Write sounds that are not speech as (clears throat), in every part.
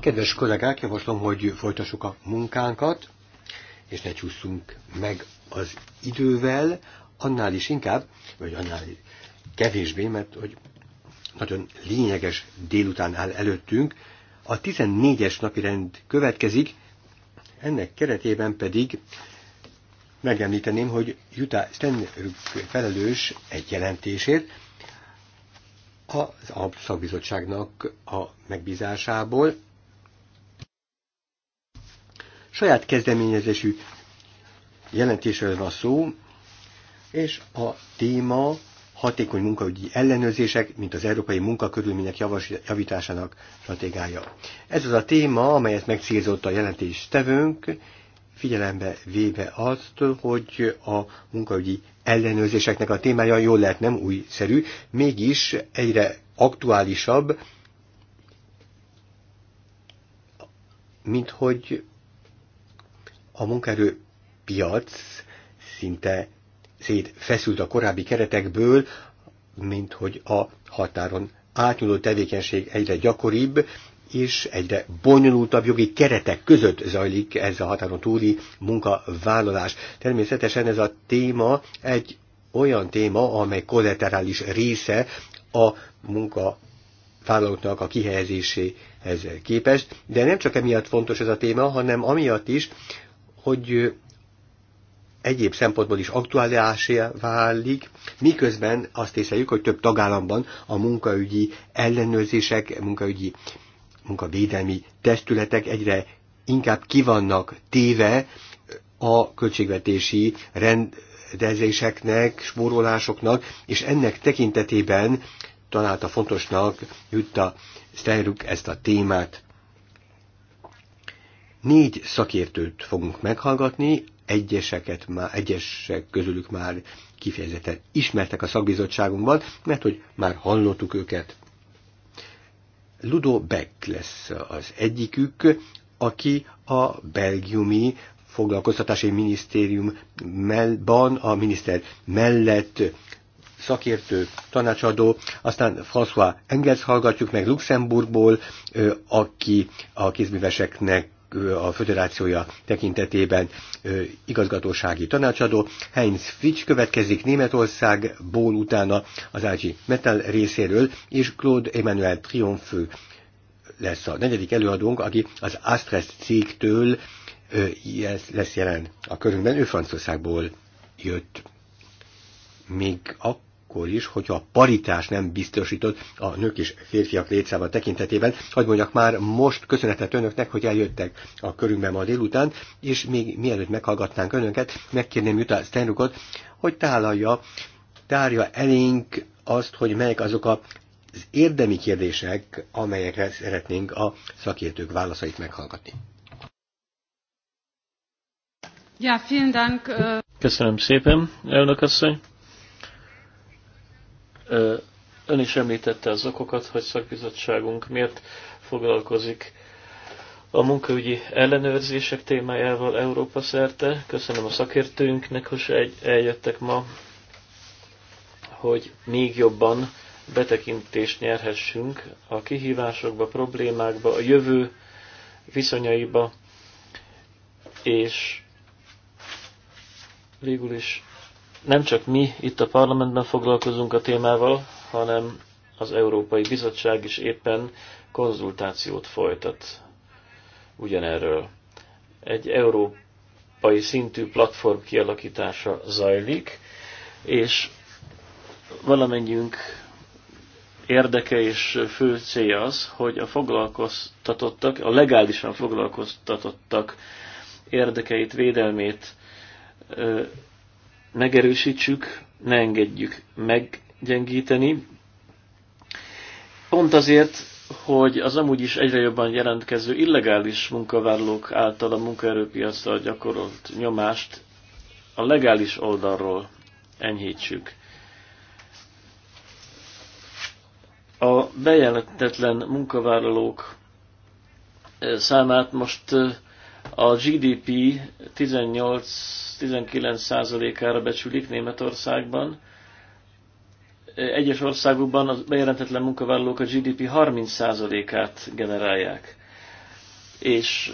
Kedves kollégák, javaslom, hogy folytassuk a munkánkat, és ne csúszunk meg az idővel, annál is inkább, vagy annál kevésbé, mert hogy nagyon lényeges délután áll előttünk. A 14-es napi rend következik, ennek keretében pedig megemlíteném, hogy Jutta Stenrück felelős egy jelentésért, az Alapszakbizottságnak a megbízásából saját kezdeményezésű jelentésről van szó, és a téma hatékony munkaügyi ellenőrzések, mint az európai munkakörülmények javításának stratégiája. Ez az a téma, amelyet megcélzott a jelentéstevőnk, figyelembe véve azt, hogy a munkaügyi ellenőrzéseknek a témája jól lehet nem újszerű, mégis egyre aktuálisabb, mint hogy a munkaerő piac szinte feszült a korábbi keretekből, mint hogy a határon átnyúló tevékenység egyre gyakoribb, és egyre bonyolultabb jogi keretek között zajlik ez a határon túli munkavállalás. Természetesen ez a téma egy olyan téma, amely kollaterális része a munka vállalóknak a kihelyezéséhez képest, de nem csak emiatt fontos ez a téma, hanem amiatt is, hogy egyéb szempontból is aktuálisé válik, miközben azt észleljük, hogy több tagállamban a munkaügyi ellenőrzések, munkaügyi munkavédelmi testületek egyre inkább kivannak téve a költségvetési rendezéseknek, spórolásoknak, és ennek tekintetében találta fontosnak Jutta Steinruck ezt a témát. Négy szakértőt fogunk meghallgatni, egyeseket már, egyesek közülük már kifejezetten ismertek a szakbizottságunkban, mert hogy már hallottuk őket. Ludo Beck lesz az egyikük, aki a belgiumi foglalkoztatási minisztériumban a miniszter mellett szakértő, tanácsadó, aztán François Engels hallgatjuk meg Luxemburgból, aki a kézműveseknek a föderációja tekintetében igazgatósági tanácsadó. Heinz Fitch következik Németország Ból utána az Ázsi Metal részéről, és Claude Emmanuel Triomfő lesz a negyedik előadónk, aki az Astres cégtől lesz jelen a körünkben. Ő Franciaországból jött. Még a akkor is, hogyha a paritás nem biztosított a nők és férfiak létszáma tekintetében. Hogy mondjak már most köszönetet önöknek, hogy eljöttek a körünkbe ma délután, és még mielőtt meghallgatnánk önöket, megkérném Jutta Stenrukot, hogy tálalja, tárja elénk azt, hogy melyek azok a az érdemi kérdések, amelyekre szeretnénk a szakértők válaszait meghallgatni. Ja, vielen Dank. Köszönöm szépen, elnök asszony. Ön is említette az okokat, hogy szakbizottságunk miért foglalkozik a munkaügyi ellenőrzések témájával Európa szerte. Köszönöm a szakértőinknek, hogy eljöttek ma, hogy még jobban betekintést nyerhessünk a kihívásokba, problémákba, a jövő viszonyaiba, és végül is nem csak mi itt a parlamentben foglalkozunk a témával, hanem az Európai Bizottság is éppen konzultációt folytat ugyanerről. Egy európai szintű platform kialakítása zajlik, és valamennyiünk érdeke és fő célja az, hogy a foglalkoztatottak, a legálisan foglalkoztatottak érdekeit, védelmét megerősítsük, ne engedjük meggyengíteni. Pont azért, hogy az amúgy is egyre jobban jelentkező illegális munkavállalók által a munkaerőpiacra gyakorolt nyomást a legális oldalról enyhítsük. A bejelentetlen munkavállalók eh, számát most eh, a GDP 18-19%-ára becsülik Németországban. Egyes országokban a bejelentetlen munkavállalók a GDP 30%-át generálják. És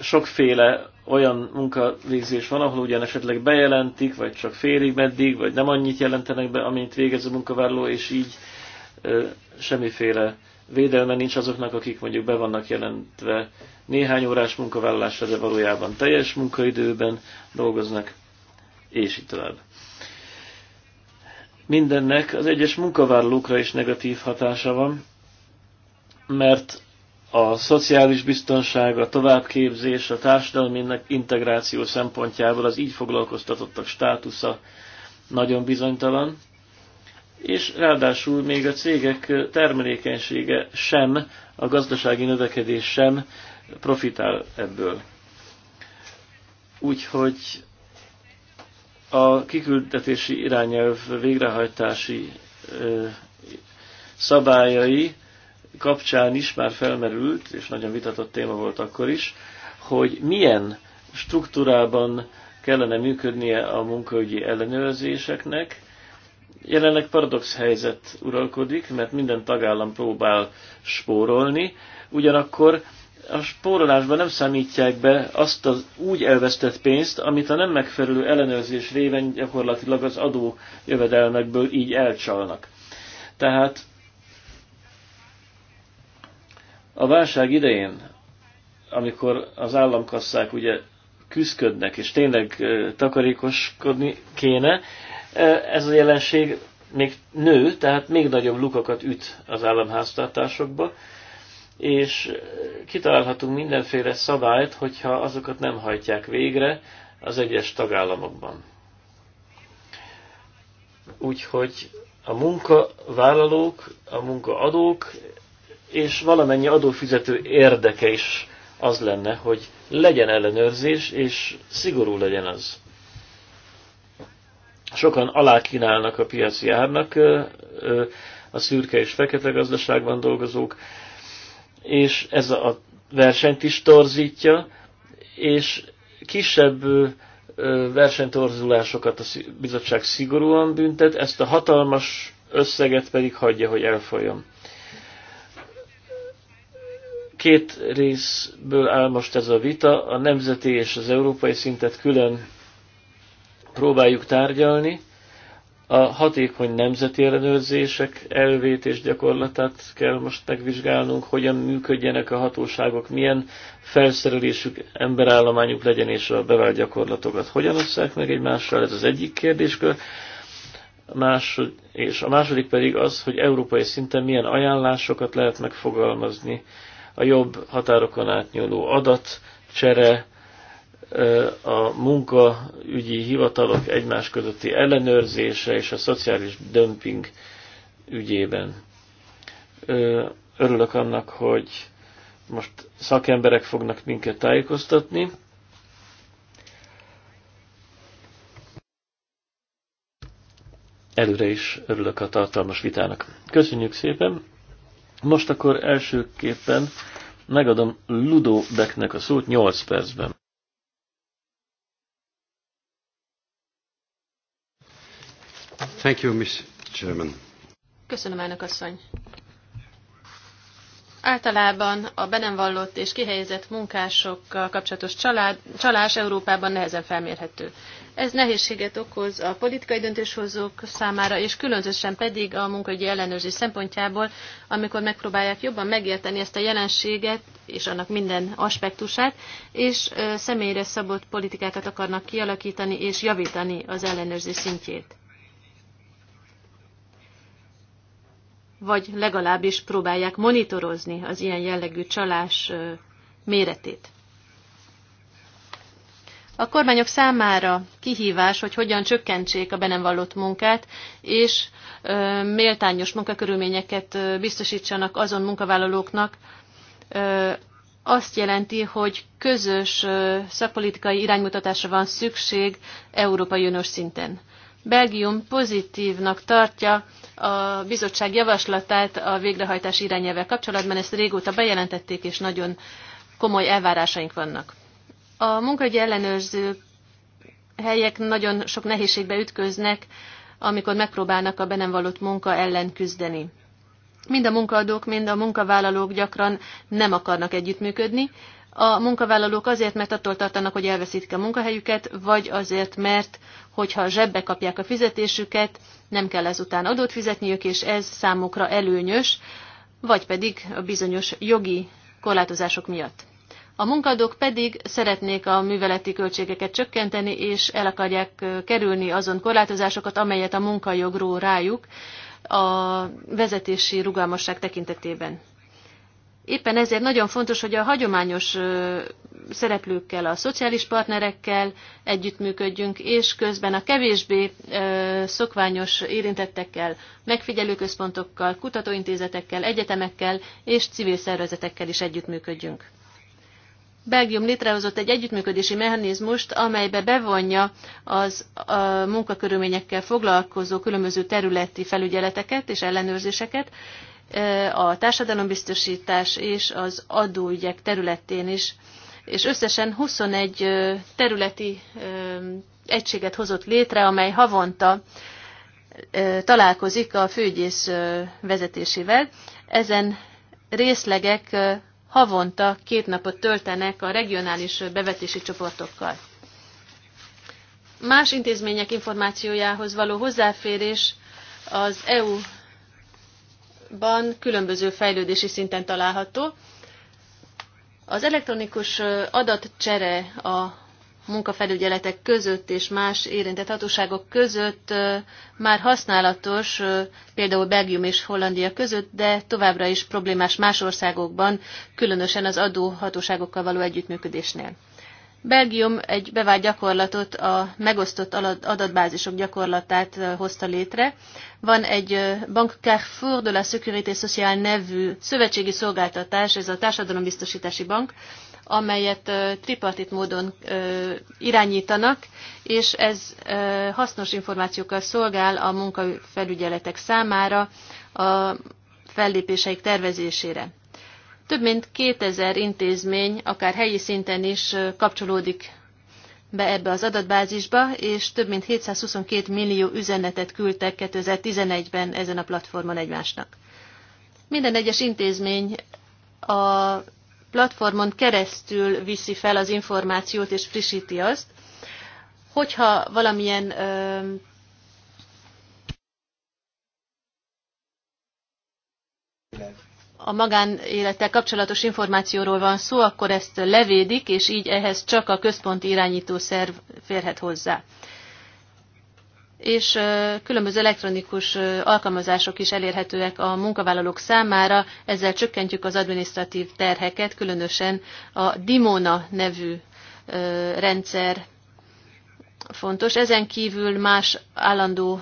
sokféle olyan munkavégzés van, ahol ugyan esetleg bejelentik, vagy csak félig meddig, vagy nem annyit jelentenek be, amint végez a munkavállaló, és így semmiféle védelme nincs azoknak, akik mondjuk be vannak jelentve néhány órás munkavállalásra, de valójában teljes munkaidőben dolgoznak, és így tovább. Mindennek az egyes munkavállalókra is negatív hatása van, mert a szociális biztonság, a továbbképzés, a társadalmi integráció szempontjából az így foglalkoztatottak státusza nagyon bizonytalan, és ráadásul még a cégek termelékenysége sem, a gazdasági növekedés sem profitál ebből. Úgyhogy a kiküldetési irányelv végrehajtási szabályai kapcsán is már felmerült, és nagyon vitatott téma volt akkor is, hogy milyen struktúrában kellene működnie a munkaügyi ellenőrzéseknek, Jelenleg paradox helyzet uralkodik, mert minden tagállam próbál spórolni, ugyanakkor a spórolásban nem számítják be azt az úgy elvesztett pénzt, amit a nem megfelelő ellenőrzés réven gyakorlatilag az adó jövedelmekből így elcsalnak. Tehát a válság idején, amikor az államkasszák ugye küzdködnek, és tényleg takarékoskodni kéne, ez a jelenség még nő, tehát még nagyobb lukakat üt az államháztartásokba, és kitalálhatunk mindenféle szabályt, hogyha azokat nem hajtják végre az egyes tagállamokban. Úgyhogy a munkavállalók, a munkaadók és valamennyi adófizető érdeke is az lenne, hogy legyen ellenőrzés, és szigorú legyen az. Sokan alákínálnak a piaci árnak a szürke és fekete gazdaságban dolgozók, és ez a versenyt is torzítja, és kisebb versenytorzulásokat a bizottság szigorúan büntet, ezt a hatalmas összeget pedig hagyja, hogy elfolyjon. Két részből áll most ez a vita, a nemzeti és az európai szintet külön próbáljuk tárgyalni, a hatékony nemzeti ellenőrzések elvét és gyakorlatát kell most megvizsgálnunk, hogyan működjenek a hatóságok, milyen felszerelésük, emberállományuk legyen és a bevált gyakorlatokat hogyan osszák meg egymással, ez az egyik kérdéskör. A másod, és a második pedig az, hogy európai szinten milyen ajánlásokat lehet megfogalmazni a jobb határokon átnyúló adat, csere, a munkaügyi hivatalok egymás közötti ellenőrzése és a szociális dömping ügyében. Örülök annak, hogy most szakemberek fognak minket tájékoztatni. Előre is örülök a tartalmas vitának. Köszönjük szépen! Most akkor elsőképpen megadom Ludo Becknek a szót 8 percben. Thank you, Miss Chairman. Köszönöm, elnök asszony. Általában a be nem vallott és kihelyezett munkásokkal kapcsolatos család, csalás Európában nehezen felmérhető. Ez nehézséget okoz a politikai döntéshozók számára, és különösen pedig a munkaügyi ellenőrzés szempontjából, amikor megpróbálják jobban megérteni ezt a jelenséget és annak minden aspektusát, és személyre szabott politikákat akarnak kialakítani és javítani az ellenőrzés szintjét. vagy legalábbis próbálják monitorozni az ilyen jellegű csalás méretét. A kormányok számára kihívás, hogy hogyan csökkentsék a be nem vallott munkát, és méltányos munkakörülményeket biztosítsanak azon munkavállalóknak, azt jelenti, hogy közös szakpolitikai iránymutatásra van szükség Európai Uniós szinten. Belgium pozitívnak tartja a bizottság javaslatát a végrehajtás irányelve kapcsolatban. Ezt régóta bejelentették, és nagyon komoly elvárásaink vannak. A munkahogy ellenőrző helyek nagyon sok nehézségbe ütköznek, amikor megpróbálnak a be nem valott munka ellen küzdeni. Mind a munkaadók, mind a munkavállalók gyakran nem akarnak együttműködni, a munkavállalók azért, mert attól tartanak, hogy elveszítik a munkahelyüket, vagy azért, mert hogyha zsebbe kapják a fizetésüket, nem kell ezután adót fizetniük, és ez számukra előnyös, vagy pedig a bizonyos jogi korlátozások miatt. A munkadók pedig szeretnék a műveleti költségeket csökkenteni, és el akarják kerülni azon korlátozásokat, amelyet a munkajogról rájuk a vezetési rugalmasság tekintetében. Éppen ezért nagyon fontos, hogy a hagyományos szereplőkkel, a szociális partnerekkel együttműködjünk, és közben a kevésbé szokványos érintettekkel, megfigyelőközpontokkal, kutatóintézetekkel, egyetemekkel és civil szervezetekkel is együttműködjünk. Belgium létrehozott egy együttműködési mechanizmust, amelybe bevonja az a munkakörülményekkel foglalkozó különböző területi felügyeleteket és ellenőrzéseket, a társadalombiztosítás és az adóügyek területén is, és összesen 21 területi egységet hozott létre, amely havonta találkozik a főgyész vezetésével. Ezen részlegek havonta két napot töltenek a regionális bevetési csoportokkal. Más intézmények információjához való hozzáférés az EU ban különböző fejlődési szinten található. Az elektronikus adatcsere a munkafelügyeletek között és más érintett hatóságok között már használatos, például Belgium és Hollandia között, de továbbra is problémás más országokban, különösen az adóhatóságokkal való együttműködésnél. Belgium egy bevált gyakorlatot, a megosztott adatbázisok gyakorlatát hozta létre. Van egy Bank Carrefour de la Securité Sociale nevű szövetségi szolgáltatás, ez a Társadalombiztosítási Bank, amelyet tripartit módon irányítanak, és ez hasznos információkkal szolgál a munkafelügyeletek számára, a fellépéseik tervezésére. Több mint 2000 intézmény, akár helyi szinten is kapcsolódik be ebbe az adatbázisba, és több mint 722 millió üzenetet küldtek 2011-ben ezen a platformon egymásnak. Minden egyes intézmény a platformon keresztül viszi fel az információt és frissíti azt. Hogyha valamilyen ö, a magánélettel kapcsolatos információról van szó, akkor ezt levédik, és így ehhez csak a központi irányító szerv férhet hozzá. És különböző elektronikus alkalmazások is elérhetőek a munkavállalók számára, ezzel csökkentjük az administratív terheket, különösen a Dimona nevű rendszer fontos. Ezen kívül más állandó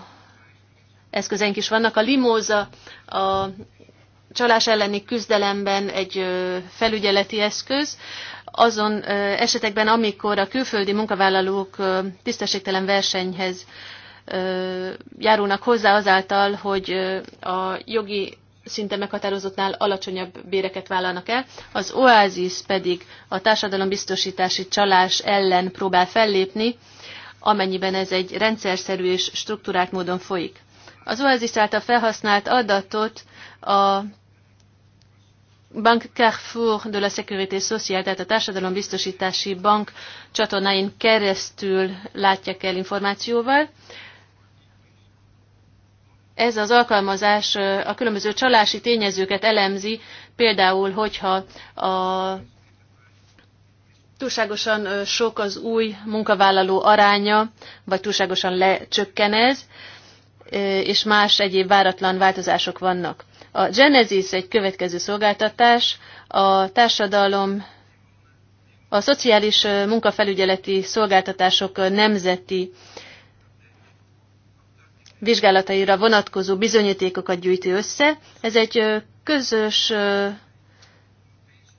eszközeink is vannak. A limóza a csalás elleni küzdelemben egy felügyeleti eszköz, azon esetekben, amikor a külföldi munkavállalók tisztességtelen versenyhez járulnak hozzá azáltal, hogy a jogi szinte meghatározottnál alacsonyabb béreket vállalnak el, az Oázis pedig a társadalombiztosítási csalás ellen próbál fellépni, amennyiben ez egy rendszerszerű és struktúrált módon folyik. Az Oázis által felhasznált adatot a Bank Carrefour de la Sécurité Sociale, tehát a Társadalombiztosítási Bank csatornáin keresztül látják el információval. Ez az alkalmazás a különböző csalási tényezőket elemzi, például, hogyha a túlságosan sok az új munkavállaló aránya, vagy túlságosan lecsökken ez, és más egyéb váratlan változások vannak. A Genesis egy következő szolgáltatás, a társadalom a szociális munkafelügyeleti szolgáltatások nemzeti vizsgálataira vonatkozó bizonyítékokat gyűjti össze. Ez egy közös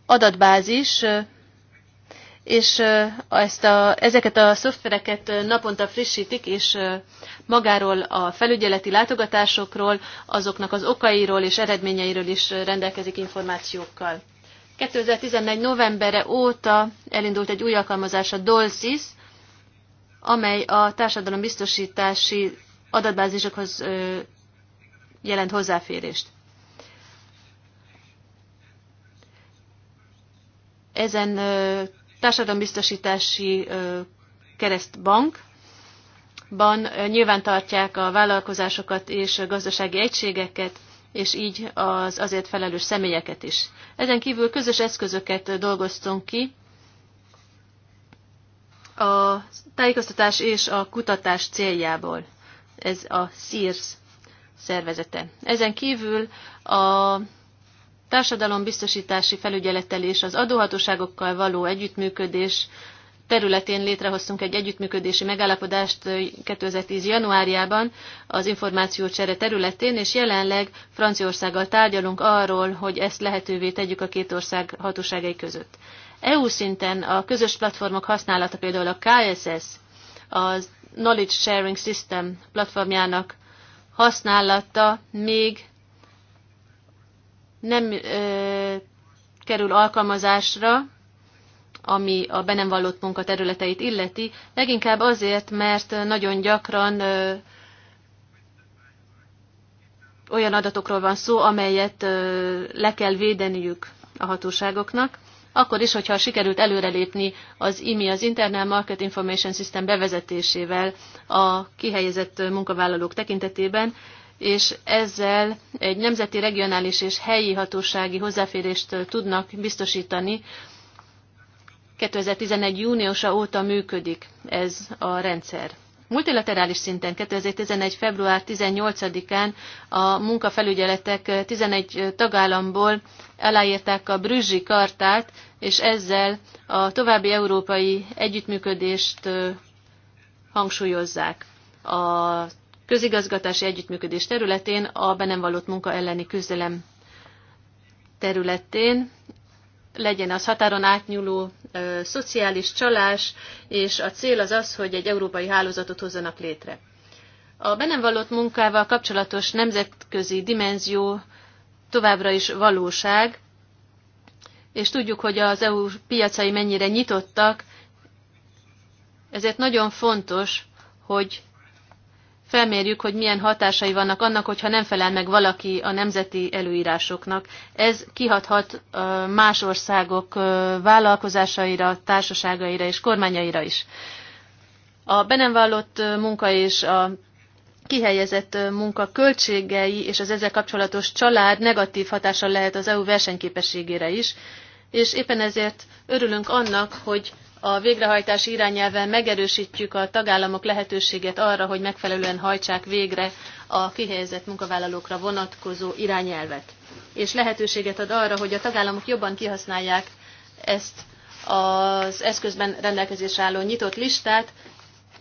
adatbázis, és ezt a, ezeket a szoftvereket naponta frissítik, és magáról a felügyeleti látogatásokról, azoknak az okairól és eredményeiről is rendelkezik információkkal. 2014. novembere óta elindult egy új alkalmazás, a DOLSIS, amely a társadalombiztosítási adatbázisokhoz jelent hozzáférést. Ezen társadalombiztosítási keresztbank, ban nyilván tartják a vállalkozásokat és a gazdasági egységeket, és így az azért felelős személyeket is. Ezen kívül közös eszközöket dolgoztunk ki a tájékoztatás és a kutatás céljából. Ez a SIRS szervezete. Ezen kívül a társadalombiztosítási felügyelettel és az adóhatóságokkal való együttműködés területén létrehoztunk egy együttműködési megállapodást 2010. januárjában az információcsere területén, és jelenleg Franciaországgal tárgyalunk arról, hogy ezt lehetővé tegyük a két ország hatóságai között. EU szinten a közös platformok használata például a KSS, a Knowledge Sharing System platformjának használata még nem ö, kerül alkalmazásra, ami a be nem vallott munka területeit illeti, leginkább azért, mert nagyon gyakran ö, olyan adatokról van szó, amelyet ö, le kell védeniük a hatóságoknak, akkor is, hogyha sikerült előrelépni az IMI, az Internal Market Information System bevezetésével a kihelyezett munkavállalók tekintetében, és ezzel egy nemzeti, regionális és helyi hatósági hozzáférést tudnak biztosítani. 2011. júniusa óta működik ez a rendszer. Multilaterális szinten 2011. február 18-án a munkafelügyeletek 11 tagállamból aláírták a Brüzsi kartát, és ezzel a további európai együttműködést hangsúlyozzák. A közigazgatási együttműködés területén, a be nem vallott munka elleni küzdelem területén, legyen az határon átnyúló ö, szociális csalás, és a cél az az, hogy egy európai hálózatot hozzanak létre. A be nem vallott munkával kapcsolatos nemzetközi dimenzió továbbra is valóság, és tudjuk, hogy az EU piacai mennyire nyitottak, ezért nagyon fontos, hogy felmérjük, hogy milyen hatásai vannak annak, hogyha nem felel meg valaki a nemzeti előírásoknak. Ez kihathat más országok vállalkozásaira, társaságaira és kormányaira is. A be nem vallott munka és a kihelyezett munka költségei és az ezzel kapcsolatos család negatív hatással lehet az EU versenyképességére is, és éppen ezért örülünk annak, hogy a végrehajtás irányelven megerősítjük a tagállamok lehetőséget arra, hogy megfelelően hajtsák végre a kihelyezett munkavállalókra vonatkozó irányelvet. És lehetőséget ad arra, hogy a tagállamok jobban kihasználják ezt az eszközben rendelkezésre álló nyitott listát,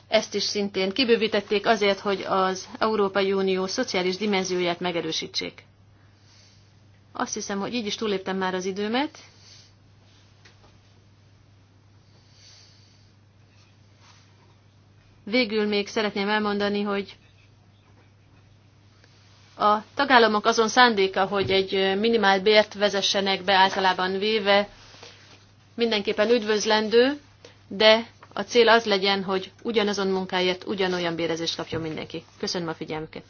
ezt is szintén kibővítették azért, hogy az Európai Unió szociális dimenzióját megerősítsék. Azt hiszem, hogy így is túléptem már az időmet. Végül még szeretném elmondani, hogy a tagállamok azon szándéka, hogy egy minimál bért vezessenek be általában véve, mindenképpen üdvözlendő, de a cél az legyen, hogy ugyanazon munkáért ugyanolyan bérezést kapjon mindenki. Köszönöm a figyelmüket.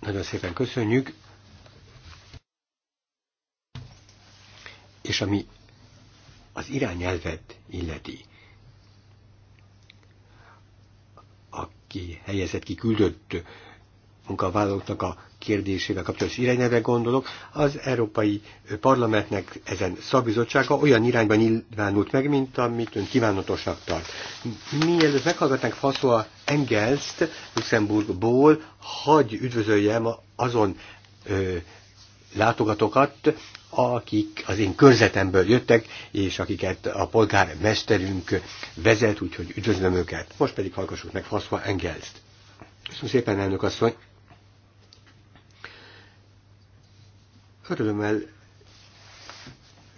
Nagyon szépen köszönjük. És ami az irányelvet illeti. Aki helyezett ki küldött munkavállalóknak a kérdésével kapcsolatos irányelve gondolok, az Európai Parlamentnek ezen szabizottsága olyan irányban nyilvánult meg, mint amit ön kívánatosnak tart. Mielőtt meghallgatnánk Faszoa Engelszt Luxemburgból, hagy üdvözöljem azon ö, látogatókat, akik az én körzetemből jöttek, és akiket a polgármesterünk vezet, úgyhogy üdvözlöm őket. Most pedig hallgassuk meg Faszva Engelszt. Köszönöm szépen, elnök asszony! Örömmel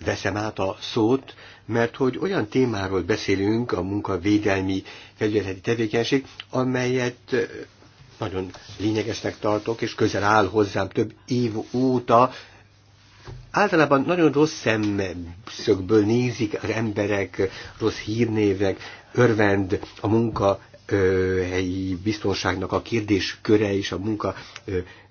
veszem át a szót, mert hogy olyan témáról beszélünk, a munkavédelmi felületi tevékenység, amelyet nagyon lényegesnek tartok, és közel áll hozzám több év óta, általában nagyon rossz szemszögből nézik az emberek, rossz hírnévek, örvend a munka munkahelyi biztonságnak a kérdésköre és a munka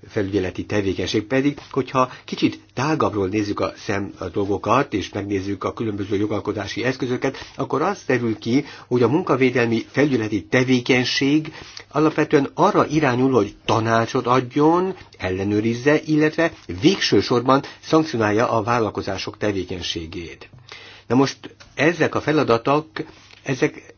felügyeleti tevékenység pedig, hogyha kicsit tágabbról nézzük a szem a dolgokat, és megnézzük a különböző jogalkotási eszközöket, akkor az derül ki, hogy a munkavédelmi felügyeleti tevékenység alapvetően arra irányul, hogy tanácsot adjon, ellenőrizze, illetve végső sorban szankcionálja a vállalkozások tevékenységét. Na most ezek a feladatok, ezek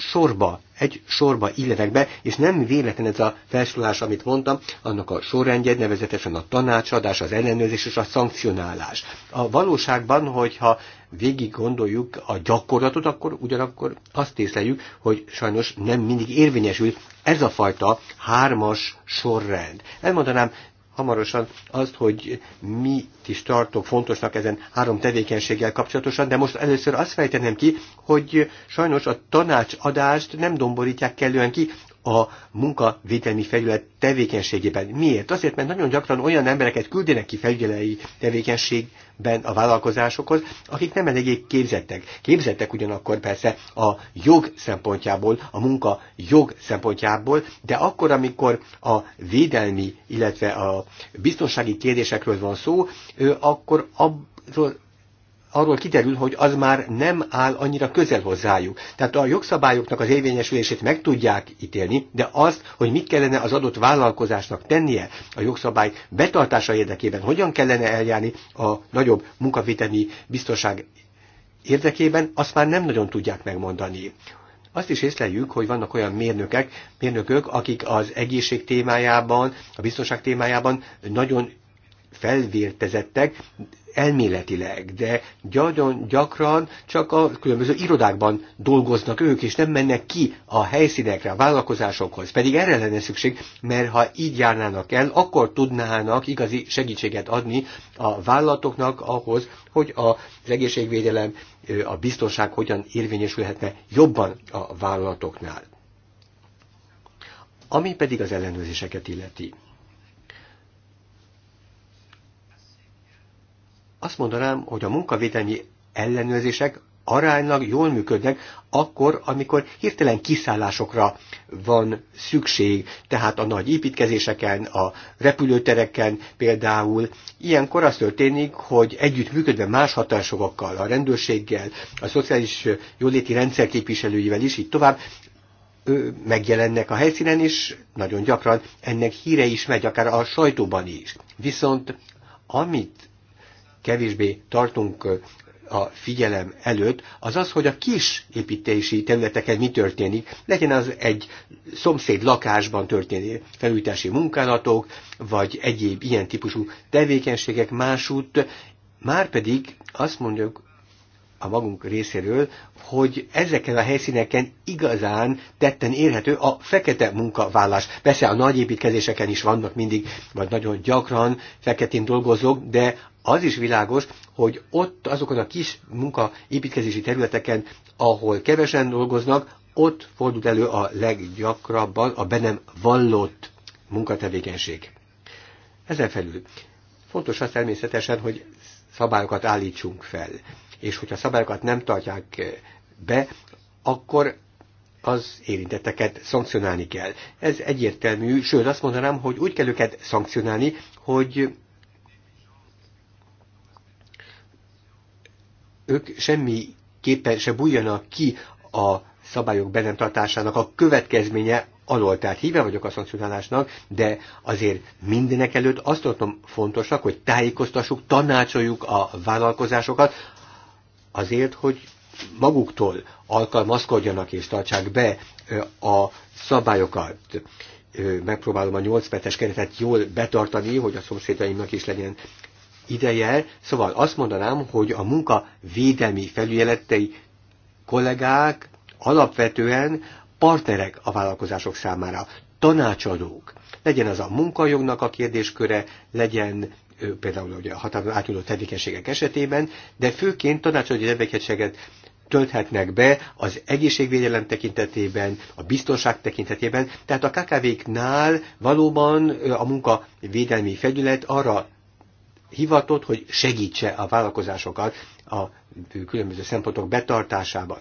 sorba, egy sorba illetek be, és nem véletlen ez a felsorolás, amit mondtam, annak a sorrendje nevezetesen a tanácsadás, az ellenőrzés és a szankcionálás. A valóságban, hogyha végig gondoljuk a gyakorlatot, akkor ugyanakkor azt észleljük, hogy sajnos nem mindig érvényesül ez a fajta hármas sorrend. Elmondanám hamarosan azt, hogy mi is tartok fontosnak ezen három tevékenységgel kapcsolatosan, de most először azt fejtenem ki, hogy sajnos a tanácsadást nem domborítják kellően ki a munkavédelmi felület tevékenységében. Miért? Azért, mert nagyon gyakran olyan embereket küldenek ki felügyelői tevékenységben a vállalkozásokhoz, akik nem eléggé képzettek. Képzettek ugyanakkor persze a jog szempontjából, a munka jog szempontjából, de akkor, amikor a védelmi, illetve a biztonsági kérdésekről van szó, akkor abról arról kiderül, hogy az már nem áll annyira közel hozzájuk. Tehát a jogszabályoknak az érvényesülését meg tudják ítélni, de azt, hogy mit kellene az adott vállalkozásnak tennie a jogszabály betartása érdekében, hogyan kellene eljárni a nagyobb munkavételi biztonság érdekében, azt már nem nagyon tudják megmondani. Azt is észleljük, hogy vannak olyan mérnökek, mérnökök, akik az egészség témájában, a biztonság témájában nagyon felvértezettek, elméletileg, de gyakran, gyakran csak a különböző irodákban dolgoznak ők, és nem mennek ki a helyszínekre, a vállalkozásokhoz. Pedig erre lenne szükség, mert ha így járnának el, akkor tudnának igazi segítséget adni a vállalatoknak ahhoz, hogy az egészségvédelem, a biztonság hogyan érvényesülhetne jobban a vállalatoknál. Ami pedig az ellenőrzéseket illeti. azt mondanám, hogy a munkavédelmi ellenőrzések aránylag jól működnek, akkor, amikor hirtelen kiszállásokra van szükség, tehát a nagy építkezéseken, a repülőtereken például. Ilyenkor az történik, hogy együtt működve más hatásokkal, a rendőrséggel, a szociális jóléti rendszer képviselőivel is, így tovább, megjelennek a helyszínen, is nagyon gyakran ennek híre is megy, akár a sajtóban is. Viszont amit kevésbé tartunk a figyelem előtt, az az, hogy a kis építési területeken mi történik, legyen az egy szomszéd lakásban történő felújítási munkálatok, vagy egyéb ilyen típusú tevékenységek másút, már pedig azt mondjuk a magunk részéről, hogy ezeken a helyszíneken igazán tetten érhető a fekete munkavállás. Persze a nagy építkezéseken is vannak mindig, vagy nagyon gyakran feketén dolgozók, de az is világos, hogy ott azokon a kis munkaépítkezési területeken, ahol kevesen dolgoznak, ott fordul elő a leggyakrabban a benem vallott munkatevékenység. Ezen felül fontos az természetesen, hogy szabályokat állítsunk fel, és hogyha szabályokat nem tartják be, akkor az érintetteket szankcionálni kell. Ez egyértelmű, sőt azt mondanám, hogy úgy kell őket szankcionálni, hogy ők semmi képen se bújjanak ki a szabályok be nem tartásának a következménye alól. Tehát híve vagyok a szankcionálásnak, de azért mindenek előtt azt tartom fontosnak, hogy tájékoztassuk, tanácsoljuk a vállalkozásokat azért, hogy maguktól alkalmazkodjanak és tartsák be a szabályokat. Megpróbálom a 8 perces keretet jól betartani, hogy a szomszédaimnak is legyen ideje, szóval azt mondanám, hogy a munka védelmi felügyeletei kollégák alapvetően partnerek a vállalkozások számára, tanácsadók. Legyen az a munkajognak a kérdésköre, legyen például ugye, a határon átnyúló tevékenységek esetében, de főként tanácsadói tevékenységet tölthetnek be az egészségvédelem tekintetében, a biztonság tekintetében, tehát a KKV-knál valóban a munkavédelmi felület arra hivatott, hogy segítse a vállalkozásokat a különböző szempontok betartásában.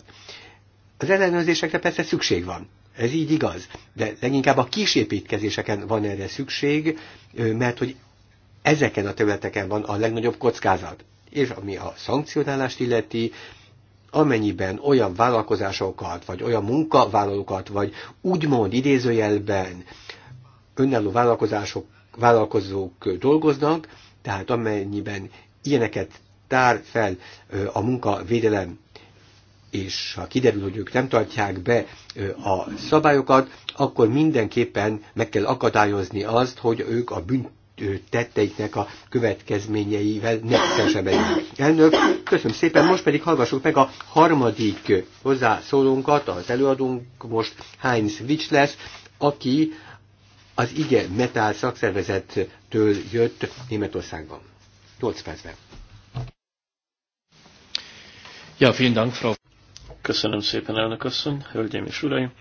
Az ellenőrzésekre persze szükség van, ez így igaz, de leginkább a kisépítkezéseken van erre szükség, mert hogy ezeken a területeken van a legnagyobb kockázat. És ami a szankcionálást illeti, amennyiben olyan vállalkozásokat, vagy olyan munkavállalókat, vagy úgymond idézőjelben önálló vállalkozások, vállalkozók dolgoznak, tehát amennyiben ilyeneket tár fel a munkavédelem, és ha kiderül, hogy ők nem tartják be a szabályokat, akkor mindenképpen meg kell akadályozni azt, hogy ők a bűnt tetteiknek a következményeivel ne kesebeljünk. Elnök, köszönöm szépen, most pedig hallgassuk meg a harmadik hozzászólónkat, az előadónk most Heinz Witsch lesz, aki az IGE Metál szakszervezettől jött Németországban. 8 percben. Ja, vielen Dank, Frau. Köszönöm szépen, elnök asszony, hölgyeim és uraim.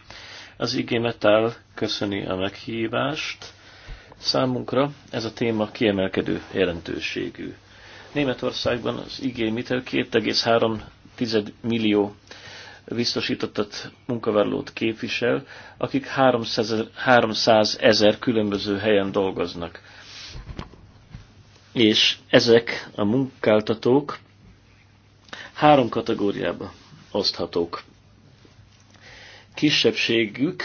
Az IG Metal köszöni a meghívást. Számunkra ez a téma kiemelkedő jelentőségű. Németországban az IG Metal 2,3 millió biztosítottat munkavállalót képvisel, akik 300 ezer különböző helyen dolgoznak. És ezek a munkáltatók három kategóriába oszthatók. Kisebbségük,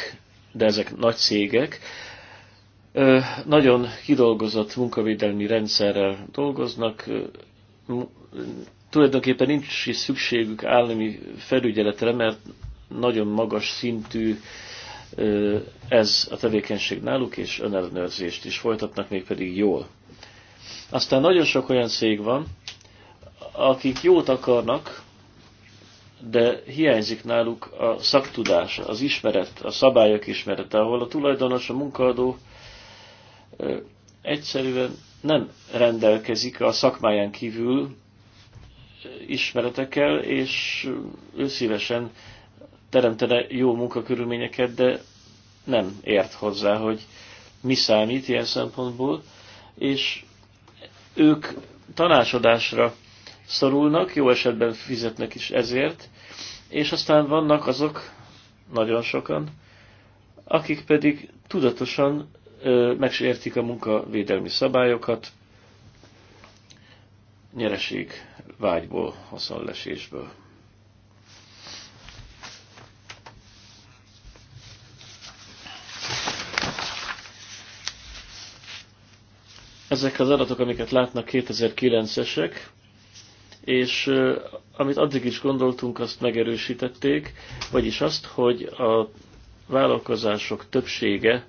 de ezek nagy cégek, nagyon kidolgozott munkavédelmi rendszerrel dolgoznak, tulajdonképpen nincs is szükségük állami felügyeletre, mert nagyon magas szintű ez a tevékenység náluk, és önellenőrzést is folytatnak, mégpedig jól. Aztán nagyon sok olyan cég van, akik jót akarnak, de hiányzik náluk a szaktudás, az ismeret, a szabályok ismerete, ahol a tulajdonos, a munkaadó egyszerűen nem rendelkezik a szakmáján kívül ismeretekkel, és ő szívesen teremtene jó munkakörülményeket, de nem ért hozzá, hogy mi számít ilyen szempontból, és ők tanácsadásra szorulnak, jó esetben fizetnek is ezért, és aztán vannak azok, nagyon sokan, akik pedig tudatosan ö, megsértik a munkavédelmi szabályokat, nyereség vágyból, haszonlesésből. Ezek az adatok, amiket látnak 2009-esek, és amit addig is gondoltunk, azt megerősítették, vagyis azt, hogy a vállalkozások többsége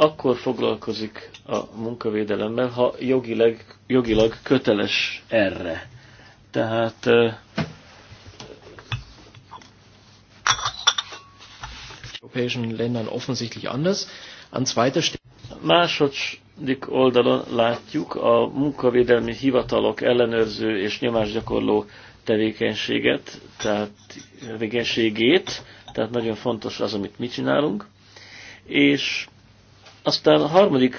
akkor foglalkozik a munkavédelemmel, ha jogileg, jogilag köteles erre. Tehát europäischen Ländern offensichtlich anders. An zweiter Második oldalon látjuk a munkavédelmi hivatalok ellenőrző és nyomásgyakorló tevékenységet, tehát tevékenységét, tehát nagyon fontos az, amit mi csinálunk, és aztán a harmadik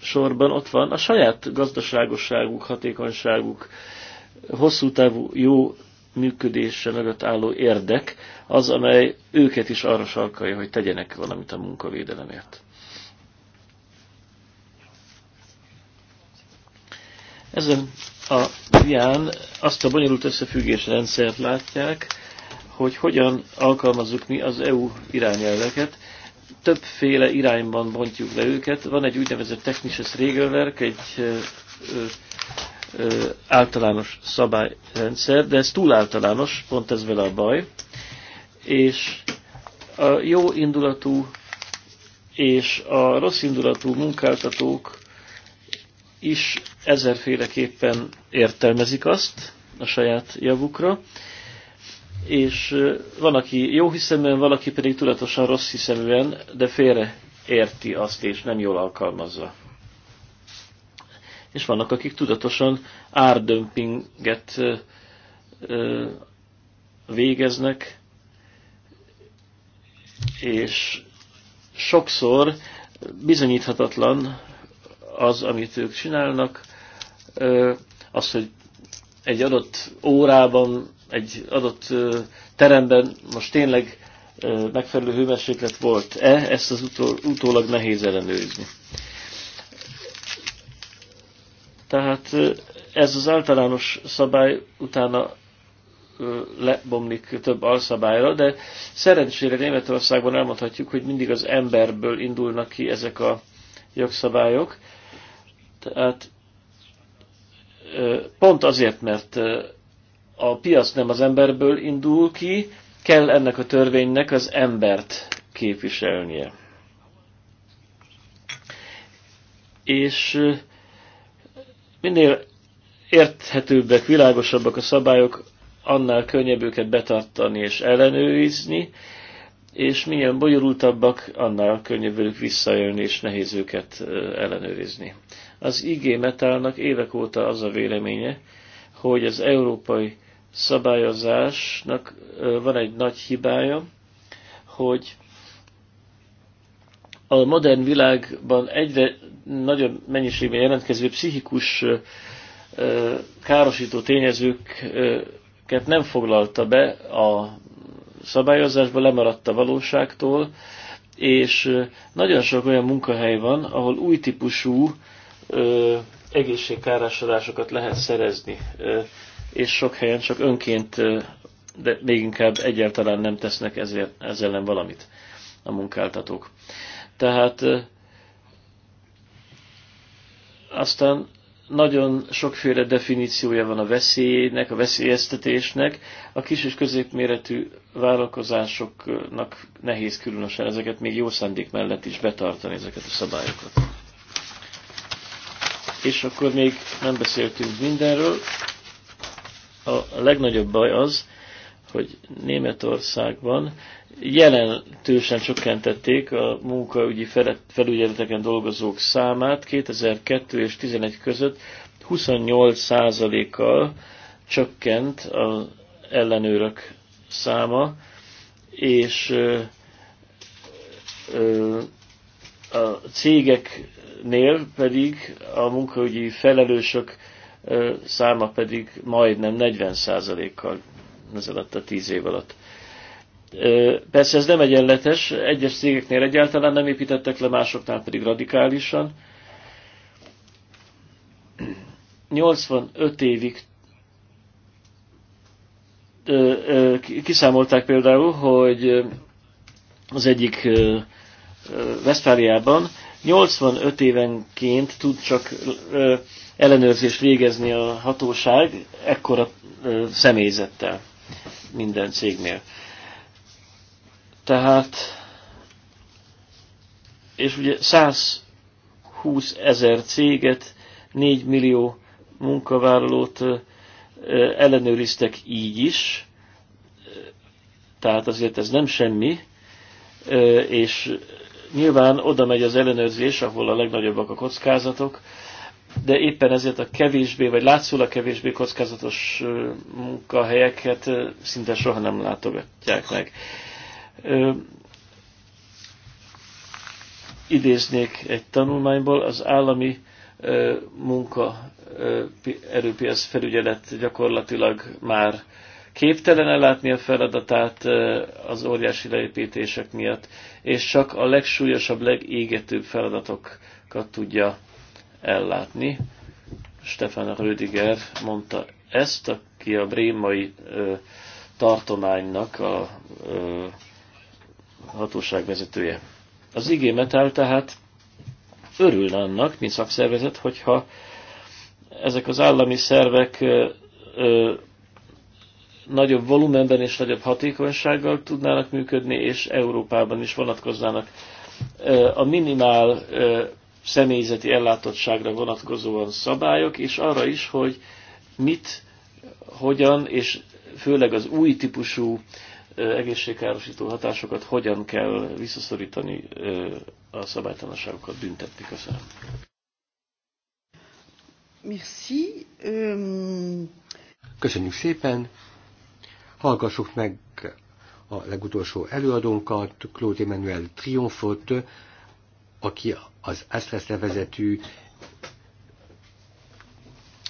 sorban ott van a saját gazdaságosságuk, hatékonyságuk, hosszú távú jó működése mögött álló érdek, az, amely őket is arra sarkalja, hogy tegyenek valamit a munkavédelemért. Ezen a dián azt a bonyolult összefüggés rendszert látják, hogy hogyan alkalmazzuk mi az EU irányelveket, többféle irányban bontjuk le őket. Van egy úgynevezett technisches regelwerk, egy ö, ö, általános szabályrendszer, de ez túl általános, pont ez vele a baj. És a jó indulatú és a rossz indulatú munkáltatók is ezerféleképpen értelmezik azt a saját javukra, és van, aki jó hiszeműen, valaki pedig tudatosan rossz hiszeműen, de félre érti azt, és nem jól alkalmazza. És vannak, akik tudatosan árdömpinget végeznek, és sokszor bizonyíthatatlan az, amit ők csinálnak, az, hogy egy adott órában egy adott teremben most tényleg megfelelő hőmérséklet volt-e, ezt az utól, utólag nehéz ellenőrizni. Tehát ez az általános szabály utána lebomlik több alszabályra, de szerencsére Németországban elmondhatjuk, hogy mindig az emberből indulnak ki ezek a jogszabályok. Tehát pont azért, mert a piac nem az emberből indul ki, kell ennek a törvénynek az embert képviselnie. És minél érthetőbbek, világosabbak a szabályok, annál könnyebb őket betartani és ellenőrizni, és milyen bonyolultabbak, annál könnyebb velük visszajönni, és nehéz őket ellenőrizni. Az IG Metálnak évek óta az a véleménye, hogy az európai szabályozásnak van egy nagy hibája, hogy a modern világban egyre nagyobb mennyiségben jelentkező pszichikus károsító tényezőket nem foglalta be a szabályozásba, lemaradt a valóságtól, és nagyon sok olyan munkahely van, ahol új típusú egészségkárosodásokat lehet szerezni, és sok helyen csak önként, de még inkább egyáltalán nem tesznek ezért, ezzel ellen valamit a munkáltatók. Tehát aztán nagyon sokféle definíciója van a veszélynek, a veszélyeztetésnek. A kis és középméretű vállalkozásoknak nehéz különösen ezeket még jó szándék mellett is betartani, ezeket a szabályokat. És akkor még nem beszéltünk mindenről, a legnagyobb baj az, hogy Németországban jelentősen csökkentették a munkaügyi felügyeleteken dolgozók számát 2002 és 2011 között 28%-kal csökkent az ellenőrök száma, és a cégeknél pedig a munkaügyi felelősök száma pedig majdnem 40%-kal ez alatt a 10 év alatt. Persze ez nem egyenletes, egyes cégeknél egyáltalán nem építettek le, másoknál pedig radikálisan. 85 évig kiszámolták például, hogy az egyik Vesztfáliában 85 évenként tud csak ellenőrzést végezni a hatóság ekkora személyzettel minden cégnél. Tehát, és ugye 120 ezer céget, 4 millió munkavállalót ellenőriztek így is, tehát azért ez nem semmi, és nyilván oda megy az ellenőrzés, ahol a legnagyobbak a kockázatok, de éppen ezért a kevésbé, vagy látszólag kevésbé kockázatos munkahelyeket szinte soha nem látogatják meg. Ö, idéznék egy tanulmányból, az állami munka erőpiac felügyelet gyakorlatilag már képtelen ellátni a feladatát az óriási leépítések miatt, és csak a legsúlyosabb, legégetőbb feladatokat tudja ellátni. Stefan Rödiger mondta ezt, aki a brémai ö, tartománynak a ö, hatóságvezetője. Az IG Metal tehát örülne annak, mint szakszervezet, hogyha ezek az állami szervek ö, ö, nagyobb volumenben és nagyobb hatékonysággal tudnának működni, és Európában is vonatkoznának. A minimál személyzeti ellátottságra vonatkozóan szabályok, és arra is, hogy mit, hogyan, és főleg az új típusú egészségkárosító hatásokat hogyan kell visszaszorítani a szabálytalanságokat büntetni. Köszönöm. Merci. Um... Köszönjük szépen. Hallgassuk meg a legutolsó előadónkat, Claude Emmanuel Triomfot, aki az ASZLESZ nevezetű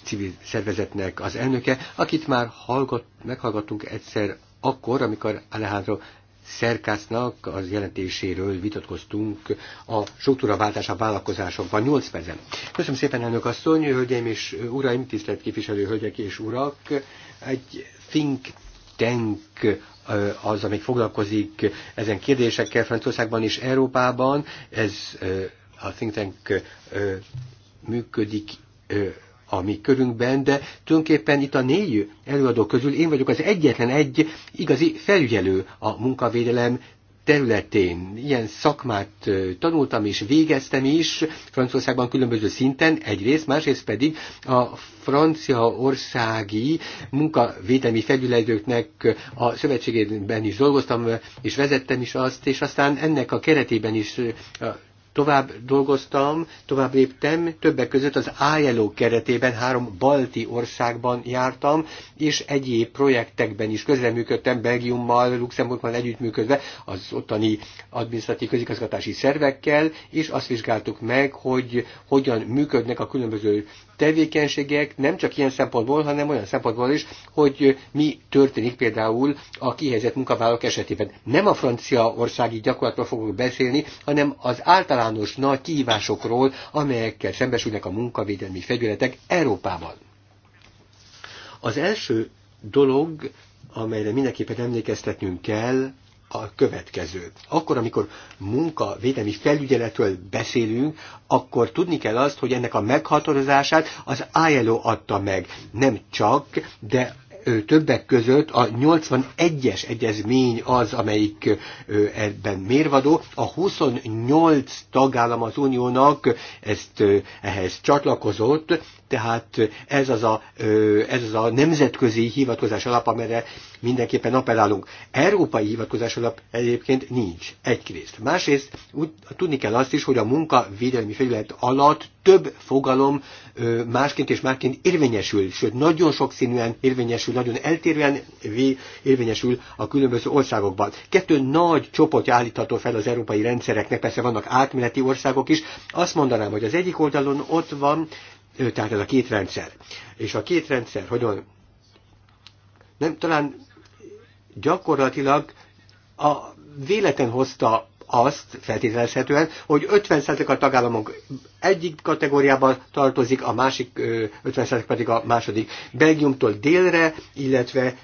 civil szervezetnek az elnöke, akit már hallgat, meghallgattunk egyszer akkor, amikor Alejandro Szerkásznak az jelentéséről vitatkoztunk a struktúraváltás a vállalkozásokban 8 percen. Köszönöm szépen, elnök asszony, hölgyeim és uraim, tisztelt képviselő hölgyek és urak. Egy think tank az, amik foglalkozik ezen kérdésekkel Franciaországban és Európában. Ez a think tank működik a mi körünkben, de tulajdonképpen itt a négy előadó közül én vagyok az egyetlen egy igazi felügyelő a munkavédelem területén ilyen szakmát tanultam és végeztem is, Franciaországban különböző szinten egyrészt, másrészt pedig a franciaországi munkavédelmi felületőknek a szövetségében is dolgoztam, és vezettem is azt, és aztán ennek a keretében is tovább dolgoztam, tovább léptem, többek között az ILO keretében három balti országban jártam, és egyéb projektekben is közreműködtem Belgiummal, Luxemburgban együttműködve az ottani adminisztratív közigazgatási szervekkel, és azt vizsgáltuk meg, hogy hogyan működnek a különböző tevékenységek nem csak ilyen szempontból, hanem olyan szempontból is, hogy mi történik például a kihelyezett munkavállalók esetében. Nem a országi gyakorlatról fogok beszélni, hanem az általános nagy kihívásokról, amelyekkel szembesülnek a munkavédelmi fegyületek Európában. Az első dolog, amelyre mindenképpen emlékeztetnünk kell, a következő. Akkor, amikor munkavédelmi felügyeletről beszélünk, akkor tudni kell azt, hogy ennek a meghatározását az ILO adta meg. Nem csak, de többek között a 81-es egyezmény az, amelyik ebben mérvadó. A 28 tagállam az uniónak ezt ehhez csatlakozott, tehát ez az a, ez az a nemzetközi hivatkozás alap, amire mindenképpen apelálunk. Európai hivatkozás alap egyébként nincs, egyrészt. Másrészt úgy, tudni kell azt is, hogy a munkavédelmi felület alatt több fogalom másként és másként érvényesül, sőt nagyon sokszínűen érvényesül nagyon eltérően érvényesül a különböző országokban. Kettő nagy csoportja állítható fel az európai rendszereknek, persze vannak átmeneti országok is. Azt mondanám, hogy az egyik oldalon ott van, tehát ez a két rendszer. És a két rendszer, hogy mondjam, nem talán gyakorlatilag a véletlen hozta azt feltételezhetően, hogy 50% a tagállamok egyik kategóriában tartozik, a másik 50% pedig a második. Belgiumtól délre, illetve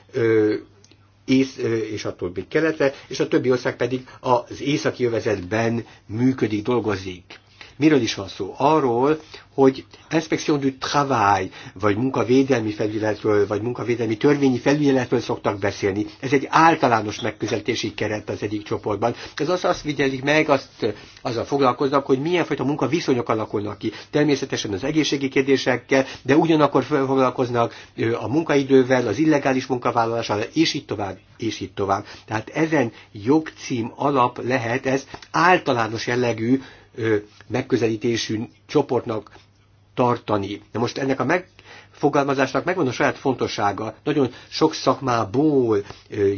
ész, és attól még keletre, és a többi ország pedig az északi övezetben működik, dolgozik. Miről is van szó? Arról, hogy inspection du travail, vagy munkavédelmi felületről vagy munkavédelmi törvényi felületről szoktak beszélni. Ez egy általános megközelítési keret az egyik csoportban. Ez az azt figyelik meg, azt, azzal foglalkoznak, hogy milyen fajta munkaviszonyok alakulnak ki. Természetesen az egészségi kérdésekkel, de ugyanakkor foglalkoznak a munkaidővel, az illegális munkavállalással, és így tovább, és így tovább. Tehát ezen jogcím alap lehet ez általános jellegű megközelítésű csoportnak tartani. Na most ennek a meg fogalmazásnak megvan a saját fontossága. Nagyon sok szakmából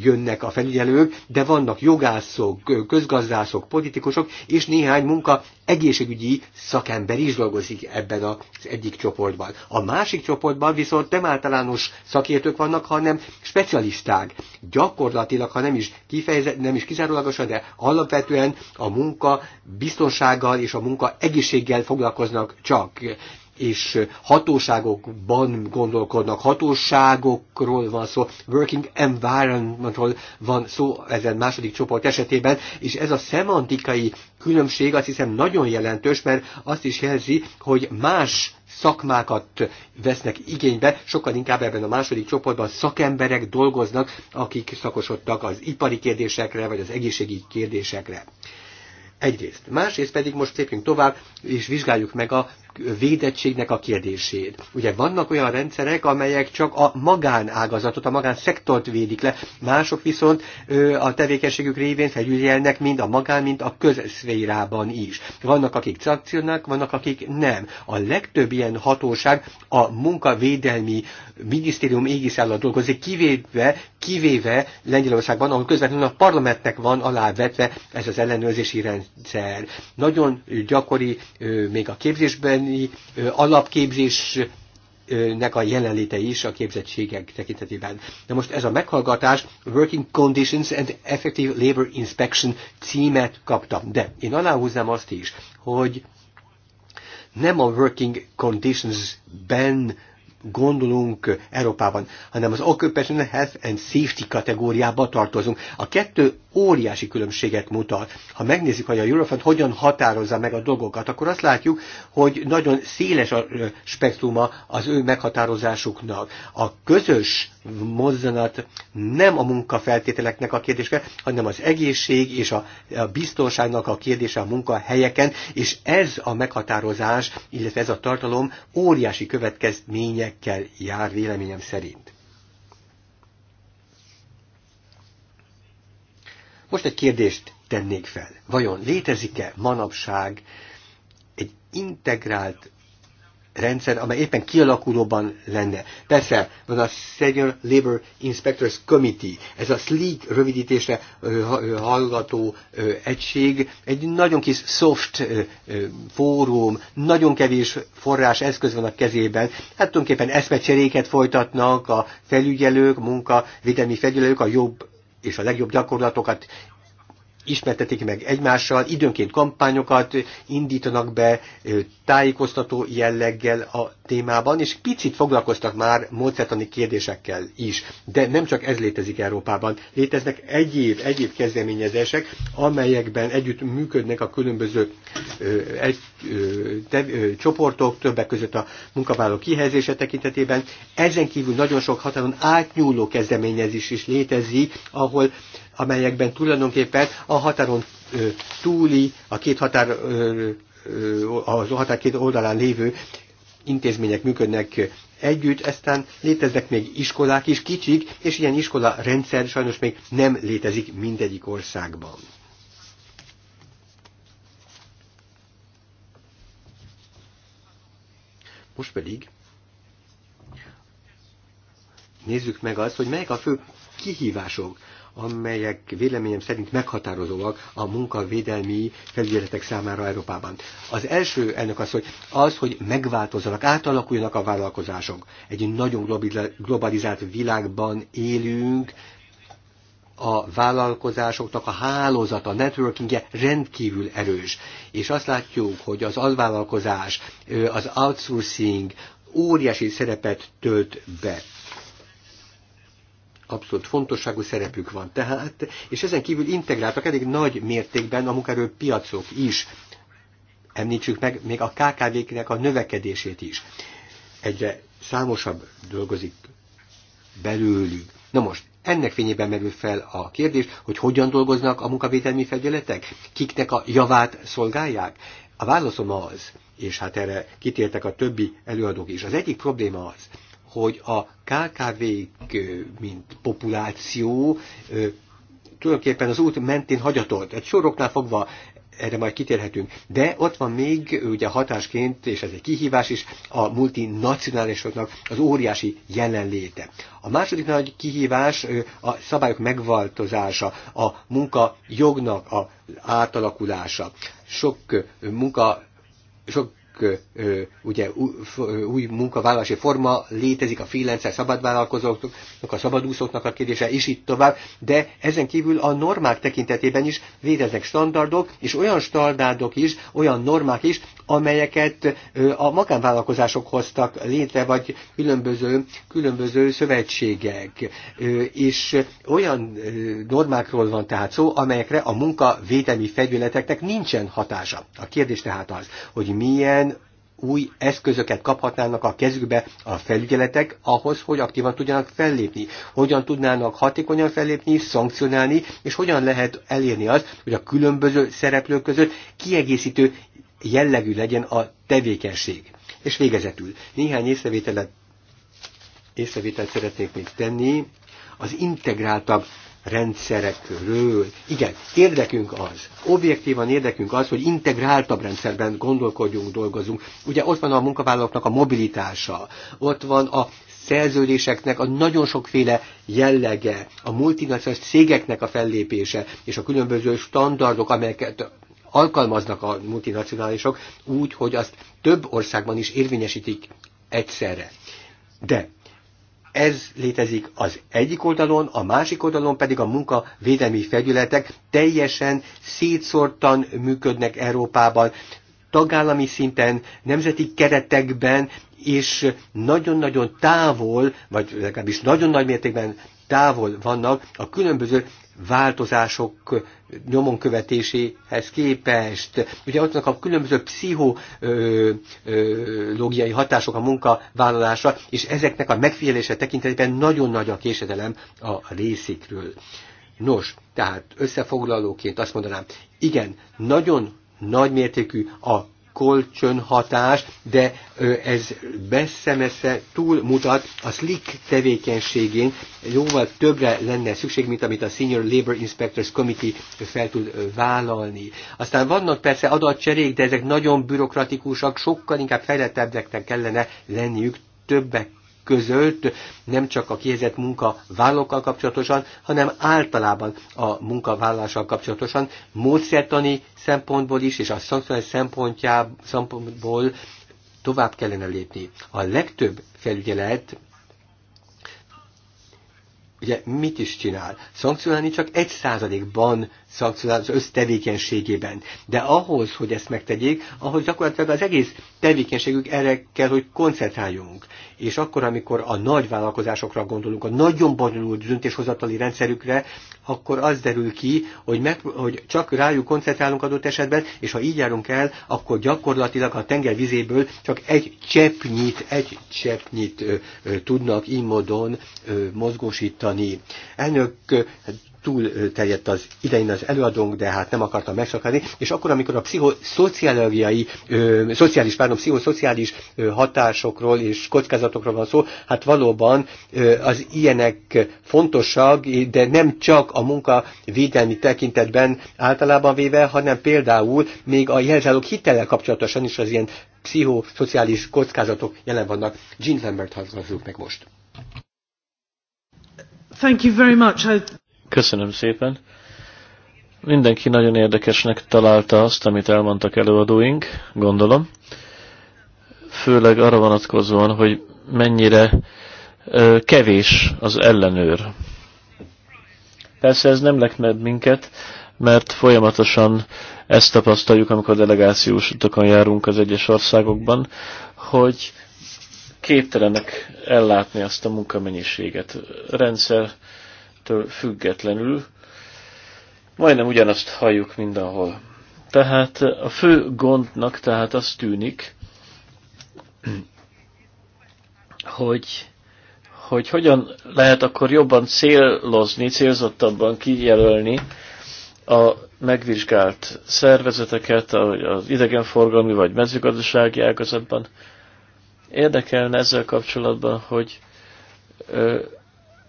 jönnek a felügyelők, de vannak jogászok, közgazdászok, politikusok, és néhány munka egészségügyi szakember is dolgozik ebben az egyik csoportban. A másik csoportban viszont nem általános szakértők vannak, hanem specialisták. Gyakorlatilag, ha nem is, kifejez, nem is kizárólagosan, de alapvetően a munka biztonsággal és a munka egészséggel foglalkoznak csak és hatóságokban gondolkodnak, hatóságokról van szó, working environmentról van szó ezen második csoport esetében, és ez a szemantikai különbség azt hiszem nagyon jelentős, mert azt is jelzi, hogy más szakmákat vesznek igénybe, sokkal inkább ebben a második csoportban szakemberek dolgoznak, akik szakosodtak az ipari kérdésekre, vagy az egészségi kérdésekre. Egyrészt. Másrészt pedig most lépjünk tovább, és vizsgáljuk meg a védettségnek a kérdését. Ugye vannak olyan rendszerek, amelyek csak a magánágazatot, a magánszektort védik le, mások viszont a tevékenységük révén felügyelnek mind a magán, mind a közszférában is. Vannak, akik szankcionálnak, vannak, akik nem. A legtöbb ilyen hatóság a munkavédelmi minisztérium égiszállal dolgozik, kivéve, kivéve Lengyelországban, ahol közvetlenül a parlamentnek van alávetve ez az ellenőrzési rendszer. Nagyon gyakori még a képzésben mostani alapképzésnek a jelenléte is a képzettségek tekintetében. De most ez a meghallgatás Working Conditions and Effective Labor Inspection címet kaptam. De én aláhúznám azt is, hogy nem a Working Conditions-ben gondolunk Európában, hanem az Occupational Health and Safety kategóriába tartozunk. A kettő óriási különbséget mutat. Ha megnézzük, hogy a Eurofund hogyan határozza meg a dolgokat, akkor azt látjuk, hogy nagyon széles a spektruma az ő meghatározásuknak. A közös mozzanat nem a munkafeltételeknek a kérdése, hanem az egészség és a, a biztonságnak a kérdése a munkahelyeken, és ez a meghatározás, illetve ez a tartalom óriási következmények ezekkel jár véleményem szerint. Most egy kérdést tennék fel. Vajon létezik-e manapság egy integrált rendszer, amely éppen kialakulóban lenne. Persze van a Senior Labor Inspectors Committee, ez a SLEEK rövidítésre hallgató egység, egy nagyon kis soft fórum, nagyon kevés forrás eszköz van a kezében, hát tulajdonképpen eszmecseréket folytatnak a felügyelők, munkavédelmi felügyelők, a jobb és a legjobb gyakorlatokat ismertetik meg egymással, időnként kampányokat indítanak be tájékoztató jelleggel a témában, és picit foglalkoztak már módszertani kérdésekkel is. De nem csak ez létezik Európában. Léteznek egyéb, egyéb kezdeményezések, amelyekben együtt működnek a különböző ö, egy, ö, te, ö, csoportok, többek között a munkavállalók kihelyezése tekintetében. Ezen kívül nagyon sok határon átnyúló kezdeményezés is létezik, ahol amelyekben tulajdonképpen a határon túli, a két határ, a határ két oldalán lévő intézmények működnek együtt, aztán léteznek még iskolák is, kicsik, és ilyen iskola rendszer sajnos még nem létezik mindegyik országban. Most pedig nézzük meg azt, hogy melyek a fő kihívások amelyek véleményem szerint meghatározóak a munkavédelmi felügyeletek számára Európában. Az első ennek az, hogy az, hogy megváltozzanak, átalakuljanak a vállalkozások. Egy nagyon globalizált világban élünk, a vállalkozásoknak a hálózata, a networkingje rendkívül erős. És azt látjuk, hogy az alvállalkozás, az outsourcing óriási szerepet tölt be abszolút fontosságú szerepük van. Tehát, és ezen kívül integráltak elég nagy mértékben a munkaerőpiacok is. Említsük meg még a KKV-knek a növekedését is. Egyre számosabb dolgozik belőlük. Na most, ennek fényében merül fel a kérdés, hogy hogyan dolgoznak a munkavédelmi felügyeletek, kiknek a javát szolgálják. A válaszom az, és hát erre kitértek a többi előadók is. Az egyik probléma az, hogy a KKV-k, mint populáció, tulajdonképpen az út mentén hagyatolt. Egy soroknál fogva erre majd kitérhetünk. De ott van még ugye hatásként, és ez egy kihívás is, a multinacionálisoknak az óriási jelenléte. A második nagy kihívás a szabályok megváltozása, a munka jognak a átalakulása. Sok munka sok ugye új munkavállalási forma létezik a freelancer szabadvállalkozóknak, a szabadúszóknak a kérdése, és itt tovább, de ezen kívül a normák tekintetében is léteznek standardok, és olyan standardok is, olyan normák is, amelyeket a magánvállalkozások hoztak létre, vagy különböző, különböző szövetségek. És olyan normákról van tehát szó, amelyekre a munkavédelmi fegyületeknek nincsen hatása. A kérdés tehát az, hogy milyen új eszközöket kaphatnának a kezükbe a felügyeletek ahhoz, hogy aktívan tudjanak fellépni, hogyan tudnának hatékonyan fellépni, szankcionálni, és hogyan lehet elérni az, hogy a különböző szereplők között kiegészítő jellegű legyen a tevékenység. És végezetül néhány észrevételet, észrevételt szeretnék még tenni az integráltabb rendszerekről. Igen, érdekünk az, objektívan érdekünk az, hogy integráltabb rendszerben gondolkodjunk, dolgozunk. Ugye ott van a munkavállalóknak a mobilitása, ott van a szerződéseknek a nagyon sokféle jellege, a multinacionalis cégeknek a fellépése, és a különböző standardok, amelyeket alkalmaznak a multinacionálisok úgy, hogy azt több országban is érvényesítik egyszerre. De ez létezik az egyik oldalon, a másik oldalon pedig a munkavédelmi fegyületek teljesen szétszórtan működnek Európában, tagállami szinten, nemzeti keretekben, és nagyon-nagyon távol, vagy legalábbis nagyon nagy mértékben távol vannak a különböző változások nyomon követéséhez képest. Ugye ott vannak a különböző pszichológiai hatások a munkavállalásra, és ezeknek a megfigyelése tekintetében nagyon nagy a késedelem a részikről. Nos, tehát összefoglalóként azt mondanám, igen, nagyon nagymértékű a kölcsönhatás, de ez messze-messze túlmutat a slick tevékenységén, jóval többre lenne szükség, mint amit a Senior Labor Inspectors Committee fel tud vállalni. Aztán vannak persze adatcserék, de ezek nagyon bürokratikusak, sokkal inkább fejlettebbeknek kellene lenniük többek közölt, nem csak a kihezett munkavállalókkal kapcsolatosan, hanem általában a munkavállalással kapcsolatosan, módszertani szempontból is, és a szankcionális szempontból tovább kellene lépni. A legtöbb felügyelet ugye mit is csinál? Szankcionálni csak egy százalékban szankcionálás össztevékenységében. De ahhoz, hogy ezt megtegyék, ahhoz gyakorlatilag az egész tevékenységük erre kell, hogy koncentráljunk. És akkor, amikor a nagy vállalkozásokra gondolunk, a nagyon bonyolult döntéshozatali rendszerükre, akkor az derül ki, hogy, meg, hogy csak rájuk koncentrálunk adott esetben, és ha így járunk el, akkor gyakorlatilag a tenger vizéből csak egy cseppnyit, egy cseppnyit ö, ö, tudnak így módon ö, mozgósítani. Elnök, túl terjedt az idején az előadónk, de hát nem akartam megszakadni, és akkor, amikor a pszichoszociológiai, szociális, pardon, pszichoszociális hatásokról és kockázatokról van szó, hát valóban az ilyenek fontosak, de nem csak a munka védelmi tekintetben általában véve, hanem például még a jelzálók hitellel kapcsolatosan is az ilyen pszichoszociális kockázatok jelen vannak. Jean Lambert hallgatunk meg most. Thank you very much. I... Köszönöm szépen. Mindenki nagyon érdekesnek találta azt, amit elmondtak előadóink, gondolom. Főleg arra vonatkozóan, hogy mennyire ö, kevés az ellenőr. Persze ez nem lekmed minket, mert folyamatosan ezt tapasztaljuk, amikor delegációs utakon járunk az egyes országokban, hogy képtelenek ellátni azt a munkamennyiséget. Rendszer től függetlenül majdnem ugyanazt halljuk mindenhol. Tehát a fő gondnak tehát az tűnik, hogy, hogy hogyan lehet akkor jobban célozni, célzottabban kijelölni a megvizsgált szervezeteket, az idegenforgalmi vagy mezőgazdasági ágazatban. Érdekelne ezzel kapcsolatban, hogy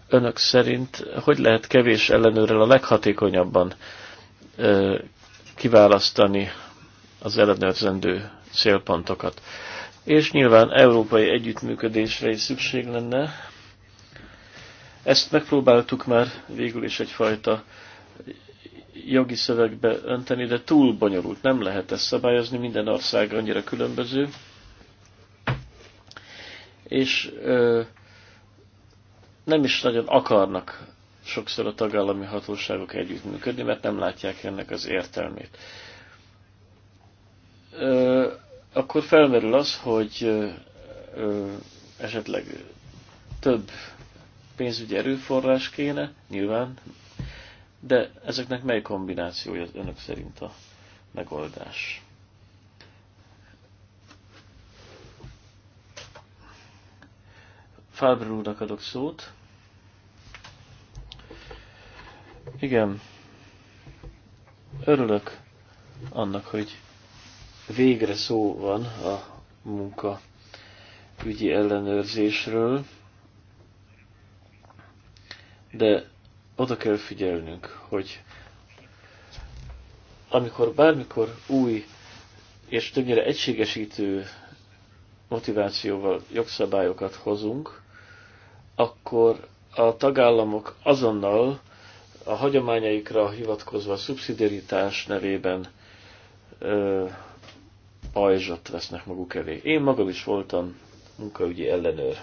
önök szerint hogy lehet kevés ellenőrrel a leghatékonyabban kiválasztani az ellenőrzendő célpontokat. És nyilván európai együttműködésre is szükség lenne. Ezt megpróbáltuk már végül is egyfajta jogi szövegbe önteni, de túl bonyolult. Nem lehet ezt szabályozni, minden ország annyira különböző. És ö, nem is nagyon akarnak sokszor a tagállami hatóságok együttműködni, mert nem látják ennek az értelmét. Ö, akkor felmerül az, hogy ö, esetleg több pénzügyi erőforrás kéne, nyilván, de ezeknek mely kombinációja az önök szerint a megoldás? Fábr adok szót. Igen, örülök annak, hogy végre szó van a munka ügyi ellenőrzésről, de oda kell figyelnünk, hogy amikor bármikor új és többnyire egységesítő motivációval jogszabályokat hozunk, akkor a tagállamok azonnal a hagyományaikra hivatkozva a szubszidiaritás nevében ö, pajzsat vesznek maguk elé. Én magam is voltam munkaügyi ellenőr.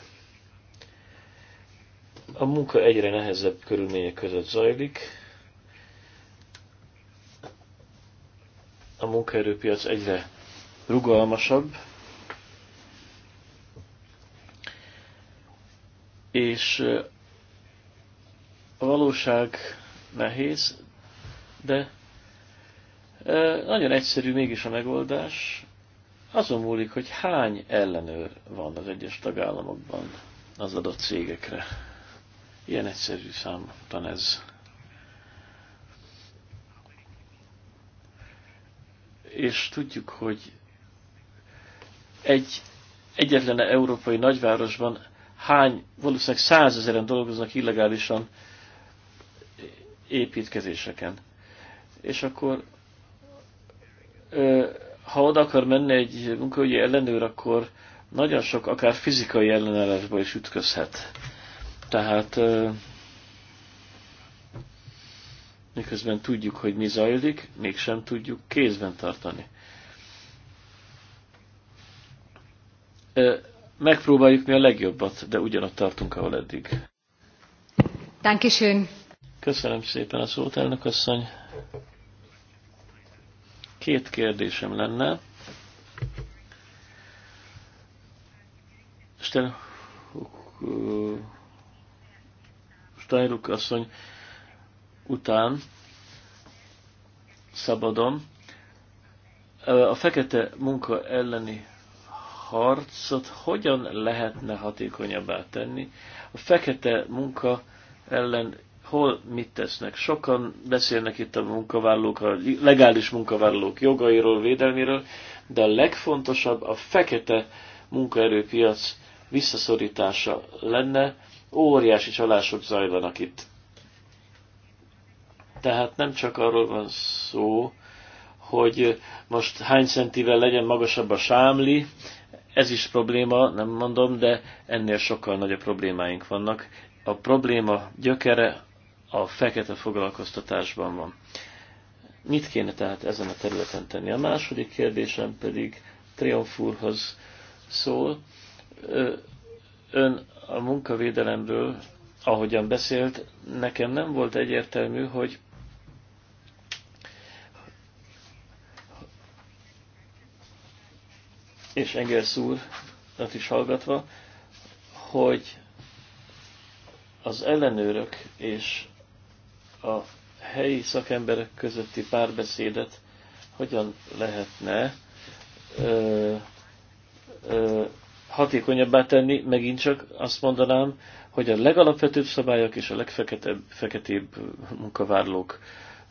A munka egyre nehezebb körülmények között zajlik, a munkaerőpiac egyre rugalmasabb, és a valóság nehéz, de nagyon egyszerű mégis a megoldás. Azon múlik, hogy hány ellenőr van az egyes tagállamokban az adott cégekre. Ilyen egyszerű számtan ez. És tudjuk, hogy egy egyetlen európai nagyvárosban hány, valószínűleg százezeren dolgoznak illegálisan építkezéseken. És akkor ha oda akar menni egy munkahogyi ellenőr, akkor nagyon sok, akár fizikai ellenállásba is ütközhet. Tehát miközben tudjuk, hogy mi zajlik, mégsem tudjuk kézben tartani. Megpróbáljuk mi a legjobbat, de ugyanott tartunk, ahol eddig. Dankeschön. Köszönöm szépen a szót, elnök asszony. Két kérdésem lenne. Steinruck asszony után szabadon a fekete munka elleni harcot hogyan lehetne hatékonyabbá tenni? A fekete munka ellen hol mit tesznek. Sokan beszélnek itt a munkavállalók, a legális munkavállalók jogairól, védelméről, de a legfontosabb a fekete munkaerőpiac visszaszorítása lenne, óriási csalások zajlanak itt. Tehát nem csak arról van szó, hogy most hány centivel legyen magasabb a sámli, ez is probléma, nem mondom, de ennél sokkal nagyobb problémáink vannak. A probléma gyökere a fekete foglalkoztatásban van. Mit kéne tehát ezen a területen tenni? A második kérdésem pedig Triumfúrhoz szól. Ön a munkavédelemről, ahogyan beszélt, nekem nem volt egyértelmű, hogy és Engelsz úr, is hallgatva, hogy az ellenőrök és a helyi szakemberek közötti párbeszédet hogyan lehetne ö, ö, hatékonyabbá tenni, megint csak azt mondanám, hogy a legalapvetőbb szabályok és a legfeketébb munkavárlók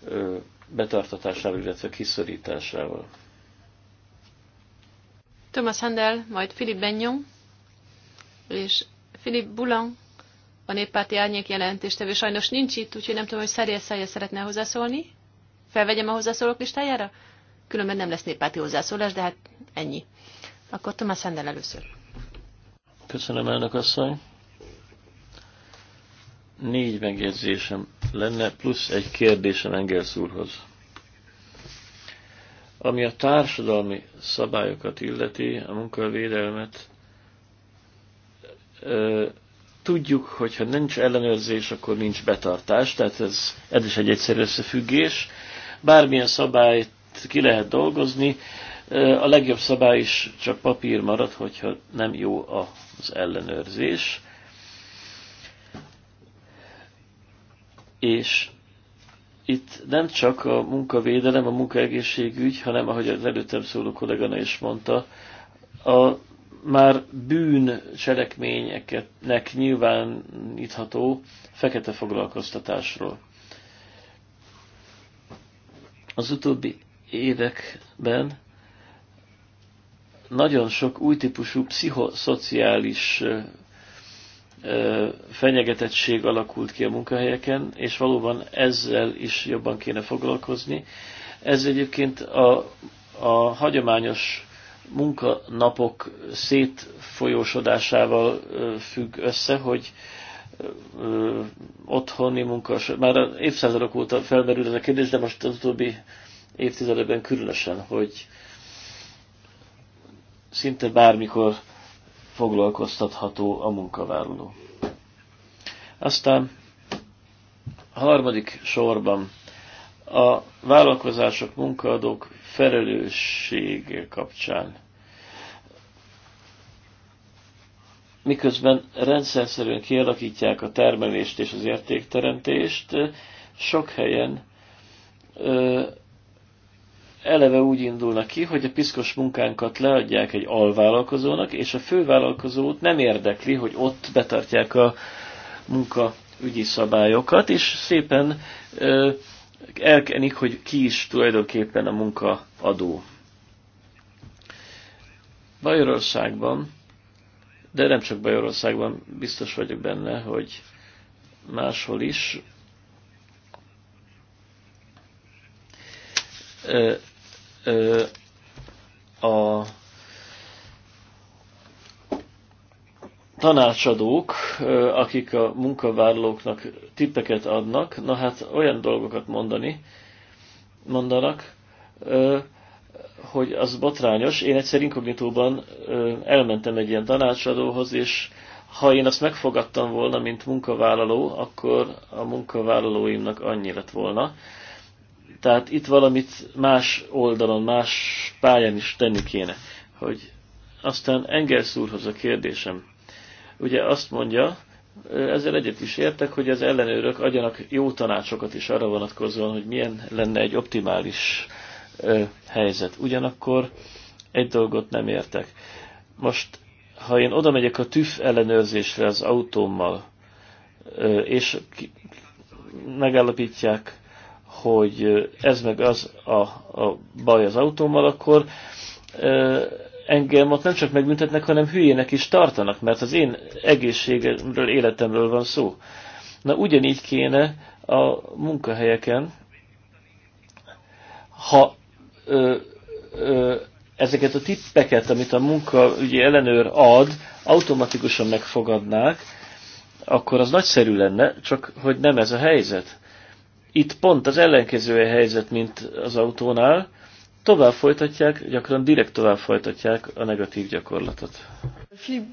ö, betartatásával, illetve kiszorításával. Thomas Handel, majd Philip Benyom, és Philip Boulan a néppárti árnyék jelentéstevő sajnos nincs itt, úgyhogy nem tudom, hogy szerélszelje szeretne hozzászólni. Felvegyem a hozzászólók listájára? Különben nem lesz néppárti hozzászólás, de hát ennyi. Akkor Tomás Hendel először. Köszönöm, elnök asszony. Négy megjegyzésem lenne, plusz egy kérdésem Engelsz úrhoz. Ami a társadalmi szabályokat illeti, a munkavédelmet, Tudjuk, hogy ha nincs ellenőrzés, akkor nincs betartás, tehát ez, ez is egy egyszerű összefüggés. Bármilyen szabályt ki lehet dolgozni, a legjobb szabály is csak papír marad, hogyha nem jó az ellenőrzés. És itt nem csak a munkavédelem, a munkaegészségügy, hanem ahogy az előttem szóló kollégana is mondta, a már bűn cselekményeknek nyilvánítható fekete foglalkoztatásról. Az utóbbi években nagyon sok új típusú pszichoszociális fenyegetettség alakult ki a munkahelyeken, és valóban ezzel is jobban kéne foglalkozni. Ez egyébként a, a hagyományos munkanapok szétfolyósodásával függ össze, hogy otthoni munka már évszázadok óta felmerül ez a kérdés, de most az utóbbi évtizedekben különösen, hogy szinte bármikor foglalkoztatható a munkavállaló. Aztán a harmadik sorban a vállalkozások, munkaadók felelősség kapcsán. Miközben rendszerszerűen kialakítják a termelést és az értékteremtést, sok helyen ö, eleve úgy indulnak ki, hogy a piszkos munkánkat leadják egy alvállalkozónak, és a fővállalkozót nem érdekli, hogy ott betartják a munkaügyi szabályokat, és szépen ö, elkenik, hogy ki is tulajdonképpen a munkaadó. Bajorországban, de nem csak Bajorországban, biztos vagyok benne, hogy máshol is ö, ö, a tanácsadók, akik a munkavállalóknak tippeket adnak, na hát olyan dolgokat mondani, mondanak, hogy az botrányos. Én egyszer inkognitóban elmentem egy ilyen tanácsadóhoz, és ha én azt megfogadtam volna, mint munkavállaló, akkor a munkavállalóimnak annyi lett volna. Tehát itt valamit más oldalon, más pályán is tenni kéne. Hogy aztán Engelsz úrhoz a kérdésem ugye azt mondja, ezzel egyet is értek, hogy az ellenőrök adjanak jó tanácsokat is arra vonatkozóan, hogy milyen lenne egy optimális ö, helyzet. Ugyanakkor egy dolgot nem értek. Most, ha én oda megyek a TÜV ellenőrzésre az autómmal, ö, és megállapítják, hogy ez meg az a, a baj az autómmal, akkor ö, engem ott nem csak megbüntetnek, hanem hülyének is tartanak, mert az én egészségemről, életemről van szó. Na ugyanígy kéne a munkahelyeken, ha ö, ö, ezeket a tippeket, amit a munkaügyi ellenőr ad, automatikusan megfogadnák, akkor az nagyszerű lenne, csak hogy nem ez a helyzet. Itt pont az ellenkező helyzet, mint az autónál, tovább folytatják, gyakran direkt tovább folytatják a negatív gyakorlatot. Phil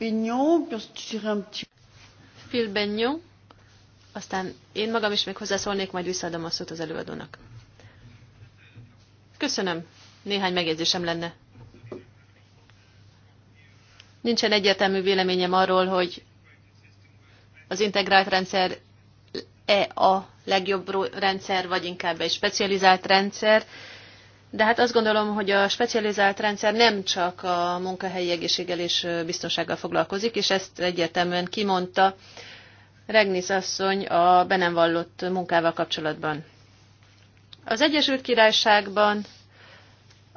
Bignon, aztán én magam is még hozzászólnék, majd visszaadom a szót az előadónak. Köszönöm. Néhány megjegyzésem lenne. Nincsen egyértelmű véleményem arról, hogy az integrált rendszer e a legjobb rendszer, vagy inkább egy specializált rendszer de hát azt gondolom, hogy a specializált rendszer nem csak a munkahelyi egészséggel és biztonsággal foglalkozik, és ezt egyértelműen kimondta Regnis asszony a be nem vallott munkával kapcsolatban. Az Egyesült Királyságban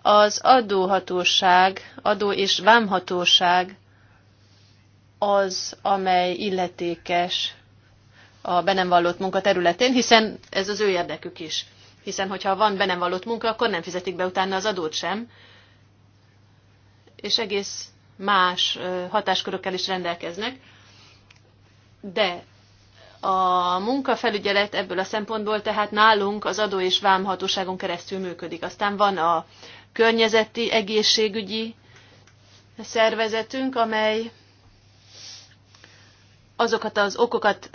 az adóhatóság, adó és vámhatóság az, amely illetékes a be nem vallott munka területén, hiszen ez az ő érdekük is hiszen hogyha van be nem vallott munka, akkor nem fizetik be utána az adót sem, és egész más hatáskörökkel is rendelkeznek. De a munkafelügyelet ebből a szempontból tehát nálunk az adó és vámhatóságon keresztül működik. Aztán van a környezeti egészségügyi szervezetünk, amely azokat az okokat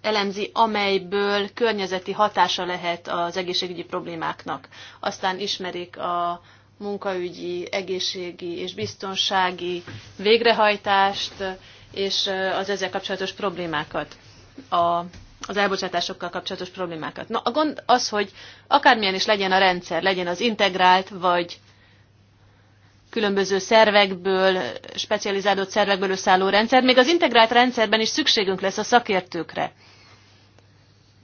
elemzi, amelyből környezeti hatása lehet az egészségügyi problémáknak. Aztán ismerik a munkaügyi, egészségi és biztonsági végrehajtást, és az ezzel kapcsolatos problémákat, a, az elbocsátásokkal kapcsolatos problémákat. Na, a gond az, hogy akármilyen is legyen a rendszer, legyen az integrált, vagy különböző szervekből, specializálódott szervekből összeálló rendszer, még az integrált rendszerben is szükségünk lesz a szakértőkre.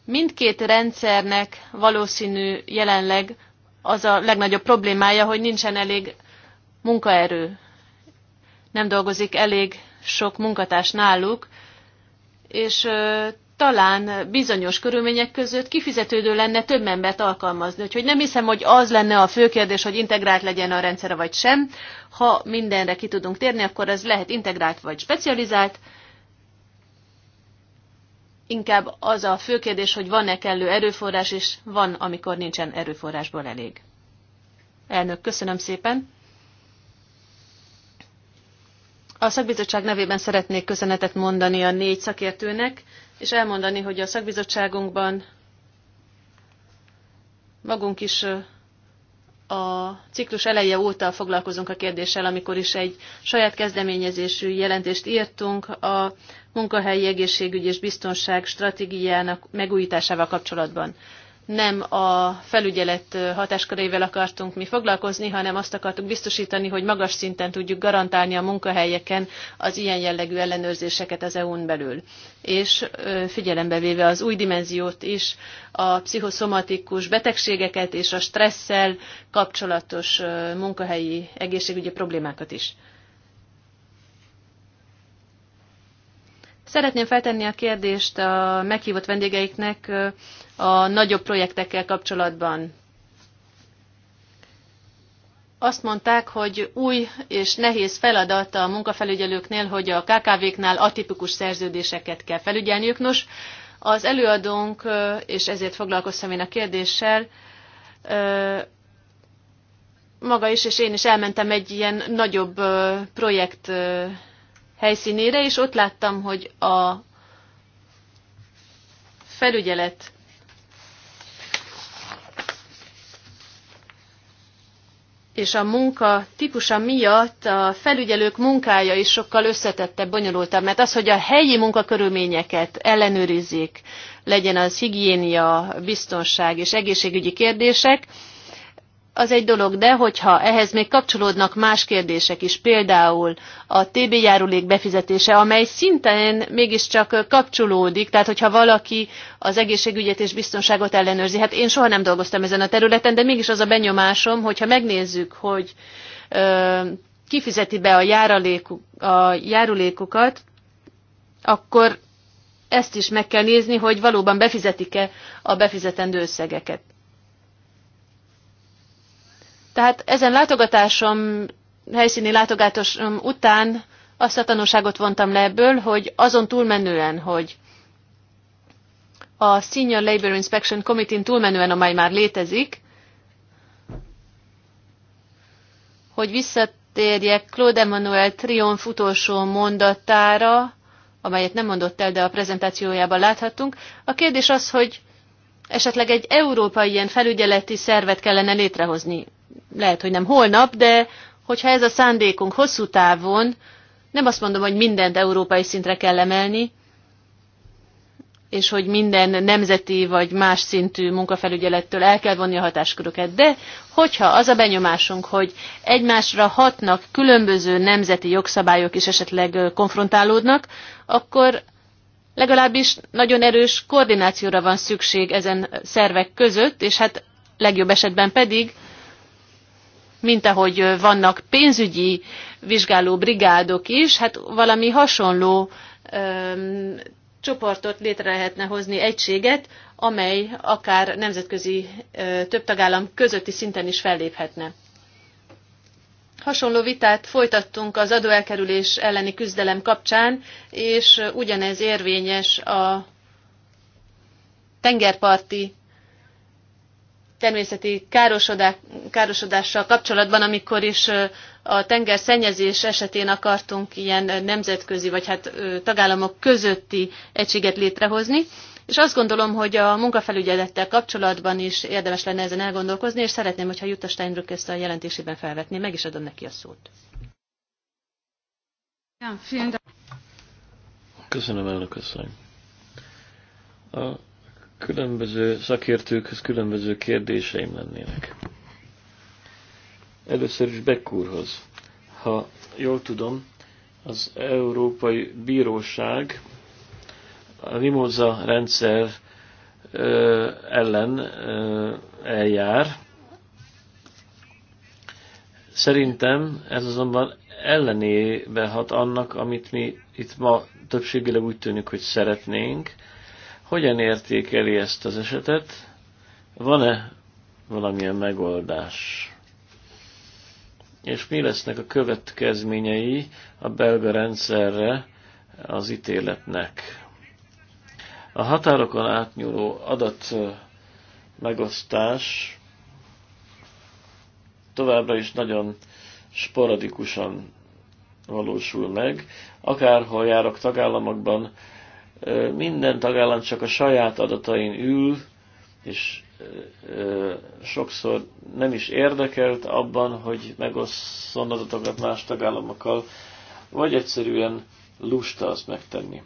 Mindkét rendszernek valószínű jelenleg az a legnagyobb problémája, hogy nincsen elég munkaerő. Nem dolgozik elég sok munkatárs náluk, és talán bizonyos körülmények között kifizetődő lenne több embert alkalmazni. Úgyhogy nem hiszem, hogy az lenne a fő kérdés, hogy integrált legyen a rendszer vagy sem. Ha mindenre ki tudunk térni, akkor ez lehet integrált vagy specializált. Inkább az a fő kérdés, hogy van-e kellő erőforrás, és van, amikor nincsen erőforrásból elég. Elnök, köszönöm szépen. A szakbizottság nevében szeretnék köszönetet mondani a négy szakértőnek és elmondani, hogy a szakbizottságunkban magunk is a ciklus eleje óta foglalkozunk a kérdéssel, amikor is egy saját kezdeményezésű jelentést írtunk a munkahelyi egészségügy és biztonság stratégiának megújításával kapcsolatban nem a felügyelet hatáskörével akartunk mi foglalkozni, hanem azt akartuk biztosítani, hogy magas szinten tudjuk garantálni a munkahelyeken az ilyen jellegű ellenőrzéseket az EU-n belül. És figyelembe véve az új dimenziót is, a pszichoszomatikus betegségeket és a stresszel kapcsolatos munkahelyi egészségügyi problémákat is. Szeretném feltenni a kérdést a meghívott vendégeiknek a nagyobb projektekkel kapcsolatban. Azt mondták, hogy új és nehéz feladat a munkafelügyelőknél, hogy a KKV-knál atipikus szerződéseket kell felügyelniük. Nos, az előadónk, és ezért foglalkoztam én a kérdéssel, maga is és én is elmentem egy ilyen nagyobb projekt helyszínére, és ott láttam, hogy a felügyelet és a munka típusa miatt a felügyelők munkája is sokkal összetettebb, bonyolultabb, mert az, hogy a helyi munkakörülményeket ellenőrizzék, legyen az higiénia, biztonság és egészségügyi kérdések, az egy dolog, de hogyha ehhez még kapcsolódnak más kérdések is, például a TB járulék befizetése, amely szinten mégiscsak kapcsolódik, tehát hogyha valaki az egészségügyet és biztonságot ellenőrzi, hát én soha nem dolgoztam ezen a területen, de mégis az a benyomásom, hogyha megnézzük, hogy ö, kifizeti be a, járaléku, a járulékukat, akkor ezt is meg kell nézni, hogy valóban befizetik-e a befizetendő összegeket. Tehát ezen látogatásom, helyszíni látogatásom után azt a tanulságot vontam le ebből, hogy azon túlmenően, hogy a Senior Labor Inspection Committee-n túlmenően, amely már létezik, hogy visszatérjek Claude Emmanuel Trion utolsó mondatára, amelyet nem mondott el, de a prezentációjában láthattunk. A kérdés az, hogy esetleg egy európai ilyen felügyeleti szervet kellene létrehozni lehet, hogy nem holnap, de hogyha ez a szándékunk hosszú távon, nem azt mondom, hogy mindent európai szintre kell emelni, és hogy minden nemzeti vagy más szintű munkafelügyelettől el kell vonni a hatásköröket. De hogyha az a benyomásunk, hogy egymásra hatnak különböző nemzeti jogszabályok is esetleg konfrontálódnak, akkor legalábbis nagyon erős koordinációra van szükség ezen szervek között, és hát legjobb esetben pedig mint ahogy vannak pénzügyi vizsgáló brigádok is, hát valami hasonló öm, csoportot létre lehetne hozni, egységet, amely akár nemzetközi ö, több tagállam közötti szinten is felléphetne. Hasonló vitát folytattunk az adóelkerülés elleni küzdelem kapcsán, és ugyanez érvényes a tengerparti természeti károsodással kapcsolatban, amikor is a tenger szennyezés esetén akartunk ilyen nemzetközi, vagy hát tagállamok közötti egységet létrehozni. És azt gondolom, hogy a munkafelügyelettel kapcsolatban is érdemes lenne ezen elgondolkozni, és szeretném, hogyha Jutta Steinbrück ezt a jelentésében felvetné. Meg is adom neki a szót. Köszönöm, elnök asszony. A különböző szakértőkhöz különböző kérdéseim lennének. Először is Beck úrhoz. Ha jól tudom, az Európai Bíróság a Mimoza rendszer ö, ellen ö, eljár. Szerintem ez azonban ellenébe hat annak, amit mi itt ma többségileg úgy tűnik, hogy szeretnénk, hogyan értékeli ezt az esetet? Van-e valamilyen megoldás? És mi lesznek a következményei a belga rendszerre az ítéletnek? A határokon átnyúló adat megosztás továbbra is nagyon sporadikusan valósul meg. Akárhol járok tagállamokban, minden tagállam csak a saját adatain ül, és sokszor nem is érdekelt abban, hogy megosszon adatokat más tagállamokkal, vagy egyszerűen lusta azt megtenni.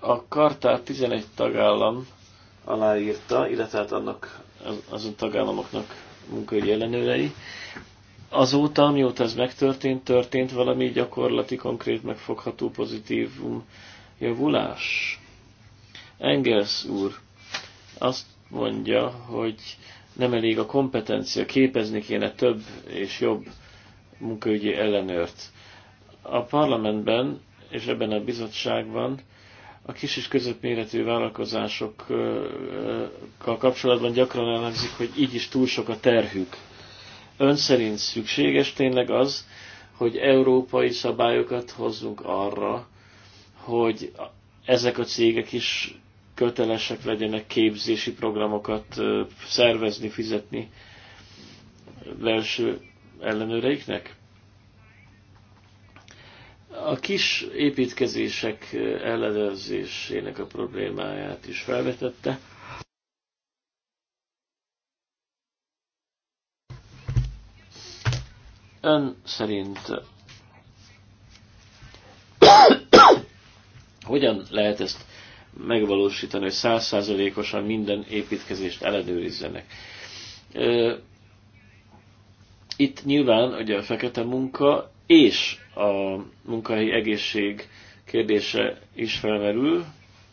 A kartát 11 tagállam aláírta, illetve hát annak azon tagállamoknak munkai ellenőrei, Azóta, amióta ez megtörtént, történt valami gyakorlati, konkrét, megfogható pozitívum javulás? Engels úr azt mondja, hogy nem elég a kompetencia, képezni kéne több és jobb munkaügyi ellenőrt. A parlamentben és ebben a bizottságban a kis és középméretű vállalkozásokkal kapcsolatban gyakran elhangzik, hogy így is túl sok a terhük ön szerint szükséges tényleg az, hogy európai szabályokat hozzunk arra, hogy ezek a cégek is kötelesek legyenek képzési programokat szervezni, fizetni belső ellenőreiknek? A kis építkezések ellenőrzésének a problémáját is felvetette. Ön szerint hogyan lehet ezt megvalósítani, hogy százszázalékosan minden építkezést ellenőrizzenek? Itt nyilván ugye a fekete munka és a munkahelyi egészség kérdése is felmerül,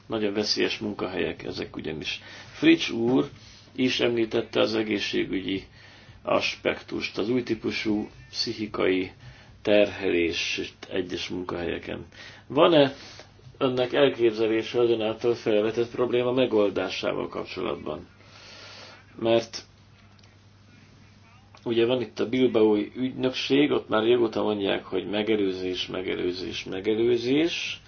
nagyon veszélyes munkahelyek ezek ugyanis. Fritz úr is említette az egészségügyi aspektust, az új típusú pszichikai terhelést egyes munkahelyeken. Van-e önnek elképzelése az ön által felvetett probléma megoldásával kapcsolatban? Mert ugye van itt a Bilbaói ügynökség, ott már régóta mondják, hogy megelőzés, megelőzés, megelőzés,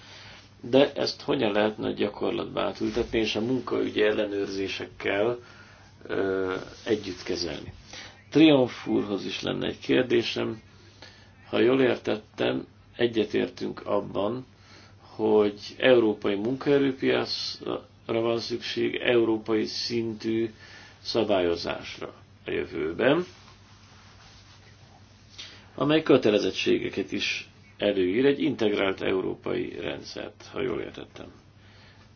de ezt hogyan lehetne a gyakorlatba átültetni, és a munkaügyi ellenőrzésekkel ö, együtt kezelni. Triumf is lenne egy kérdésem. Ha jól értettem, egyetértünk abban, hogy európai munkaerőpiacra van szükség, európai szintű szabályozásra a jövőben, amely kötelezettségeket is előír, egy integrált európai rendszert, ha jól értettem.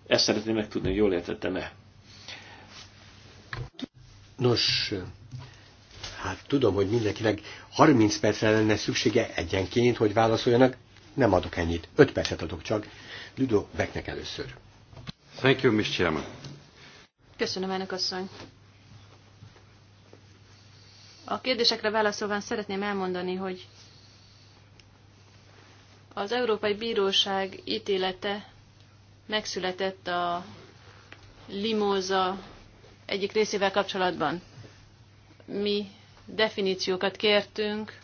Ezt szeretném megtudni, hogy jól értettem-e. Nos, Hát tudom, hogy mindenkinek 30 percre lenne szüksége egyenként, hogy válaszoljanak. Nem adok ennyit. 5 percet adok csak. Ludo Becknek először. Thank you, Mr. Chairman. Köszönöm, elnök asszony. A kérdésekre válaszolván szeretném elmondani, hogy az Európai Bíróság ítélete megszületett a limóza egyik részével kapcsolatban. Mi definíciókat kértünk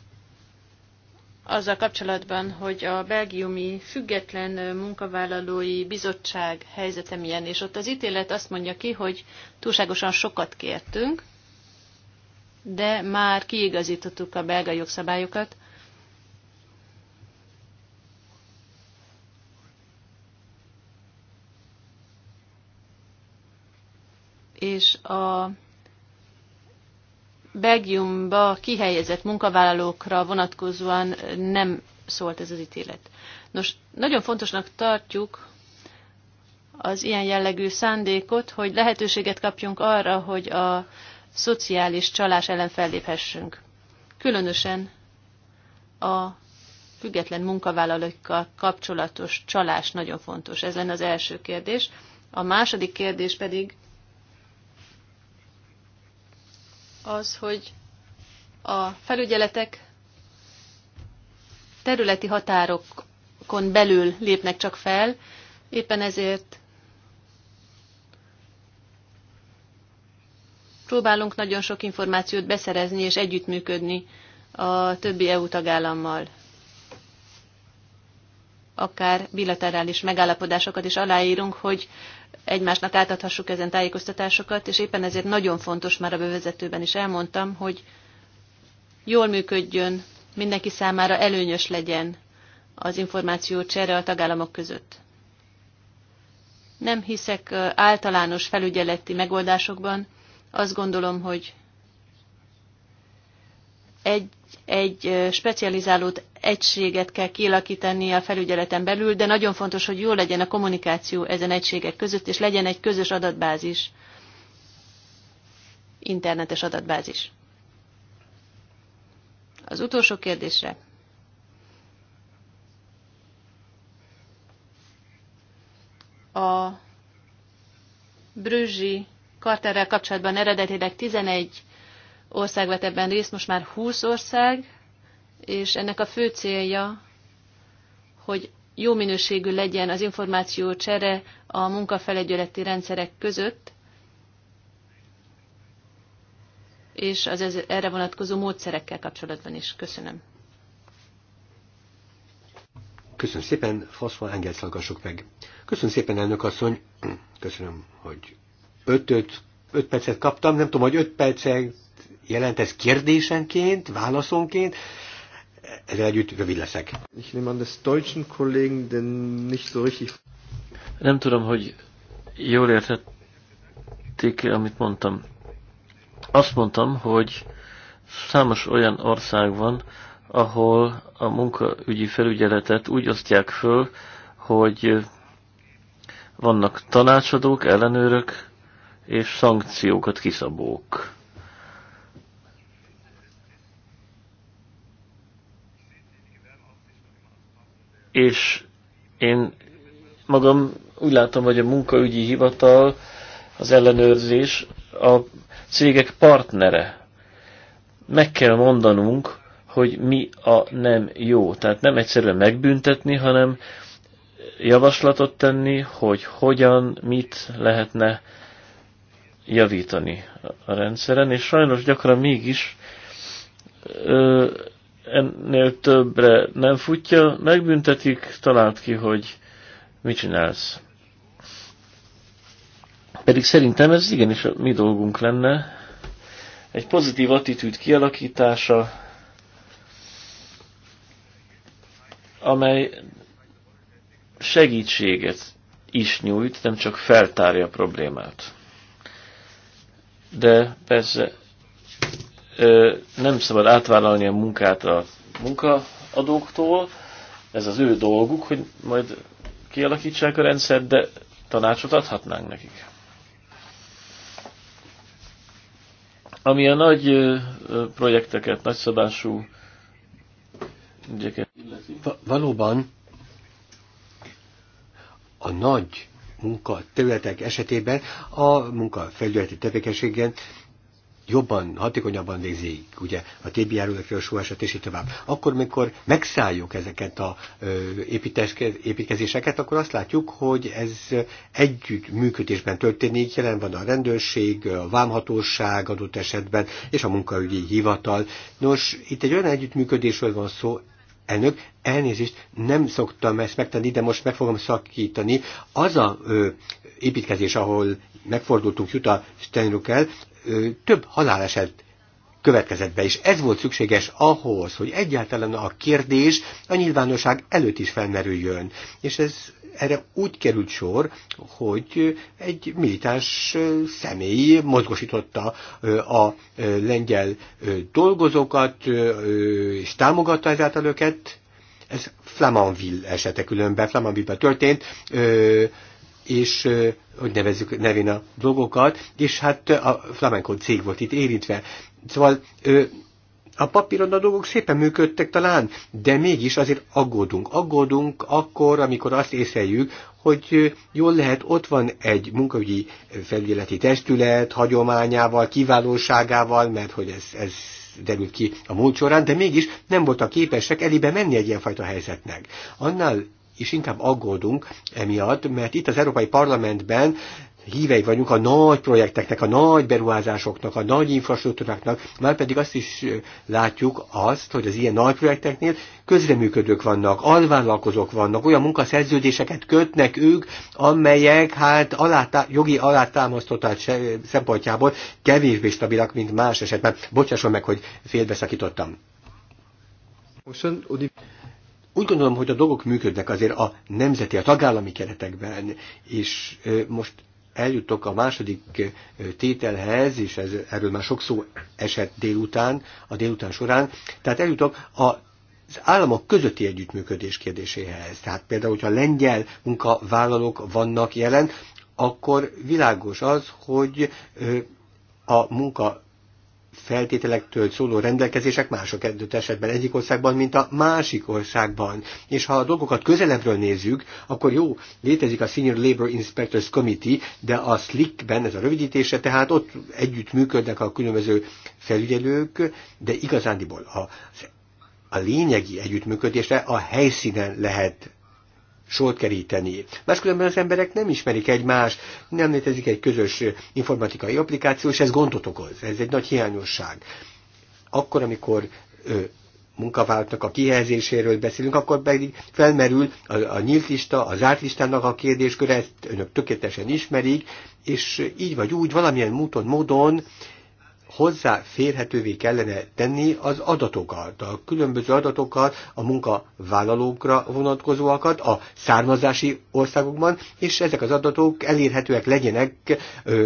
azzal kapcsolatban, hogy a belgiumi független munkavállalói bizottság helyzete milyen, és ott az ítélet azt mondja ki, hogy túlságosan sokat kértünk, de már kiigazítottuk a belga jogszabályokat, és a Belgiumba kihelyezett munkavállalókra vonatkozóan nem szólt ez az ítélet. Nos, nagyon fontosnak tartjuk az ilyen jellegű szándékot, hogy lehetőséget kapjunk arra, hogy a szociális csalás ellen felléphessünk. Különösen a független munkavállalókkal kapcsolatos csalás nagyon fontos. Ez lenne az első kérdés. A második kérdés pedig az, hogy a felügyeletek területi határokon belül lépnek csak fel, éppen ezért próbálunk nagyon sok információt beszerezni és együttműködni a többi EU tagállammal. Akár bilaterális megállapodásokat is aláírunk, hogy egymásnak átadhassuk ezen tájékoztatásokat, és éppen ezért nagyon fontos, már a bevezetőben is elmondtam, hogy jól működjön, mindenki számára előnyös legyen az információ csere a tagállamok között. Nem hiszek általános felügyeleti megoldásokban, azt gondolom, hogy egy, egy specializálódott egységet kell kialakítani a felügyeleten belül, de nagyon fontos, hogy jó legyen a kommunikáció ezen egységek között, és legyen egy közös adatbázis, internetes adatbázis. Az utolsó kérdésre. A Brüzsi karterrel kapcsolatban eredetileg 11 ország vett ebben részt, most már 20 ország, és ennek a fő célja, hogy jó minőségű legyen az információ csere a munkafelegyeleti rendszerek között, és az ez, erre vonatkozó módszerekkel kapcsolatban is. Köszönöm. Köszönöm szépen, Faszva Engels hallgassuk meg. Köszönöm szépen, elnök asszony. Köszönöm, hogy 5 öt, öt percet kaptam, nem tudom, hogy 5 percet jelent ez kérdésenként, válaszonként, ezzel együtt rövid leszek. Ich nehme an des deutschen Kollegen, den nicht so richtig... Nem tudom, hogy jól értették amit mondtam. Azt mondtam, hogy számos olyan ország van, ahol a munkaügyi felügyeletet úgy osztják föl, hogy vannak tanácsadók, ellenőrök és szankciókat kiszabók. és én magam úgy látom, hogy a munkaügyi hivatal, az ellenőrzés a cégek partnere. Meg kell mondanunk, hogy mi a nem jó. Tehát nem egyszerűen megbüntetni, hanem javaslatot tenni, hogy hogyan, mit lehetne javítani a rendszeren, és sajnos gyakran mégis ö, ennél többre nem futja, megbüntetik, talált ki, hogy mit csinálsz. Pedig szerintem ez igenis a mi dolgunk lenne. Egy pozitív attitűd kialakítása, amely segítséget is nyújt, nem csak feltárja a problémát. De persze nem szabad átvállalni a munkát a munkaadóktól, ez az ő dolguk, hogy majd kialakítsák a rendszert, de tanácsot adhatnánk nekik. Ami a nagy projekteket, nagyszabású ügyeket illeti. Valóban a nagy munkaterületek esetében a munkafelületi tevékenységen jobban, hatékonyabban végzi ugye a TB járulakról só eset, és így tovább. Akkor, amikor megszálljuk ezeket a építkezéseket, akkor azt látjuk, hogy ez együtt működésben történik, jelen van a rendőrség, a vámhatóság adott esetben, és a munkaügyi hivatal. Nos, itt egy olyan együttműködésről van szó, elnök, elnézést, nem szoktam ezt megtenni, de most meg fogom szakítani. Az a ö, építkezés, ahol megfordultunk jut a Steinruckel, több haláleset következett be, és ez volt szükséges ahhoz, hogy egyáltalán a kérdés a nyilvánosság előtt is felmerüljön. És ez erre úgy került sor, hogy egy militáns személy mozgosította a lengyel dolgozókat, és támogatta ezáltal őket. Ez Flamanville esete különben, Flamanville-ben történt, és hogy nevezzük nevén a blogokat, és hát a flamenco cég volt itt érintve. Szóval a papíron a dolgok szépen működtek talán, de mégis azért aggódunk. Aggódunk akkor, amikor azt észeljük, hogy jól lehet, ott van egy munkaügyi felügyeleti testület, hagyományával, kiválóságával, mert hogy ez, ez derült ki a múlt során, de mégis nem voltak képesek elébe menni egy ilyenfajta helyzetnek. Annál és inkább aggódunk emiatt, mert itt az Európai Parlamentben hívei vagyunk a nagy projekteknek, a nagy beruházásoknak, a nagy infrastruktúráknak, már pedig azt is látjuk azt, hogy az ilyen nagy projekteknél közreműködők vannak, alvállalkozók vannak, olyan munkaszerződéseket kötnek ők, amelyek hát alátá, jogi alátámasztottát eh, szempontjából kevésbé stabilak, mint más esetben. Bocsásson meg, hogy félbeszakítottam. Úgy gondolom, hogy a dolgok működnek azért a nemzeti, a tagállami keretekben, és most eljutok a második tételhez, és ez, erről már sok szó esett délután, a délután során, tehát eljutok a az államok közötti együttműködés kérdéséhez. Tehát például, hogyha lengyel munkavállalók vannak jelen, akkor világos az, hogy a munka feltételektől szóló rendelkezések mások edőt esetben egyik országban, mint a másik országban. És ha a dolgokat közelebbről nézzük, akkor jó, létezik a Senior Labor Inspectors Committee, de a SLIC-ben, ez a rövidítése, tehát ott együtt működnek a különböző felügyelők, de igazándiból a, a lényegi együttműködésre a helyszínen lehet sort keríteni. Máskülönben az emberek nem ismerik egymást, nem létezik egy közös informatikai applikáció, és ez gondot okoz. Ez egy nagy hiányosság. Akkor, amikor ö, a kihelyezéséről beszélünk, akkor pedig felmerül a, a nyílt lista, a zárt listának a kérdésköre, ezt önök tökéletesen ismerik, és így vagy úgy, valamilyen múton, módon, módon hozzáférhetővé kellene tenni az adatokat, a különböző adatokat, a munkavállalókra vonatkozóakat a származási országokban, és ezek az adatok elérhetőek legyenek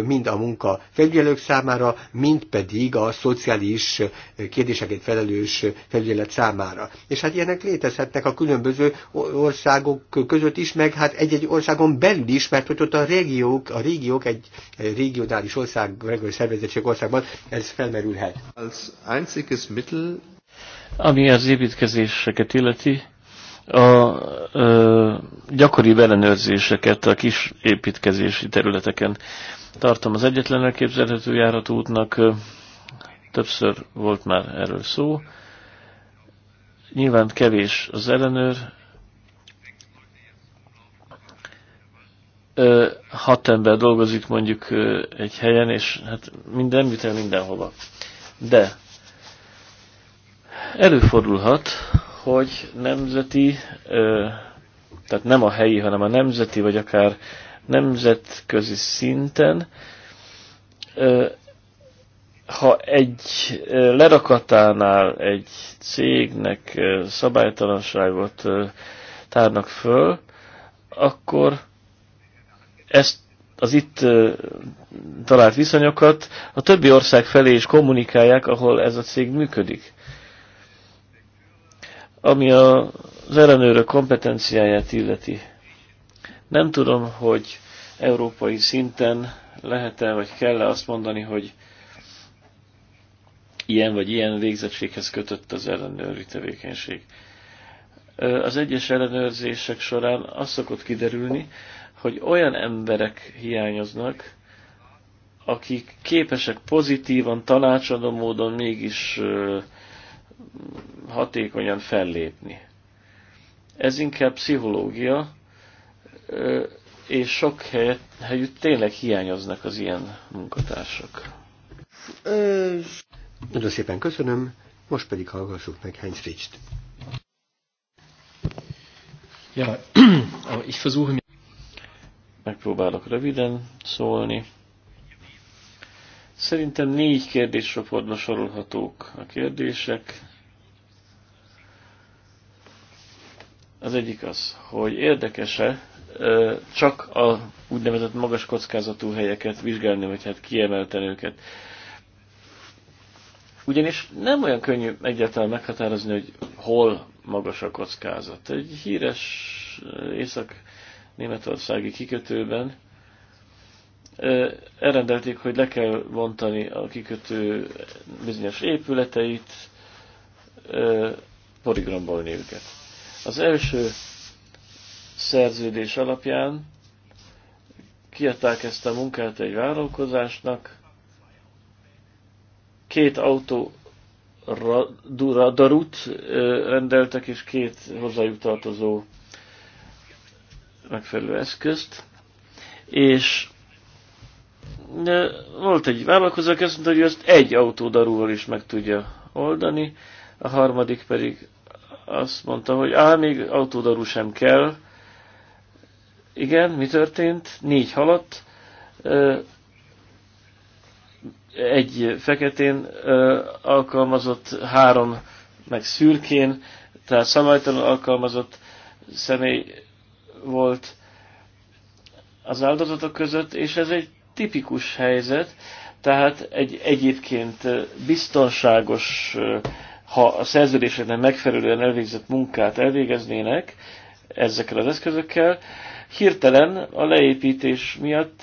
mind a munkafelügyelők számára, mind pedig a szociális kérdéseket felelős felügyelet számára. És hát ilyenek létezhetnek a különböző országok között is, meg hát egy-egy országon belül is, mert hogy ott a régiók, a régiók egy, egy regionális ország, regionális szervezettség országban ez felmerülhet. Als einziges Mittel... Ami az építkezéseket illeti, a ö, gyakori ellenőrzéseket a kis építkezési területeken tartom az egyetlen elképzelhető járható útnak. Többször volt már erről szó. Nyilván kevés az ellenőr, ö, hat ember dolgozik mondjuk ö, egy helyen, és hát minden el mindenhova. De előfordulhat, hogy nemzeti, ö, tehát nem a helyi, hanem a nemzeti, vagy akár nemzetközi szinten, ö, ha egy lerakatánál egy cégnek szabálytalanságot tárnak föl, akkor ezt az itt talált viszonyokat a többi ország felé is kommunikálják, ahol ez a cég működik. Ami az ellenőrök kompetenciáját illeti. Nem tudom, hogy európai szinten lehet-e vagy kell-e azt mondani, hogy ilyen vagy ilyen végzettséghez kötött az ellenőri tevékenység. Az egyes ellenőrzések során az szokott kiderülni, hogy olyan emberek hiányoznak, akik képesek pozitívan, tanácsadó módon mégis hatékonyan fellépni. Ez inkább pszichológia, és sok helyet, helyütt tényleg hiányoznak az ilyen munkatársak. Nagyon szépen köszönöm, most pedig hallgassuk meg Heinz Ja, (clears throat) ich versuche Megpróbálok röviden szólni. Szerintem négy kérdéscsoportba sorolhatók a kérdések. Az egyik az, hogy érdekese csak a úgynevezett magas kockázatú helyeket vizsgálni, vagy hát kiemelten őket. Ugyanis nem olyan könnyű egyáltalán meghatározni, hogy hol magas a kockázat. Egy híres észak németországi kikötőben, elrendelték, hogy le kell vontani a kikötő bizonyos épületeit, porigrombolni őket. Az első szerződés alapján kiadták ezt a munkát egy vállalkozásnak, két autó radarut rendeltek, és két hozzájuk tartozó megfelelő eszközt, és volt egy vállalkozó, aki azt mondta, hogy ezt egy autódarúval is meg tudja oldani, a harmadik pedig azt mondta, hogy á, még autódarú sem kell. Igen, mi történt? Négy halott, egy feketén alkalmazott, három meg szürkén, tehát szabálytalan alkalmazott személy volt az áldozatok között, és ez egy tipikus helyzet, tehát egy egyébként biztonságos, ha a szerződéseknek megfelelően elvégzett munkát elvégeznének ezekkel az eszközökkel, hirtelen a leépítés miatt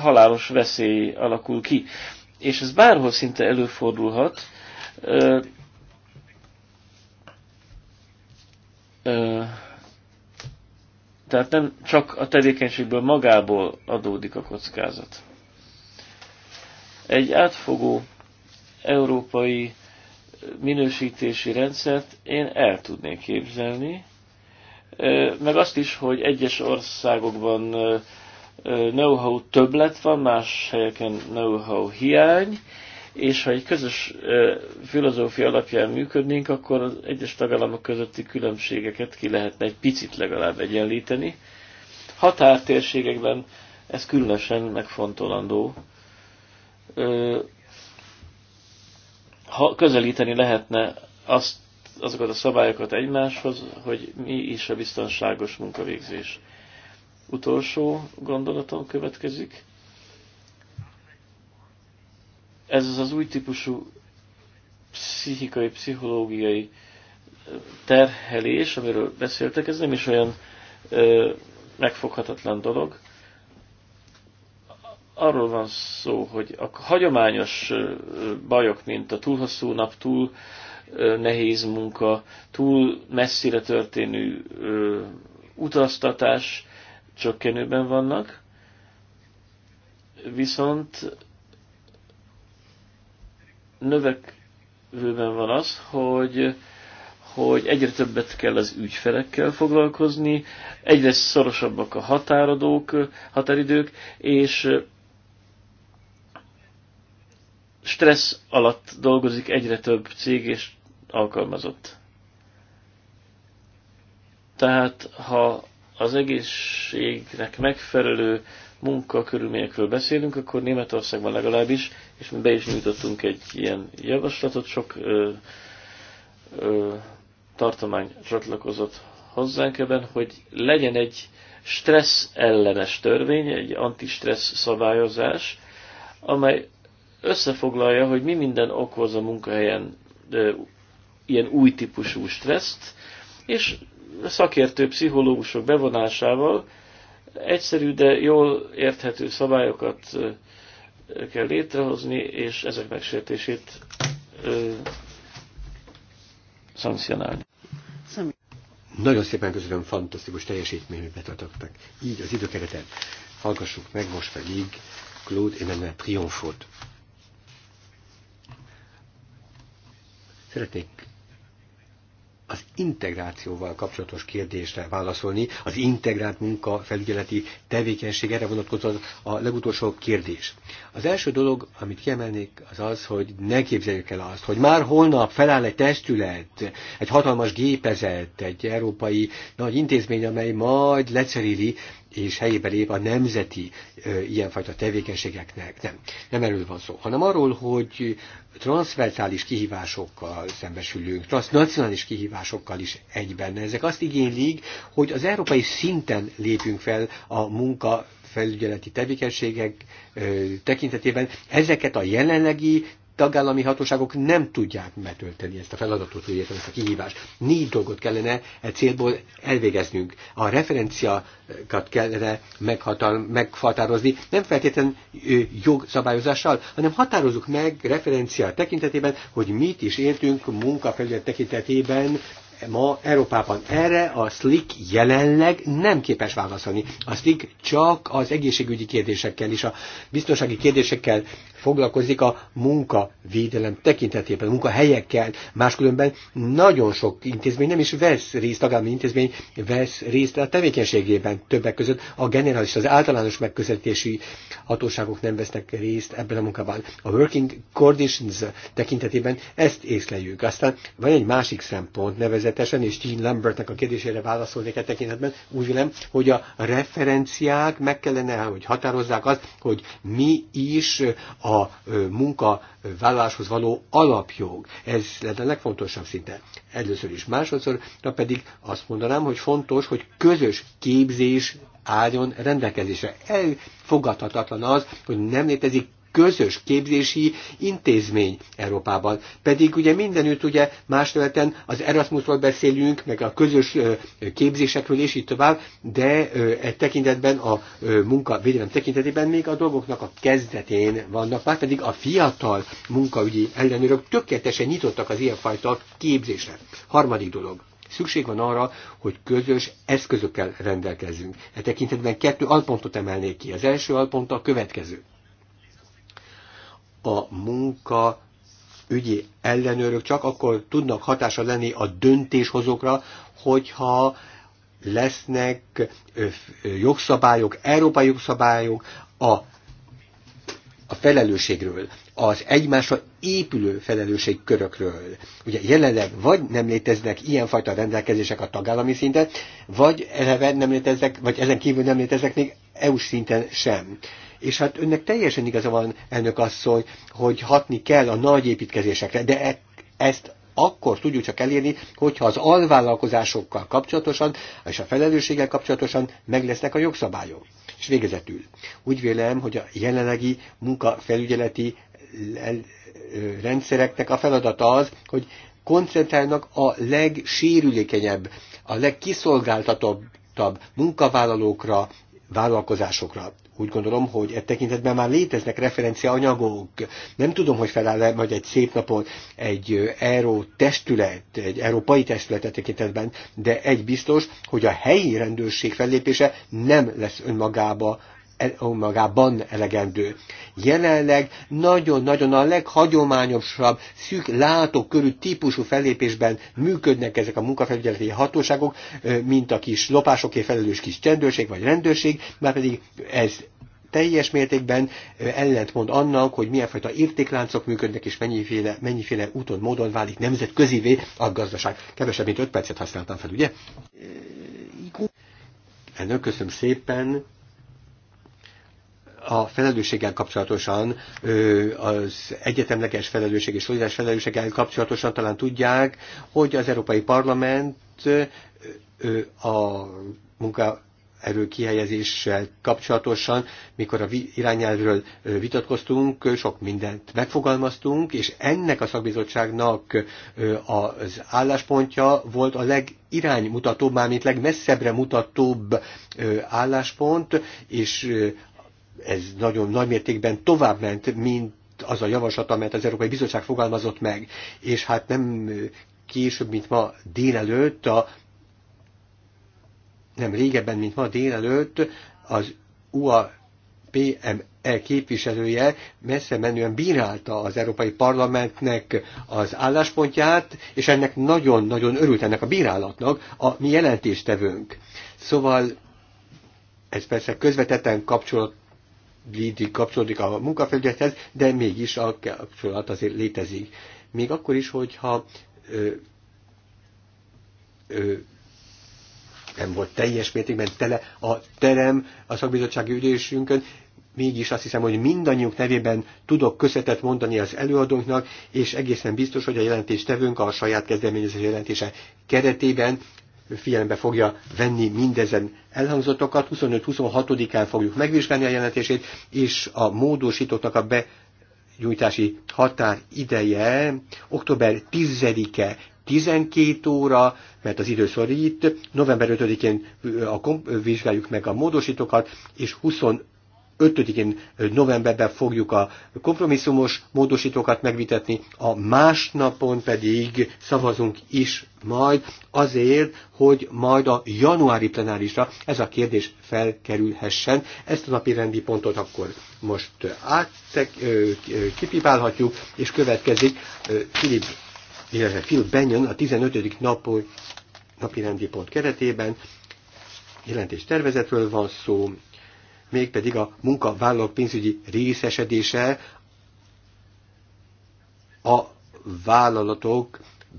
halálos veszély alakul ki. És ez bárhol szinte előfordulhat. Ö, ö, tehát nem csak a tevékenységből magából adódik a kockázat. Egy átfogó európai minősítési rendszert én el tudnék képzelni, meg azt is, hogy egyes országokban know-how többlet van, más helyeken know-how hiány, és ha egy közös filozófia alapján működnénk, akkor az egyes tagállamok közötti különbségeket ki lehetne egy picit legalább egyenlíteni. Határtérségekben ez különösen megfontolandó. Ha közelíteni lehetne azt, azokat a szabályokat egymáshoz, hogy mi is a biztonságos munkavégzés. Utolsó gondolatom következik ez az az új típusú pszichikai, pszichológiai terhelés, amiről beszéltek, ez nem is olyan ö, megfoghatatlan dolog. Arról van szó, hogy a hagyományos bajok, mint a túl hosszú nap, túl nehéz munka, túl messzire történő utaztatás csökkenőben vannak, viszont növekvőben van az, hogy hogy egyre többet kell az ügyfelekkel foglalkozni, egyre szorosabbak a határadók, határidők, és stressz alatt dolgozik egyre több cég és alkalmazott. Tehát, ha az egészségnek megfelelő munkakörülményekről beszélünk, akkor Németországban legalábbis, és mi be is nyújtottunk egy ilyen javaslatot, sok ö, ö, tartomány csatlakozott hozzánk ebben, hogy legyen egy stressz ellenes törvény, egy antistressz szabályozás, amely összefoglalja, hogy mi minden okoz a munkahelyen ö, ilyen új típusú stresszt, és szakértő pszichológusok bevonásával Egyszerű, de jól érthető szabályokat kell létrehozni, és ezek megsértését szankcionálni. Nagyon szépen köszönöm, fantasztikus teljesítményt betartottak. Így az időkeretet hallgassuk meg most pedig Claude Emmanuel Triomphot. Szeretnék az integrációval kapcsolatos kérdésre válaszolni, az integrált munkafelügyeleti tevékenység erre vonatkozó a legutolsó kérdés. Az első dolog, amit kiemelnék, az az, hogy ne képzeljük el azt, hogy már holnap feláll egy testület, egy hatalmas gépezet, egy európai nagy intézmény, amely majd lecseréli és helyébe lép a nemzeti ö, ilyenfajta tevékenységeknek. Nem, nem erről van szó, hanem arról, hogy transzvertális kihívásokkal szembesülünk, transznacionális kihívásokkal, másokkal is egyben. Ezek azt igénylik, hogy az európai szinten lépünk fel a munka felügyeleti tevékenységek ö, tekintetében ezeket a jelenlegi tagállami hatóságok nem tudják betölteni ezt a feladatot, illetve ezt a kihívást. Négy dolgot kellene e célból elvégeznünk. A referenciákat kellene meghatal, meghatározni, nem feltétlenül jogszabályozással, hanem határozzuk meg referencia tekintetében, hogy mit is értünk munkafelület tekintetében ma Európában erre a SLIK jelenleg nem képes válaszolni. A SLIK csak az egészségügyi kérdésekkel és a biztonsági kérdésekkel foglalkozik a munkavédelem tekintetében, munkahelyekkel. Máskülönben nagyon sok intézmény nem is vesz részt, tagállami intézmény vesz részt a tevékenységében többek között. A generális, az általános megközelítési hatóságok nem vesznek részt ebben a munkában. A working conditions tekintetében ezt észleljük. Aztán van egy másik szempont, nevezett nevezetesen, és Jean Lambertnek a kérdésére válaszolnék e tekintetben, úgy vélem, hogy a referenciák meg kellene, hogy határozzák azt, hogy mi is a munkavállaláshoz való alapjog. Ez lehet a legfontosabb szinte. Először is másodszor, de pedig azt mondanám, hogy fontos, hogy közös képzés álljon rendelkezésre. Elfogadhatatlan az, hogy nem létezik közös képzési intézmény Európában. Pedig ugye mindenütt ugye más területen az Erasmusról beszélünk, meg a közös képzésekről és így tovább, de e tekintetben a munkavédelem tekintetében még a dolgoknak a kezdetén vannak, már pedig a fiatal munkaügyi ellenőrök tökéletesen nyitottak az ilyenfajta képzésre. Harmadik dolog. Szükség van arra, hogy közös eszközökkel rendelkezzünk. E tekintetben kettő alpontot emelnék ki. Az első alpont a következő a munka ügyi ellenőrök csak akkor tudnak hatása lenni a döntéshozókra, hogyha lesznek jogszabályok, európai jogszabályok a, a felelősségről, az egymásra épülő felelősségkörökről. Ugye jelenleg vagy nem léteznek ilyenfajta rendelkezések a tagállami szinten, vagy eleve nem léteznek, vagy ezen kívül nem léteznek még EU-s szinten sem. És hát önnek teljesen igaza van, elnök asszony, hogy hatni kell a nagy építkezésekre, de e ezt akkor tudjuk csak elérni, hogyha az alvállalkozásokkal kapcsolatosan és a felelősséggel kapcsolatosan meg lesznek a jogszabályok. És végezetül úgy vélem, hogy a jelenlegi munkafelügyeleti rendszereknek a feladata az, hogy koncentrálnak a legsérülékenyebb, a legkiszolgáltatottabb munkavállalókra, vállalkozásokra. Úgy gondolom, hogy e tekintetben már léteznek referenciaanyagok. Nem tudom, hogy feláll-e majd egy szép napon egy euró testület, egy európai testület e tekintetben, de egy biztos, hogy a helyi rendőrség fellépése nem lesz önmagába magában elegendő. Jelenleg nagyon-nagyon a leghagyományosabb, szűk látókörű típusú fellépésben működnek ezek a munkafelügyeleti hatóságok, mint a kis lopásoké felelős kis csendőrség vagy rendőrség, már pedig ez teljes mértékben ellentmond annak, hogy milyen fajta értékláncok működnek, és mennyiféle, mennyiféle úton, módon válik nemzetközivé a gazdaság. Kevesebb, mint 5 percet használtam fel, ugye? Elnök, köszönöm szépen a felelősséggel kapcsolatosan, az egyetemleges felelősség és szolidás felelősséggel kapcsolatosan talán tudják, hogy az Európai Parlament a munka erő kihelyezéssel kapcsolatosan, mikor a irányelvről vitatkoztunk, sok mindent megfogalmaztunk, és ennek a szakbizottságnak az álláspontja volt a legiránymutatóbb, mármint legmesszebbre mutatóbb álláspont, és ez nagyon nagy mértékben továbbment, mint az a javaslat, amelyet az Európai Bizottság fogalmazott meg, és hát nem később, mint ma délelőtt, a, nem régebben, mint ma délelőtt, az UA PME képviselője messze menően bírálta az Európai Parlamentnek az álláspontját, és ennek nagyon-nagyon örült ennek a bírálatnak a mi jelentéstevőnk. Szóval ez persze közvetetten kapcsolat Lidi kapcsolódik a munkafelügyethez, de mégis a kapcsolat azért létezik. Még akkor is, hogyha ö, ö, nem volt teljes mértékben tele a terem a szakbizottsági ülésünkön, mégis azt hiszem, hogy mindannyiunk nevében tudok köszönetet mondani az előadónknak, és egészen biztos, hogy a jelentéstevőnk a saját kezdeményezés jelentése keretében figyelembe fogja venni mindezen elhangzottokat. 25-26-án fogjuk megvizsgálni a jelentését, és a módosítottak a begyújtási határ ideje október 10-e 12 óra, mert az idő november 5-én vizsgáljuk meg a módosítókat, és 5-én novemberben fogjuk a kompromisszumos módosítókat megvitetni, a másnapon pedig szavazunk is majd azért, hogy majd a januári plenárisra ez a kérdés felkerülhessen. Ezt a napi rendi pontot akkor most áttek, kipipálhatjuk, és következik Philip, illetve Phil Benyon a 15. napon napi rendi pont keretében jelentés tervezetről van szó, mégpedig a munkavállalók pénzügyi részesedése a vállalatok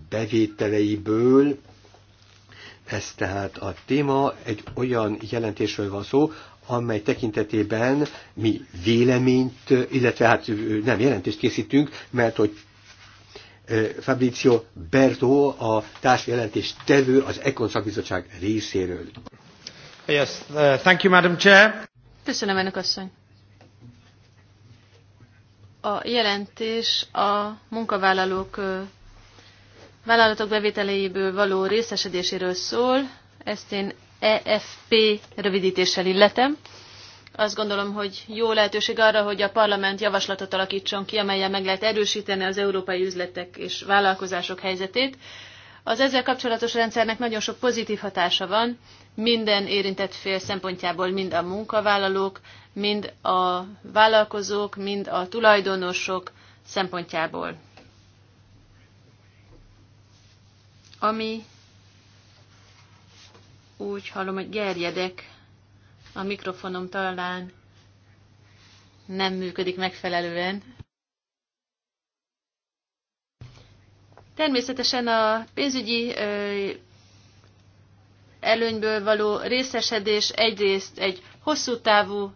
bevételeiből. Ez tehát a téma, egy olyan jelentésről van szó, amely tekintetében mi véleményt, illetve hát nem jelentést készítünk, mert hogy Fabrizio Berto, a társjelentés tevő az Ekon szakbizottság részéről. Yes, uh, thank you, Madam Chair. Köszönöm, Önök asszony. A jelentés a munkavállalók vállalatok bevételeiből való részesedéséről szól. Ezt én EFP rövidítéssel illetem. Azt gondolom, hogy jó lehetőség arra, hogy a parlament javaslatot alakítson ki, amelyen meg lehet erősíteni az európai üzletek és vállalkozások helyzetét. Az ezzel kapcsolatos rendszernek nagyon sok pozitív hatása van, minden érintett fél szempontjából mind a munkavállalók, mind a vállalkozók, mind a tulajdonosok szempontjából. Ami úgy hallom, hogy gerjedek, a mikrofonom talán nem működik megfelelően. Természetesen a pénzügyi előnyből való részesedés egyrészt egy hosszú távú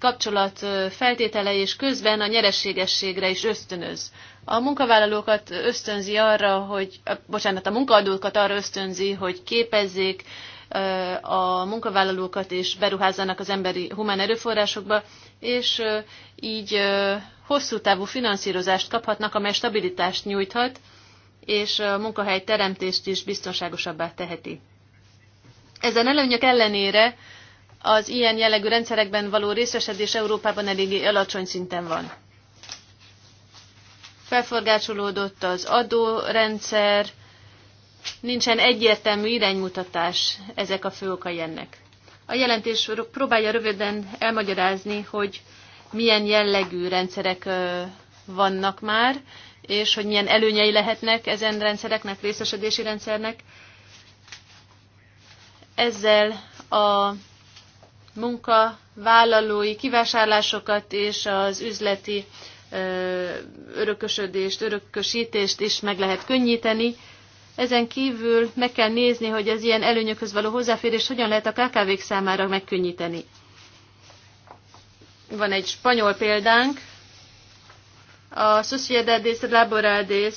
kapcsolat feltétele és közben a nyereségességre is ösztönöz. A munkavállalókat ösztönzi arra, hogy, bocsánat, a munkaadókat arra ösztönzi, hogy képezzék a munkavállalókat és beruházzanak az emberi humán erőforrásokba, és így hosszú távú finanszírozást kaphatnak, amely stabilitást nyújthat, és a munkahely teremtést is biztonságosabbá teheti. Ezen előnyök ellenére az ilyen jellegű rendszerekben való részesedés Európában eléggé alacsony szinten van. Felforgácsolódott az adórendszer, nincsen egyértelmű iránymutatás, ezek a fő okai ennek. A jelentés próbálja röviden elmagyarázni, hogy milyen jellegű rendszerek vannak már, és hogy milyen előnyei lehetnek ezen rendszereknek, részesedési rendszernek. Ezzel a munkavállalói kivásárlásokat és az üzleti örökösödést, örökösítést is meg lehet könnyíteni. Ezen kívül meg kell nézni, hogy az ilyen előnyökhöz való hozzáférés hogyan lehet a KKV-k számára megkönnyíteni. Van egy spanyol példánk, a Sociedades Laborades,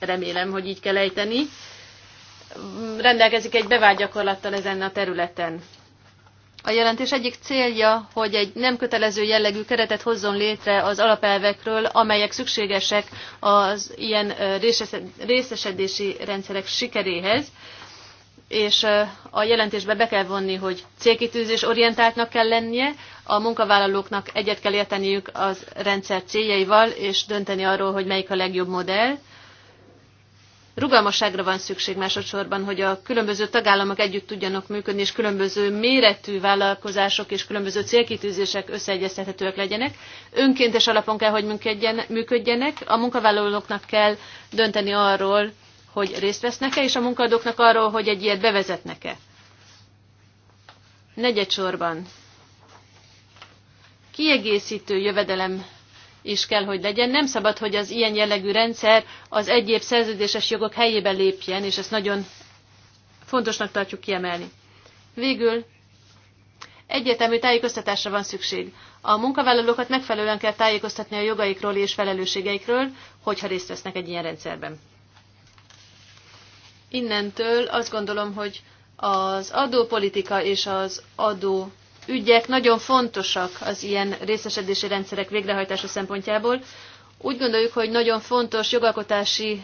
remélem, hogy így kell ejteni, rendelkezik egy bevált gyakorlattal ezen a területen. A jelentés egyik célja, hogy egy nem kötelező jellegű keretet hozzon létre az alapelvekről, amelyek szükségesek az ilyen részesedési rendszerek sikeréhez, és a jelentésbe be kell vonni, hogy célkitűzés orientáltnak kell lennie, a munkavállalóknak egyet kell érteniük az rendszer céljaival, és dönteni arról, hogy melyik a legjobb modell. Rugalmasságra van szükség másodszorban, hogy a különböző tagállamok együtt tudjanak működni, és különböző méretű vállalkozások és különböző célkitűzések összeegyeztethetőek legyenek. Önkéntes alapon kell, hogy működjenek. A munkavállalóknak kell dönteni arról, hogy részt vesznek-e, és a munkadóknak arról, hogy egy ilyet bevezetnek-e. Negyedsorban kiegészítő jövedelem is kell, hogy legyen. Nem szabad, hogy az ilyen jellegű rendszer az egyéb szerződéses jogok helyébe lépjen, és ezt nagyon fontosnak tartjuk kiemelni. Végül egyértelmű tájékoztatásra van szükség. A munkavállalókat megfelelően kell tájékoztatni a jogaikról és felelősségeikről, hogyha részt vesznek egy ilyen rendszerben innentől azt gondolom, hogy az adópolitika és az adó ügyek nagyon fontosak az ilyen részesedési rendszerek végrehajtása szempontjából. Úgy gondoljuk, hogy nagyon fontos jogalkotási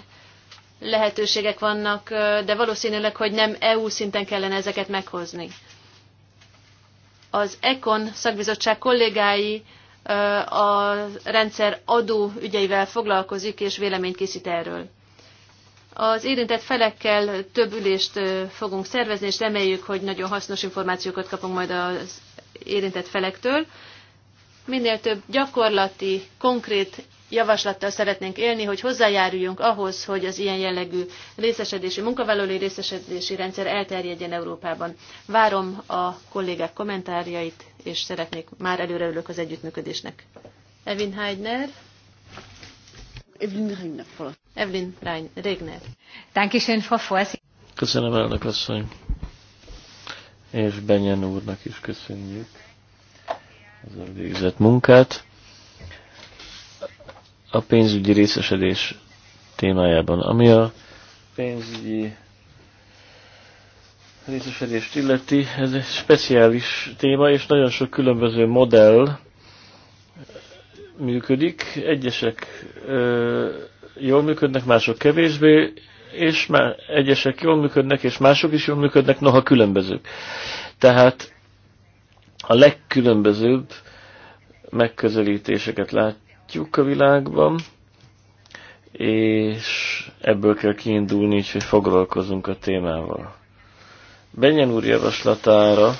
lehetőségek vannak, de valószínűleg, hogy nem EU szinten kellene ezeket meghozni. Az ECON szakbizottság kollégái a rendszer adó ügyeivel foglalkozik, és véleményt készít erről. Az érintett felekkel több ülést fogunk szervezni, és reméljük, hogy nagyon hasznos információkat kapunk majd az érintett felektől. Minél több gyakorlati, konkrét javaslattal szeretnénk élni, hogy hozzájáruljunk ahhoz, hogy az ilyen jellegű részesedési, munkavállalói részesedési rendszer elterjedjen Európában. Várom a kollégák kommentárjait, és szeretnék, már előre ülök az együttműködésnek. Evin Heidner. Evelyn Regner, Evelyn Regner. Dankeschön, Frau Vorsitz. Köszönöm, elnök asszony. És Benyen úrnak is köszönjük az a végzett munkát. A pénzügyi részesedés témájában, ami a pénzügyi részesedést illeti, ez egy speciális téma, és nagyon sok különböző modell működik, egyesek ö, jól működnek, mások kevésbé, és már egyesek jól működnek, és mások is jól működnek, noha különbözők. Tehát a legkülönbözőbb megközelítéseket látjuk a világban, és ebből kell kiindulni, így, hogy foglalkozunk a témával. Benyen úr javaslatára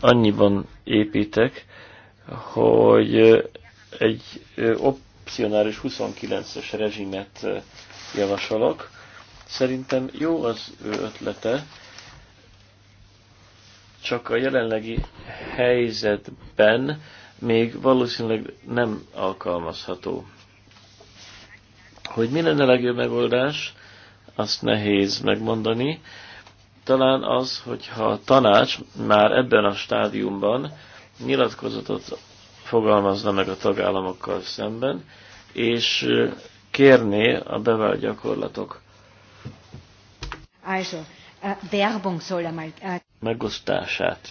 annyiban építek, hogy egy opcionális 29-es rezsimet javasolok. Szerintem jó az ő ötlete, csak a jelenlegi helyzetben még valószínűleg nem alkalmazható. Hogy mi lenne a legjobb megoldás, azt nehéz megmondani. Talán az, hogyha a tanács már ebben a stádiumban nyilatkozatot fogalmazna meg a tagállamokkal szemben, és kérné a bevált gyakorlatok also, uh, mal, uh, megosztását,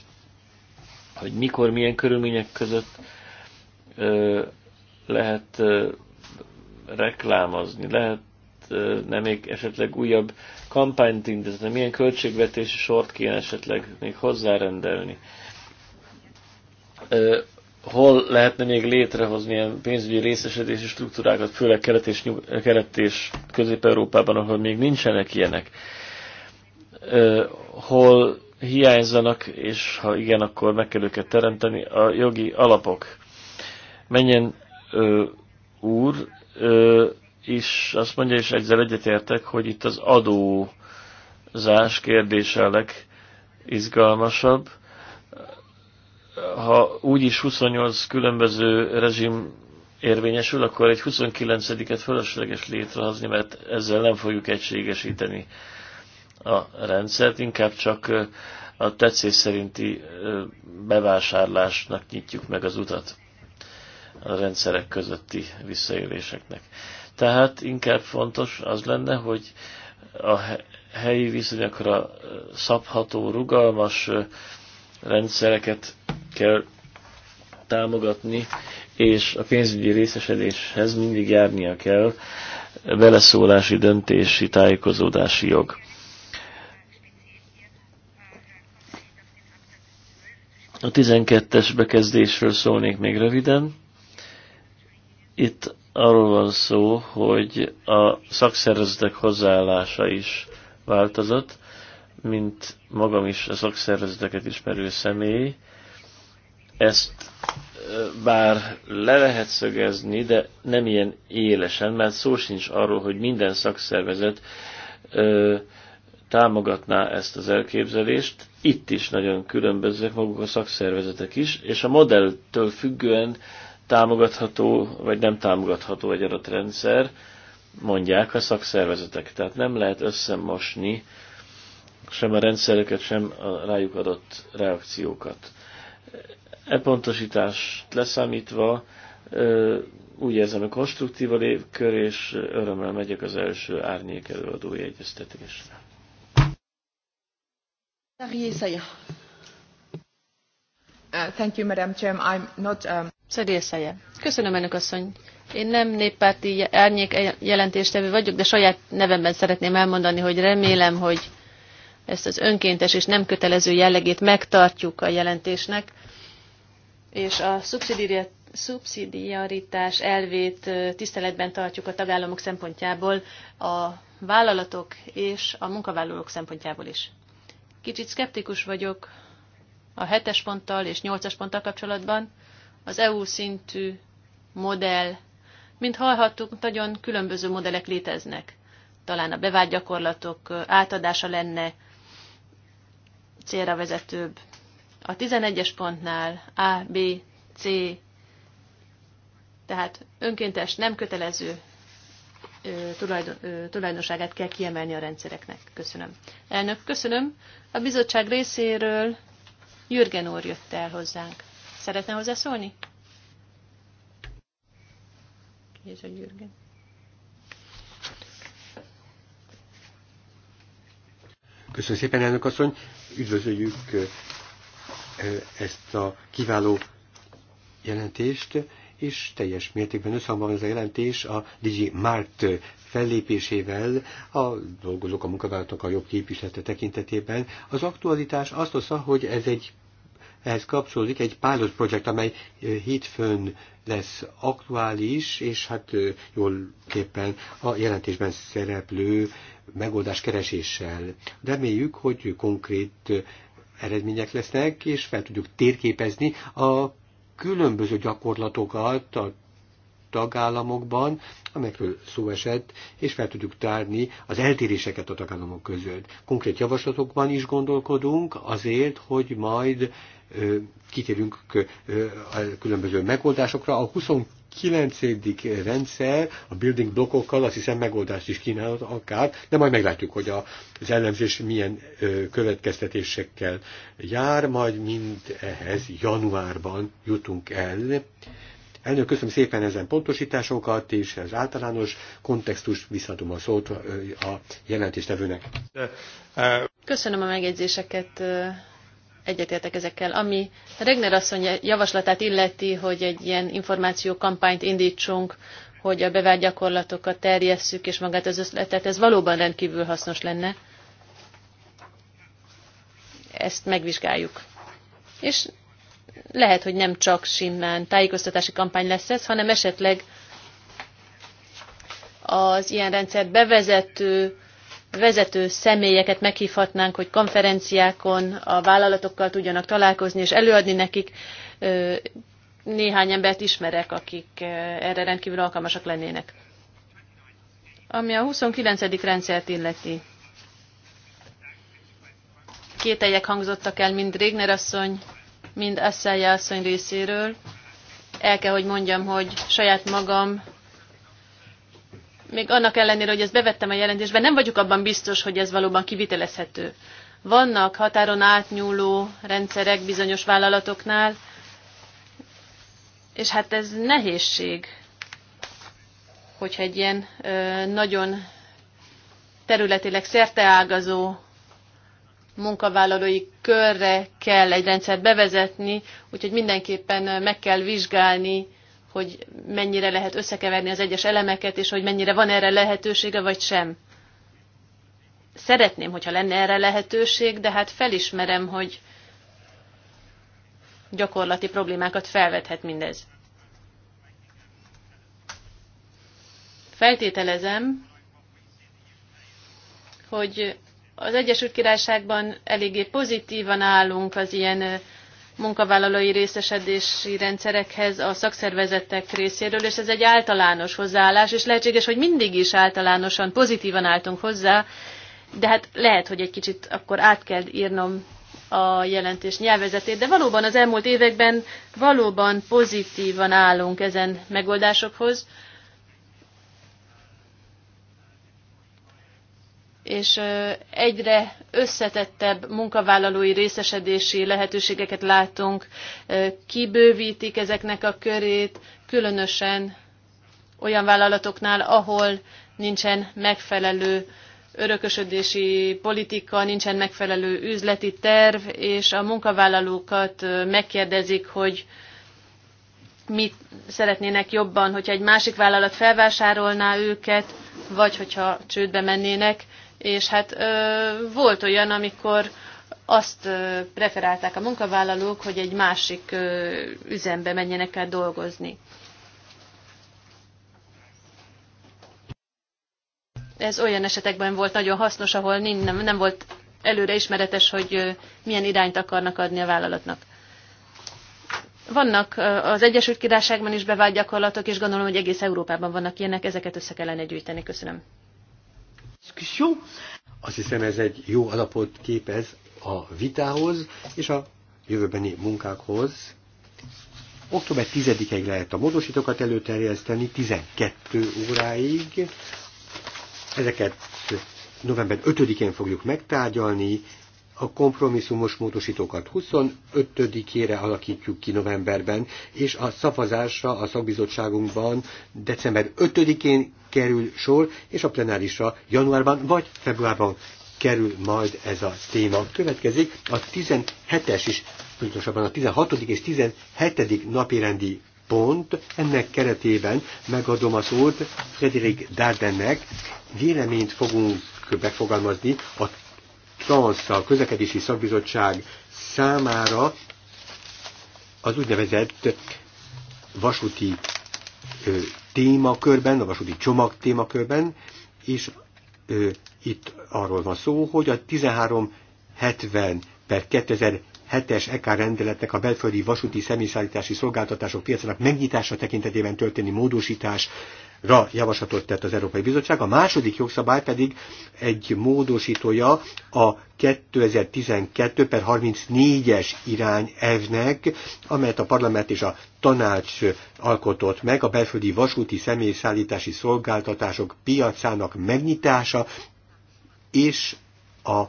hogy mikor, milyen körülmények között uh, lehet uh, reklámozni, lehet nem még esetleg újabb kampányt indítani, milyen költségvetési sort kéne esetleg még hozzárendelni hol lehetne még létrehozni ilyen pénzügyi részesedési struktúrákat, főleg kelet és, kelet és közép-európában, ahol még nincsenek ilyenek. Ö, hol hiányzanak, és ha igen, akkor meg kell őket teremteni, a jogi alapok. Menjen ö, úr, ö, és azt mondja, és ezzel egyetértek, hogy itt az adózás kérdése a legizgalmasabb, ha úgyis 28 különböző rezsim érvényesül, akkor egy 29-et fölösleges létrehozni, mert ezzel nem fogjuk egységesíteni a rendszert, inkább csak a tetszés szerinti bevásárlásnak nyitjuk meg az utat a rendszerek közötti visszaéléseknek. Tehát inkább fontos az lenne, hogy a helyi viszonyokra szabható, rugalmas rendszereket kell támogatni, és a pénzügyi részesedéshez mindig járnia kell beleszólási, döntési, tájékozódási jog. A 12-es bekezdésről szólnék még röviden. Itt arról van szó, hogy a szakszervezetek hozzáállása is változott, mint magam is a szakszervezeteket ismerő személy, ezt bár le lehet szögezni, de nem ilyen élesen, mert szó sincs arról, hogy minden szakszervezet ö, támogatná ezt az elképzelést. Itt is nagyon különbözőek maguk a szakszervezetek is, és a modelltől függően támogatható vagy nem támogatható egy adott rendszer, mondják a szakszervezetek. Tehát nem lehet összemosni sem a rendszereket, sem a rájuk adott reakciókat. E pontosítást leszámítva úgy érzem, hogy konstruktív a lépkör, és örömmel megyek az első árnyék előadói egyeztetésre. Uh, thank you, Madam Chair. I'm not, um... Szedélszeje. Köszönöm, Önök asszony. Én nem néppárti árnyék e- jelentéstevő vagyok, de saját nevemben szeretném elmondani, hogy remélem, hogy ezt az önkéntes és nem kötelező jellegét megtartjuk a jelentésnek és a szubszidiaritás elvét tiszteletben tartjuk a tagállamok szempontjából, a vállalatok és a munkavállalók szempontjából is. Kicsit szkeptikus vagyok a hetes ponttal és nyolcas ponttal kapcsolatban. Az EU szintű modell, mint hallhattuk, nagyon különböző modellek léteznek. Talán a bevált gyakorlatok átadása lenne célra vezetőbb. A 11-es pontnál A, B, C, tehát önkéntes, nem kötelező tulajdon, tulajdonságát kell kiemelni a rendszereknek. Köszönöm. Elnök, köszönöm. A bizottság részéről Jürgen úr jött el hozzánk. Szeretne hozzászólni? Ki ez a Jürgen? Köszönöm szépen, elnök asszony. Üdvözöljük ezt a kiváló jelentést, és teljes mértékben összhangban ez a jelentés a Digi Mart fellépésével a dolgozók, a munkavállalatok a jobb képviselete tekintetében. Az aktualitás azt hozza, hogy ez egy ehhez kapcsolódik egy pilot projekt, amely hétfőn lesz aktuális, és hát jól képpen a jelentésben szereplő megoldás kereséssel. Reméljük, hogy konkrét eredmények lesznek, és fel tudjuk térképezni a különböző gyakorlatokat a tagállamokban, amelyekről szó esett, és fel tudjuk tárni az eltéréseket a tagállamok között. Konkrét javaslatokban is gondolkodunk azért, hogy majd kitérünk a különböző megoldásokra. A 22 kilencedik rendszer a building blokkokkal azt hiszem megoldást is kínálhat akár, de majd meglátjuk, hogy az ellenzés milyen következtetésekkel jár, majd mind ehhez januárban jutunk el. Elnök, köszönöm szépen ezen pontosításokat, és az általános kontextus visszatom a szót a jelentéstevőnek. Köszönöm a megjegyzéseket, egyetértek ezekkel. Ami Regner asszony javaslatát illeti, hogy egy ilyen információkampányt indítsunk, hogy a bevált gyakorlatokat terjesszük, és magát az összletet, ez valóban rendkívül hasznos lenne. Ezt megvizsgáljuk. És lehet, hogy nem csak simán tájékoztatási kampány lesz ez, hanem esetleg az ilyen rendszer bevezető vezető személyeket meghívhatnánk, hogy konferenciákon a vállalatokkal tudjanak találkozni és előadni nekik. Néhány embert ismerek, akik erre rendkívül alkalmasak lennének. Ami a 29. rendszert illeti. Kételjek hangzottak el mind Régner asszony, mind Asszája asszony részéről. El kell, hogy mondjam, hogy saját magam még annak ellenére, hogy ezt bevettem a jelentésbe, nem vagyok abban biztos, hogy ez valóban kivitelezhető. Vannak határon átnyúló rendszerek bizonyos vállalatoknál, és hát ez nehézség, hogyha egy ilyen ö, nagyon területileg szerteágazó munkavállalói körre kell egy rendszert bevezetni, úgyhogy mindenképpen meg kell vizsgálni hogy mennyire lehet összekeverni az egyes elemeket, és hogy mennyire van erre lehetősége, vagy sem. Szeretném, hogyha lenne erre lehetőség, de hát felismerem, hogy gyakorlati problémákat felvethet mindez. Feltételezem, hogy az Egyesült Királyságban eléggé pozitívan állunk az ilyen munkavállalói részesedési rendszerekhez a szakszervezetek részéről, és ez egy általános hozzáállás, és lehetséges, hogy mindig is általánosan pozitívan álltunk hozzá, de hát lehet, hogy egy kicsit akkor át kell írnom a jelentés nyelvezetét, de valóban az elmúlt években valóban pozitívan állunk ezen megoldásokhoz, és egyre összetettebb munkavállalói részesedési lehetőségeket látunk, kibővítik ezeknek a körét, különösen olyan vállalatoknál, ahol nincsen megfelelő örökösödési politika, nincsen megfelelő üzleti terv, és a munkavállalókat megkérdezik, hogy mit szeretnének jobban, hogyha egy másik vállalat felvásárolná őket, vagy hogyha csődbe mennének és hát volt olyan, amikor azt preferálták a munkavállalók, hogy egy másik üzembe menjenek el dolgozni. Ez olyan esetekben volt nagyon hasznos, ahol nem, nem volt előre ismeretes, hogy milyen irányt akarnak adni a vállalatnak. Vannak az Egyesült Királyságban is bevált gyakorlatok, és gondolom, hogy egész Európában vannak ilyenek, ezeket össze kellene gyűjteni. Köszönöm. Azt hiszem ez egy jó alapot képez a vitához és a jövőbeni munkákhoz. Október 10-ig lehet a módosítókat előterjeszteni, 12 óráig. Ezeket november 5-én fogjuk megtárgyalni, a kompromisszumos módosítókat 25-ére alakítjuk ki novemberben, és a szavazásra a szakbizottságunkban december 5-én kerül sor, és a plenárisra januárban vagy februárban kerül majd ez a téma. Következik a 17-es is, pontosabban a 16. és 17. napirendi pont, ennek keretében megadom a szót Frederik Dardennek, véleményt fogunk megfogalmazni a TANSZ, a közlekedési szakbizottság számára az úgynevezett vasúti ö, témakörben, a vasúti csomag témakörben, és ö, itt arról van szó, hogy a 1370 per 2007-es EK rendeletnek a belföldi vasúti személyszállítási szolgáltatások piacának megnyitása tekintetében történi módosítás ra javaslatot tett az Európai Bizottság, a második jogszabály pedig egy módosítója a 2012 per 34-es irányelvnek, amelyet a parlament és a tanács alkotott meg a belföldi vasúti személyszállítási szolgáltatások piacának megnyitása és a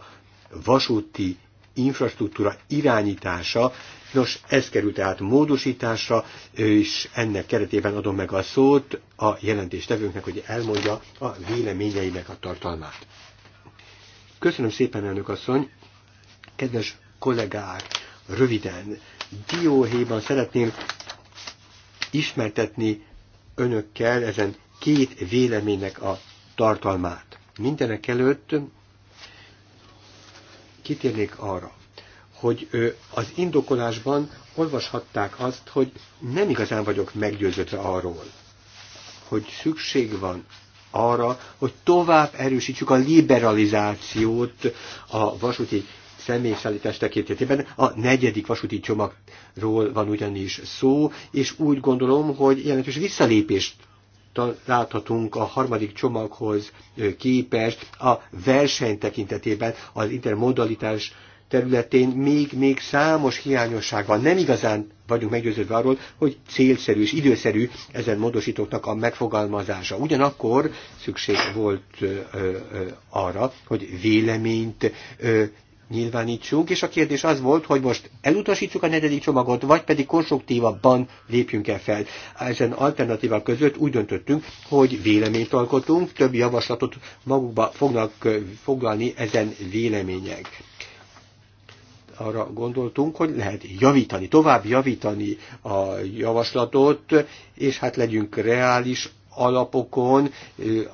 vasúti infrastruktúra irányítása, nos, ez került át módosításra, és ennek keretében adom meg a szót a jelentéstevőnknek, hogy elmondja a véleményeinek a tartalmát. Köszönöm szépen, elnök asszony! Kedves kollégák, röviden, dióhéjban szeretném ismertetni önökkel ezen két véleménynek a tartalmát. Mindenek előtt kitérnék arra, hogy az indokolásban olvashatták azt, hogy nem igazán vagyok meggyőződve arról, hogy szükség van arra, hogy tovább erősítsük a liberalizációt a vasúti személyszállítás tekintetében. A negyedik vasúti csomagról van ugyanis szó, és úgy gondolom, hogy jelentős visszalépést láthatunk a harmadik csomaghoz képest a verseny tekintetében az intermodalitás területén még-még számos hiányosság van. Nem igazán vagyunk meggyőződve arról, hogy célszerű és időszerű ezen módosítóknak a megfogalmazása. Ugyanakkor szükség volt ö, ö, arra, hogy véleményt ö, nyilvánítsunk, és a kérdés az volt, hogy most elutasítsuk a negyedik csomagot, vagy pedig konstruktívabban lépjünk e fel. Ezen alternatívák között úgy döntöttünk, hogy véleményt alkotunk, több javaslatot magukba fognak foglalni ezen vélemények arra gondoltunk, hogy lehet javítani, tovább javítani a javaslatot, és hát legyünk reális alapokon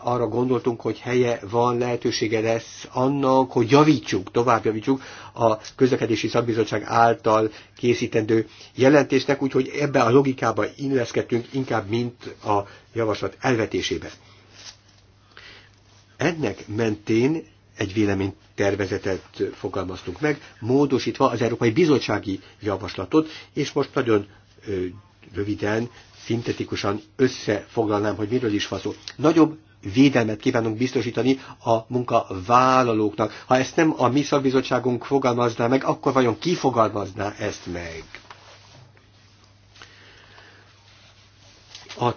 arra gondoltunk, hogy helye van, lehetősége lesz annak, hogy javítsuk, tovább javítsuk a közlekedési szakbizottság által készítendő jelentésnek, úgyhogy ebbe a logikába illeszkedtünk inkább, mint a javaslat elvetésébe. Ennek mentén egy véleménytervezetet fogalmaztunk meg, módosítva az Európai Bizottsági Javaslatot, és most nagyon röviden, szintetikusan összefoglalnám, hogy miről is van szó. Nagyobb védelmet kívánunk biztosítani a munkavállalóknak. Ha ezt nem a mi szakbizottságunk fogalmazná meg, akkor vajon ki fogalmazná ezt meg? A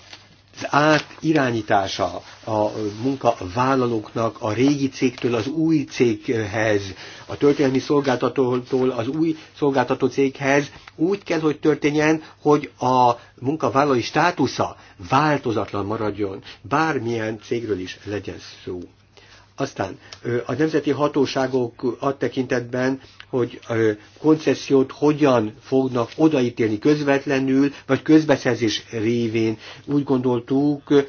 az átirányítása a munkavállalóknak a régi cégtől az új céghez, a történelmi szolgáltatótól az új szolgáltató céghez úgy kell, hogy történjen, hogy a munkavállalói státusza változatlan maradjon, bármilyen cégről is legyen szó. Aztán a nemzeti hatóságok a tekintetben, hogy koncesziót hogyan fognak odaítélni közvetlenül, vagy közbeszerzés révén. Úgy gondoltuk,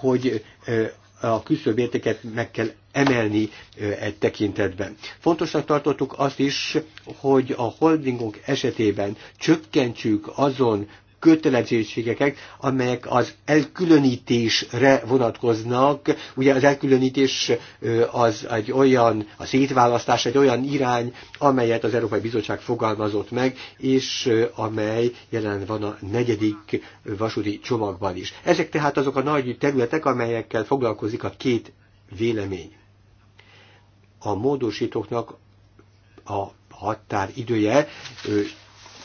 hogy a értéket meg kell emelni egy tekintetben. Fontosnak tartottuk azt is, hogy a holdingok esetében csökkentsük azon kötelezettségeket, amelyek az elkülönítésre vonatkoznak. Ugye az elkülönítés az egy olyan, a szétválasztás egy olyan irány, amelyet az Európai Bizottság fogalmazott meg, és amely jelen van a negyedik vasúti csomagban is. Ezek tehát azok a nagy területek, amelyekkel foglalkozik a két vélemény. A módosítóknak a határidője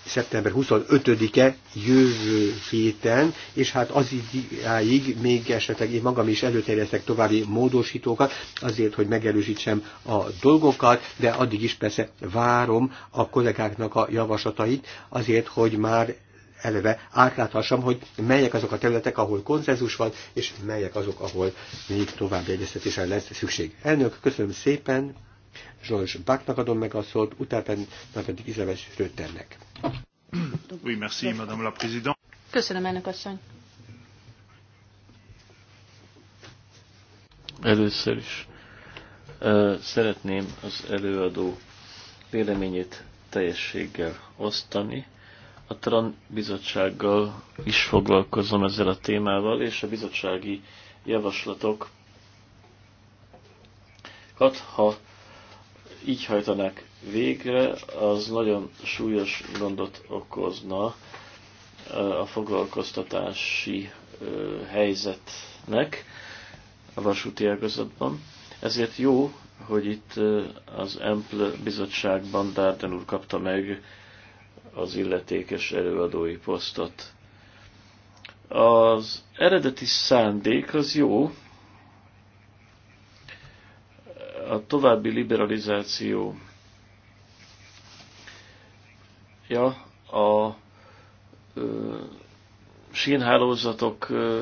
szeptember 25-e jövő héten, és hát az idáig még esetleg én magam is előterjesztek további módosítókat, azért, hogy megerősítsem a dolgokat, de addig is persze várom a kollégáknak a javaslatait, azért, hogy már eleve átláthassam, hogy melyek azok a területek, ahol konzenzus van, és melyek azok, ahol még további egyeztetésre lesz szükség. Elnök, köszönöm szépen! Zsolos Báknak adom meg a szót, utána pedig Izabes Rötternek. Köszönöm, elnök asszony. Először is szeretném az előadó véleményét teljességgel osztani. A TRAN bizottsággal is foglalkozom ezzel a témával, és a bizottsági javaslatok, ha így hajtanák végre, az nagyon súlyos gondot okozna a foglalkoztatási helyzetnek a vasúti ágazatban. Ezért jó, hogy itt az EMPL bizottságban Dárden úr kapta meg az illetékes előadói posztot. Az eredeti szándék az jó, a további liberalizáció ja, a ö, sínhálózatok ö,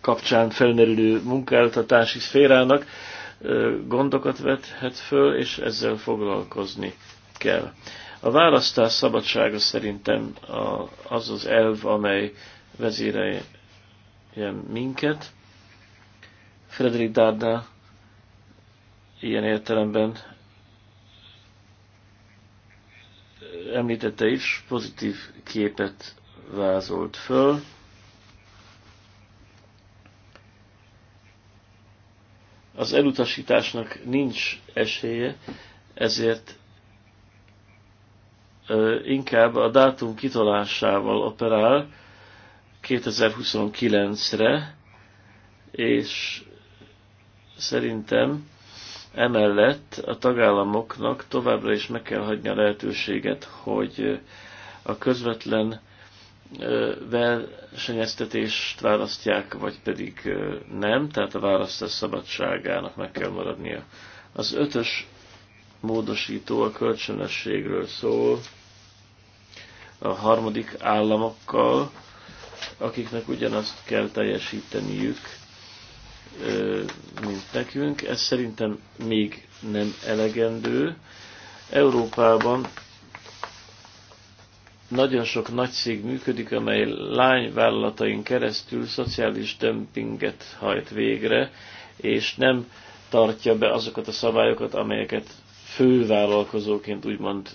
kapcsán felmerülő munkáltatási szférának ö, gondokat vethet föl, és ezzel foglalkozni kell. A választás szabadsága szerintem a, az az elv, amely vezérelje minket Frederick Dardnál ilyen értelemben említette is, pozitív képet vázolt föl. Az elutasításnak nincs esélye, ezért inkább a dátum kitolásával operál 2029-re, és Szerintem emellett a tagállamoknak továbbra is meg kell hagyni a lehetőséget, hogy a közvetlen versenyeztetést választják, vagy pedig nem, tehát a választás szabadságának meg kell maradnia. Az ötös módosító a kölcsönösségről szól, a harmadik államokkal, akiknek ugyanazt kell teljesíteniük, mint nekünk. Ez szerintem még nem elegendő. Európában nagyon sok nagy cég működik, amely lányvállalatain keresztül szociális dömpinget hajt végre, és nem tartja be azokat a szabályokat, amelyeket fővállalkozóként úgymond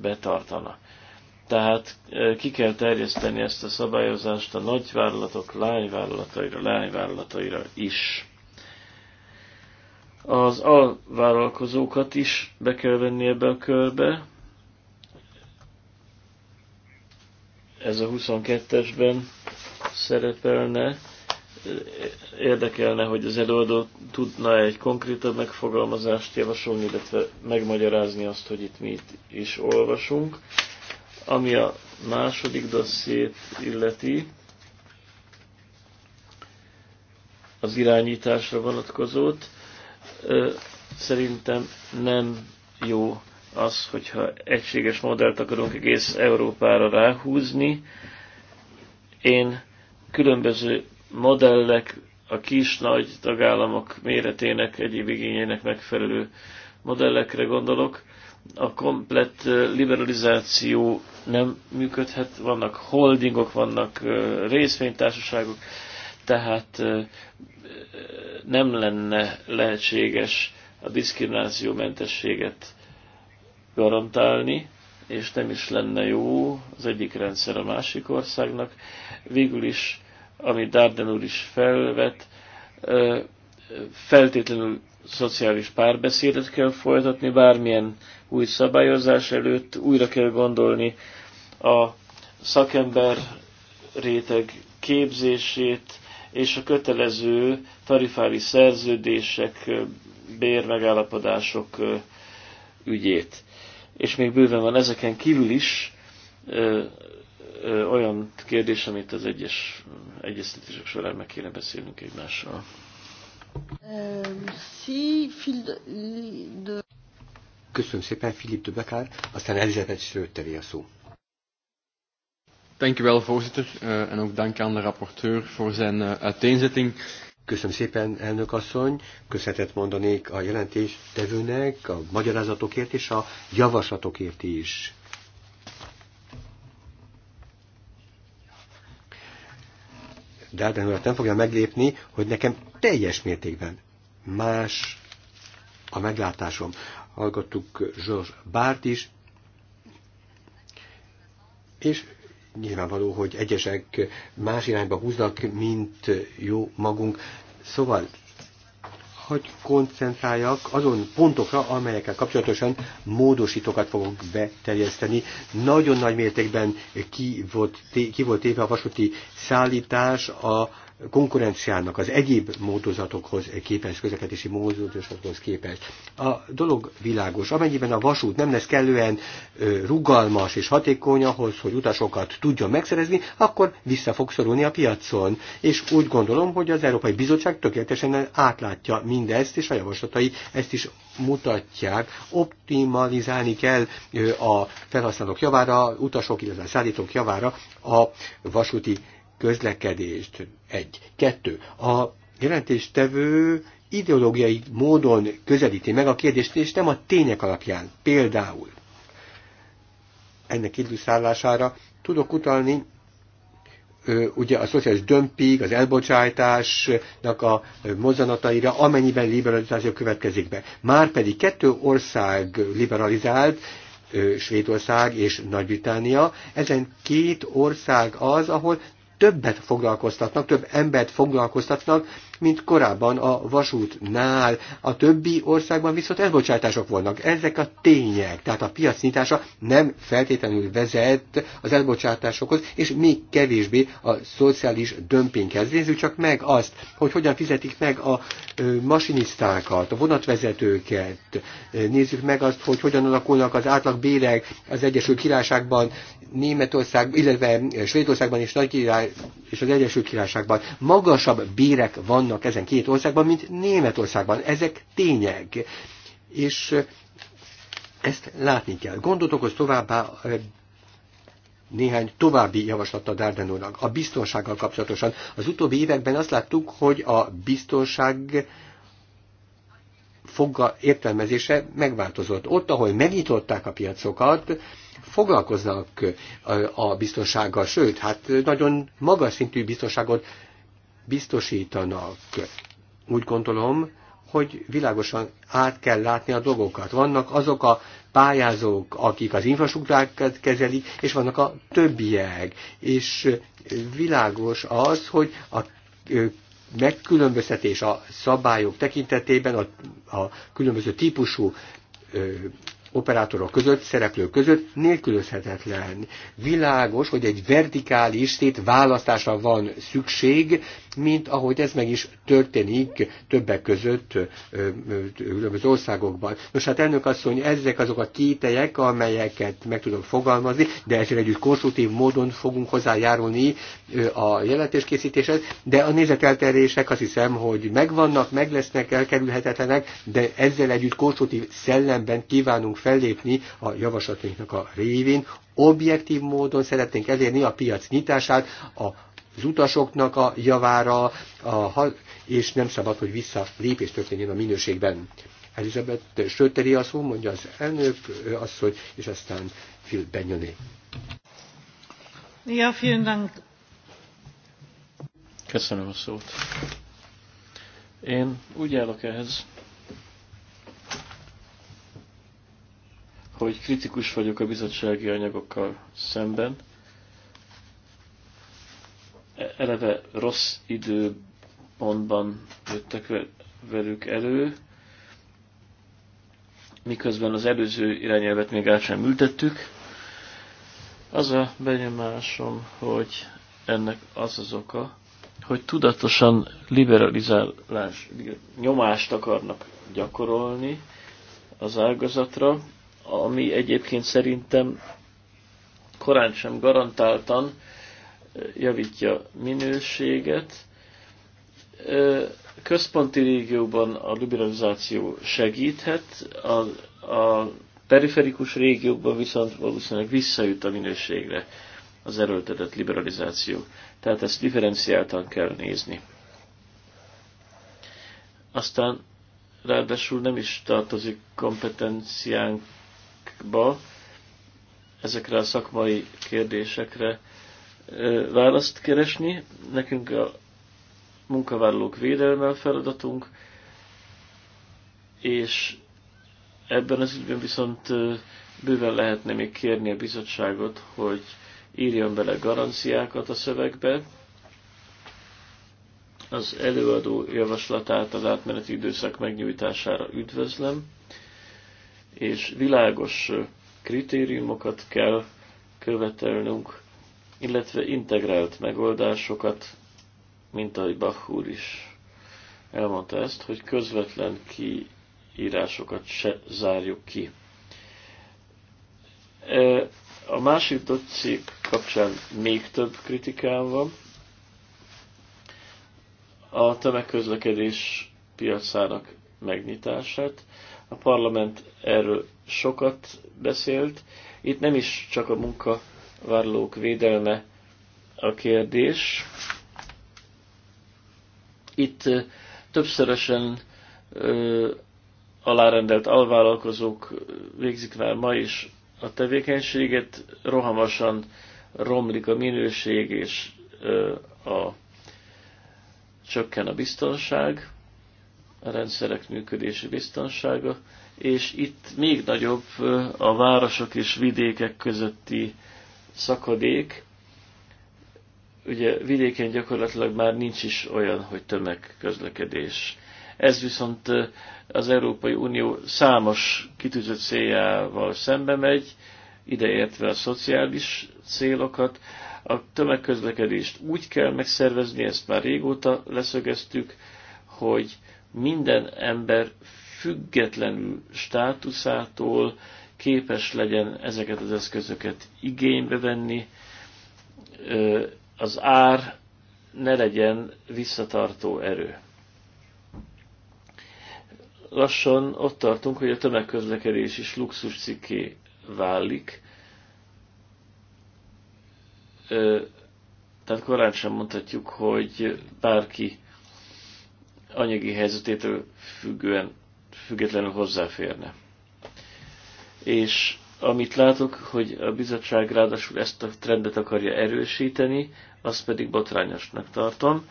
betartana. Tehát eh, ki kell terjeszteni ezt a szabályozást a nagyvállalatok lányvállalataira, lányvállalataira is. Az alvállalkozókat is be kell venni ebbe a körbe. Ez a 22-esben szerepelne. Eh, érdekelne, hogy az előadó tudna egy konkrétabb megfogalmazást javasolni, illetve megmagyarázni azt, hogy itt mit is olvasunk ami a második dossziét illeti, az irányításra vonatkozót, szerintem nem jó az, hogyha egységes modellt akarunk egész Európára ráhúzni. Én különböző modellek, a kis-nagy tagállamok méretének, egyéb igényének megfelelő modellekre gondolok a komplett liberalizáció nem működhet, vannak holdingok, vannak részvénytársaságok, tehát nem lenne lehetséges a diszkriminációmentességet garantálni, és nem is lenne jó az egyik rendszer a másik országnak. Végül is, ami Darden úr is felvet, feltétlenül szociális párbeszédet kell folytatni, bármilyen új szabályozás előtt újra kell gondolni a szakember réteg képzését és a kötelező tarifári szerződések, bérmegállapodások ügyét. És még bőven van ezeken kívül is ö, ö, olyan kérdés, amit az egyes egyeztetések során meg kéne beszélnünk egymással. Köszönöm szépen, Filip de Bekár, aztán Elizabeth Schröter a szó. Dank u wel, voorzitter, eh, en ook dank aan de rapporteur voor zijn eh, uiteenzetting. Köszönöm szépen, elnök asszony. Köszönetet mondanék a tevőnek, a magyarázatokért és a javaslatokért is. Dárdán urat nem fogja meglépni, hogy nekem teljes mértékben más a meglátásom. Hallgattuk Zsors Bárt is, és nyilvánvaló, hogy egyesek más irányba húznak, mint jó magunk. Szóval hogy koncentráljak azon pontokra, amelyekkel kapcsolatosan módosítókat fogok beterjeszteni. Nagyon nagy mértékben ki volt, ki volt éve a vasúti szállítás a konkurenciának az egyéb módozatokhoz képest, közlekedési módozatokhoz képest. A dolog világos. Amennyiben a vasút nem lesz kellően rugalmas és hatékony ahhoz, hogy utasokat tudjon megszerezni, akkor vissza fog szorulni a piacon. És úgy gondolom, hogy az Európai Bizottság tökéletesen átlátja mindezt, és a javaslatai ezt is mutatják. Optimalizálni kell a felhasználók javára, utasok, illetve szállítók javára a vasúti közlekedést. Egy. Kettő. A jelentéstevő ideológiai módon közelíti meg a kérdést, és nem a tények alapján. Például ennek illusztrálására tudok utalni ugye a szociális dömping, az elbocsátásnak a mozzanataira, amennyiben liberalizáció következik be. már pedig kettő ország liberalizált, Svédország és Nagy-Britannia. Ezen két ország az, ahol többet foglalkoztatnak, több embert foglalkoztatnak, mint korábban a vasútnál. A többi országban viszont elbocsátások vannak. Ezek a tények, tehát a piac nyitása nem feltétlenül vezet az elbocsátásokhoz, és még kevésbé a szociális dömpinghez. Nézzük csak meg azt, hogy hogyan fizetik meg a masinisztákat, a vonatvezetőket. Nézzük meg azt, hogy hogyan alakulnak az átlag bérek az Egyesült Királyságban, Németország, illetve Svédországban és, Nagy Király, és az Egyesült Királyságban. Magasabb bérek vannak vannak ezen két országban, mint Németországban. Ezek tények. És ezt látni kell. Gondot okoz továbbá néhány további javaslata Dardenónak. A biztonsággal kapcsolatosan. Az utóbbi években azt láttuk, hogy a biztonság fogga értelmezése megváltozott. Ott, ahol megnyitották a piacokat, foglalkoznak a biztonsággal, sőt, hát nagyon magas szintű biztonságot biztosítanak. Úgy gondolom, hogy világosan át kell látni a dolgokat. Vannak azok a pályázók, akik az infrastruktúrákat kezelik, és vannak a többiek. És világos az, hogy a megkülönböztetés a szabályok tekintetében a, a különböző típusú operátorok között, szereplők között nélkülözhetetlen. Világos, hogy egy vertikális szét választásra van szükség, mint ahogy ez meg is történik többek között különböző országokban. Nos hát elnök asszony, ezek azok a kételyek, amelyeket meg tudom fogalmazni, de ezért együtt konstruktív módon fogunk hozzájárulni a jelentéskészítéshez, de a nézetelterések azt hiszem, hogy megvannak, meg lesznek, elkerülhetetlenek, de ezzel együtt konstruktív szellemben kívánunk fellépni a javaslatainknak a révén. Objektív módon szeretnénk elérni a piac nyitását, a az utasoknak a javára, a, és nem szabad, hogy lépés történjen a minőségben. Elizabeth Söteri a szó, mondja az elnök asszony, és aztán Phil Benyoné. Ja, vielen Dank. Köszönöm a szót. Én úgy állok ehhez, hogy kritikus vagyok a bizottsági anyagokkal szemben. E, eleve rossz időpontban jöttek velük elő, miközben az előző irányelvet még át sem ültettük. Az a benyomásom, hogy ennek az az oka, hogy tudatosan liberalizálás nyomást akarnak gyakorolni az ágazatra, ami egyébként szerintem korán sem garantáltan javítja minőséget. Központi régióban a liberalizáció segíthet, a, a periferikus régiókban viszont valószínűleg visszajut a minőségre az erőltetett liberalizáció. Tehát ezt differenciáltan kell nézni. Aztán ráadásul nem is tartozik kompetenciánk szakmákba, ezekre a szakmai kérdésekre választ keresni. Nekünk a munkavállalók védelme a feladatunk, és ebben az ügyben viszont bőven lehetne még kérni a bizottságot, hogy írjon bele garanciákat a szövegbe. Az előadó javaslatát az átmeneti időszak megnyújtására üdvözlöm, és világos kritériumokat kell követelnünk, illetve integrált megoldásokat, mint ahogy Bach úr is elmondta ezt, hogy közvetlen kiírásokat se zárjuk ki. E, a másik dosszié kapcsán még több kritikám van. A tömegközlekedés piacának megnyitását. A parlament erről sokat beszélt. Itt nem is csak a munkavállalók védelme a kérdés. Itt többszörösen ö, alárendelt alvállalkozók végzik már ma is a tevékenységet, rohamosan romlik a minőség és ö, a, csökken a biztonság a rendszerek működési biztonsága, és itt még nagyobb a városok és vidékek közötti szakadék. Ugye vidéken gyakorlatilag már nincs is olyan, hogy tömegközlekedés. Ez viszont az Európai Unió számos kitűzött céljával szembe megy, ideértve a szociális célokat. A tömegközlekedést úgy kell megszervezni, ezt már régóta leszögeztük, hogy minden ember függetlenül státuszától képes legyen ezeket az eszközöket igénybe venni, az ár ne legyen visszatartó erő. Lassan ott tartunk, hogy a tömegközlekedés is luxus cikké válik. Tehát korán sem mondhatjuk, hogy bárki anyagi helyzetétől függően, függetlenül hozzáférne. És amit látok, hogy a bizottság ráadásul ezt a trendet akarja erősíteni, azt pedig botrányosnak tartom.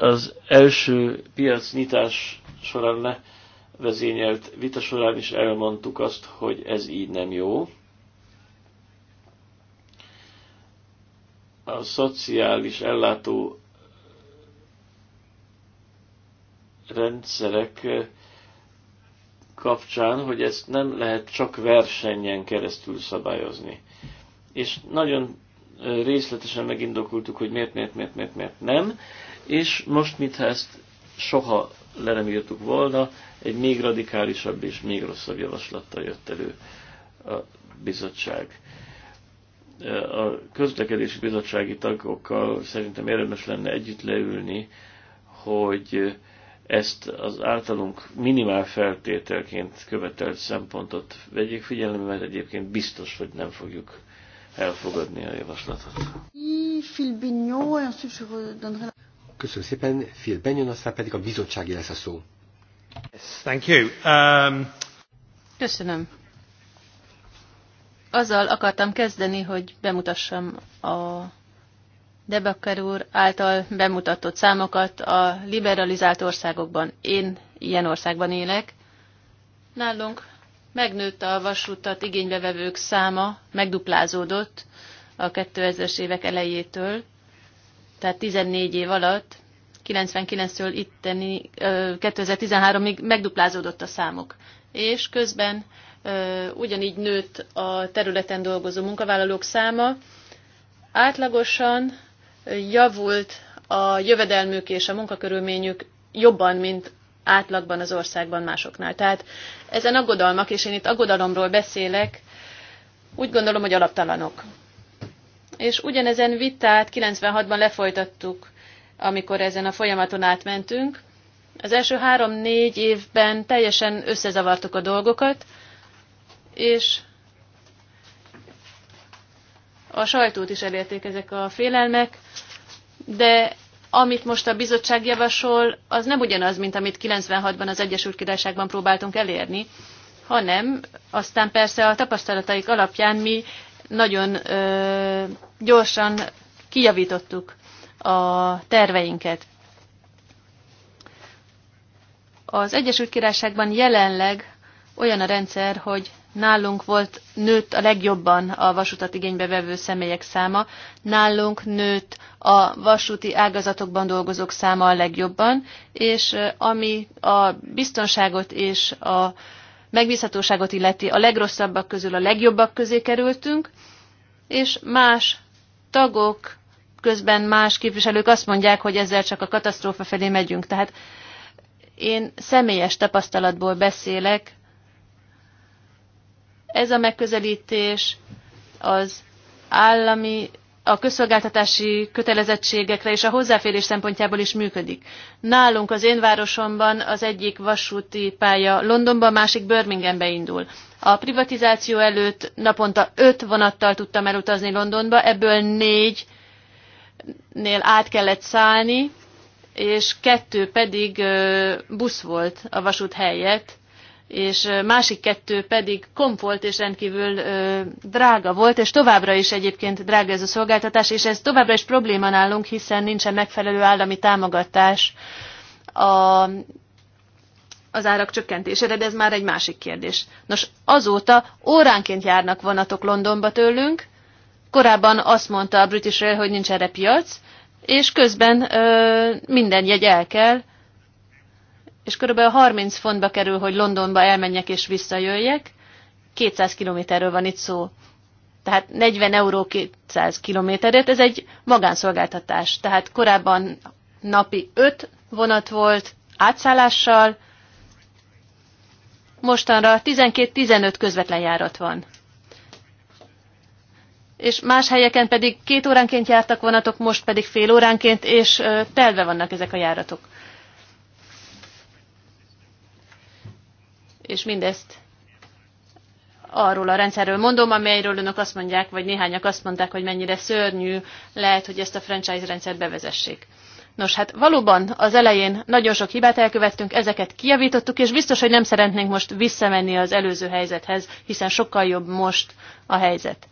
Az első piacnyitás során le vezényelt vita során is elmondtuk azt, hogy ez így nem jó. A szociális ellátó rendszerek eh, kapcsán, hogy ezt nem lehet csak versenyen keresztül szabályozni. És nagyon eh, részletesen megindokultuk, hogy miért, miért, miért, miért, miért nem, és most, mintha ezt soha le nem írtuk volna, egy még radikálisabb és még rosszabb javaslattal jött elő a bizottság. Eh, a közlekedési bizottsági tagokkal szerintem érdemes lenne együtt leülni, hogy ezt az általunk minimál feltételként követelt szempontot vegyék figyelembe, mert egyébként biztos, hogy nem fogjuk elfogadni a javaslatot. Köszönöm szépen, Phil Benyon, aztán pedig a bizottsági lesz a szó. Yes, thank you. Um... Köszönöm. Azzal akartam kezdeni, hogy bemutassam a Debakker úr által bemutatott számokat a liberalizált országokban. Én ilyen országban élek. Nálunk megnőtt a vasútat igénybevevők száma, megduplázódott a 2000-es évek elejétől, tehát 14 év alatt, 99-től itteni, 2013-ig megduplázódott a számok. És közben ugyanígy nőtt a területen dolgozó munkavállalók száma. Átlagosan javult a jövedelmük és a munkakörülményük jobban, mint átlagban az országban másoknál. Tehát ezen aggodalmak, és én itt aggodalomról beszélek, úgy gondolom, hogy alaptalanok. És ugyanezen vitát 96-ban lefolytattuk, amikor ezen a folyamaton átmentünk. Az első három-négy évben teljesen összezavartuk a dolgokat, és a sajtót is elérték ezek a félelmek, de amit most a bizottság javasol, az nem ugyanaz, mint amit 96-ban az Egyesült Királyságban próbáltunk elérni, hanem aztán persze a tapasztalataik alapján mi nagyon ö, gyorsan kijavítottuk a terveinket. Az Egyesült Királyságban jelenleg olyan a rendszer, hogy nálunk volt, nőtt a legjobban a vasutat igénybe vevő személyek száma, nálunk nőtt a vasúti ágazatokban dolgozók száma a legjobban, és ami a biztonságot és a megbízhatóságot illeti, a legrosszabbak közül a legjobbak közé kerültünk, és más tagok, közben más képviselők azt mondják, hogy ezzel csak a katasztrófa felé megyünk. Tehát én személyes tapasztalatból beszélek, ez a megközelítés az állami, a közszolgáltatási kötelezettségekre és a hozzáférés szempontjából is működik. Nálunk az én városomban az egyik vasúti pálya Londonban, másik Birminghambe indul. A privatizáció előtt naponta öt vonattal tudtam elutazni Londonba, ebből négynél át kellett szállni, és kettő pedig busz volt a vasút helyett, és másik kettő pedig komfort és rendkívül ö, drága volt, és továbbra is egyébként drága ez a szolgáltatás, és ez továbbra is probléma nálunk, hiszen nincsen megfelelő állami támogatás a az árak csökkentésére, de ez már egy másik kérdés. Nos, azóta óránként járnak vonatok Londonba tőlünk, korábban azt mondta a British Rail, hogy nincs erre piac, és közben ö, minden jegy el kell, és körülbelül 30 fontba kerül, hogy Londonba elmenjek és visszajöjjek. 200 kilométerről van itt szó. Tehát 40 euró 200 kilométerért, ez egy magánszolgáltatás. Tehát korábban napi 5 vonat volt átszállással, mostanra 12-15 közvetlen járat van. És más helyeken pedig két óránként jártak vonatok, most pedig fél óránként, és telve vannak ezek a járatok. és mindezt arról a rendszerről mondom, amelyről önök azt mondják, vagy néhányak azt mondták, hogy mennyire szörnyű lehet, hogy ezt a franchise rendszert bevezessék. Nos, hát valóban az elején nagyon sok hibát elkövettünk, ezeket kijavítottuk, és biztos, hogy nem szeretnénk most visszamenni az előző helyzethez, hiszen sokkal jobb most a helyzet.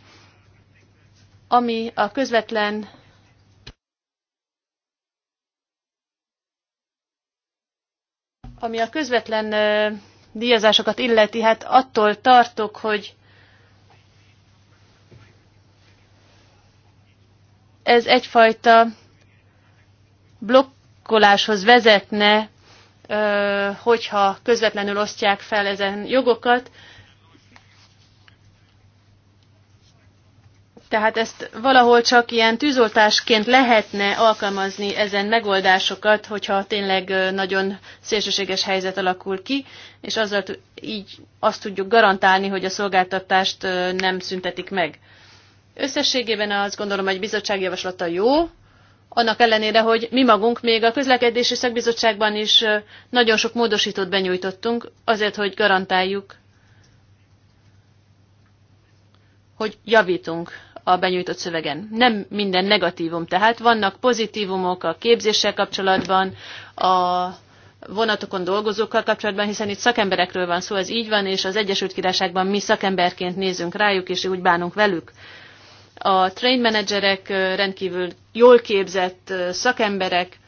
Ami a közvetlen ami a közvetlen díjazásokat illeti, hát attól tartok, hogy ez egyfajta blokkoláshoz vezetne, hogyha közvetlenül osztják fel ezen jogokat. Tehát ezt valahol csak ilyen tűzoltásként lehetne alkalmazni ezen megoldásokat, hogyha tényleg nagyon szélsőséges helyzet alakul ki, és azzal így azt tudjuk garantálni, hogy a szolgáltatást nem szüntetik meg. Összességében azt gondolom, hogy bizottság javaslata jó, annak ellenére, hogy mi magunk még a közlekedési szakbizottságban is nagyon sok módosítót benyújtottunk, azért, hogy garantáljuk hogy javítunk a benyújtott szövegen. Nem minden negatívum, tehát vannak pozitívumok a képzéssel kapcsolatban, a vonatokon dolgozókkal kapcsolatban, hiszen itt szakemberekről van szó, ez így van, és az Egyesült Királyságban mi szakemberként nézünk rájuk, és úgy bánunk velük. A train menedzserek rendkívül jól képzett szakemberek,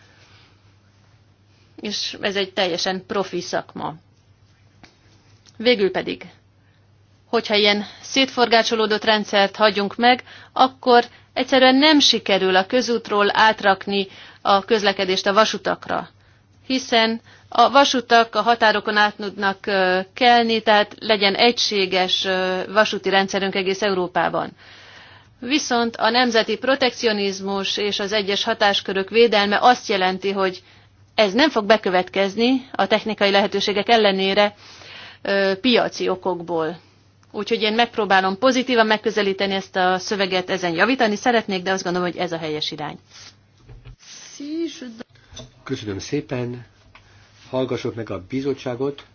és ez egy teljesen profi szakma. Végül pedig hogyha ilyen szétforgácsolódott rendszert hagyunk meg, akkor egyszerűen nem sikerül a közútról átrakni a közlekedést a vasutakra. Hiszen a vasutak a határokon át tudnak kelni, tehát legyen egységes vasúti rendszerünk egész Európában. Viszont a nemzeti protekcionizmus és az egyes hatáskörök védelme azt jelenti, hogy ez nem fog bekövetkezni a technikai lehetőségek ellenére piaci okokból. Úgyhogy én megpróbálom pozitívan megközelíteni ezt a szöveget, ezen javítani szeretnék, de azt gondolom, hogy ez a helyes irány. Köszönöm szépen. Hallgassuk meg a bizottságot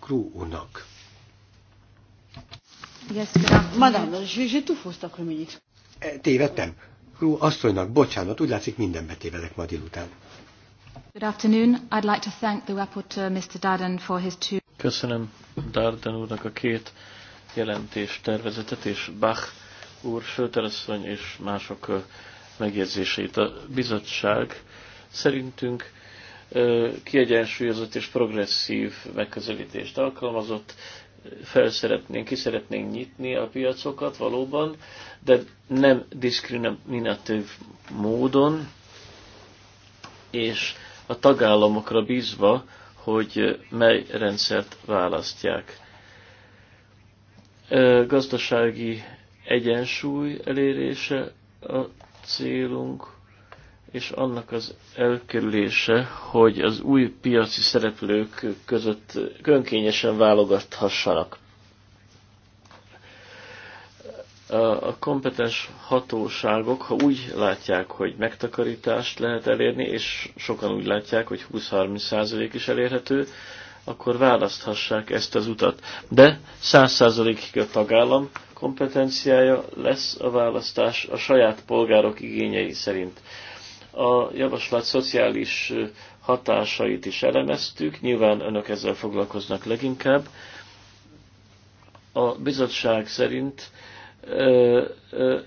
Krú úrnak. Eh, tévedtem. Krú asszonynak, bocsánat, úgy látszik minden betévelek ma délután. Good afternoon. I'd like to thank the rapporteur, Mr. Darden, for his two... Köszönöm Darden úrnak a két jelentés tervezetet, és Bach úr, Sölterasszony és mások megjegyzéseit. A bizottság szerintünk kiegyensúlyozott és progresszív megközelítést alkalmazott, fel szeretnénk, ki szeretnénk nyitni a piacokat valóban, de nem diszkriminatív módon, és a tagállamokra bízva, hogy mely rendszert választják. Gazdasági egyensúly elérése a célunk, és annak az elkerülése, hogy az új piaci szereplők között könkényesen válogathassanak. A kompetens hatóságok, ha úgy látják, hogy megtakarítást lehet elérni, és sokan úgy látják, hogy 20-30% is elérhető, akkor választhassák ezt az utat. De száz százalékig a tagállam kompetenciája lesz a választás a saját polgárok igényei szerint. A javaslat szociális hatásait is elemeztük, nyilván önök ezzel foglalkoznak leginkább. A bizottság szerint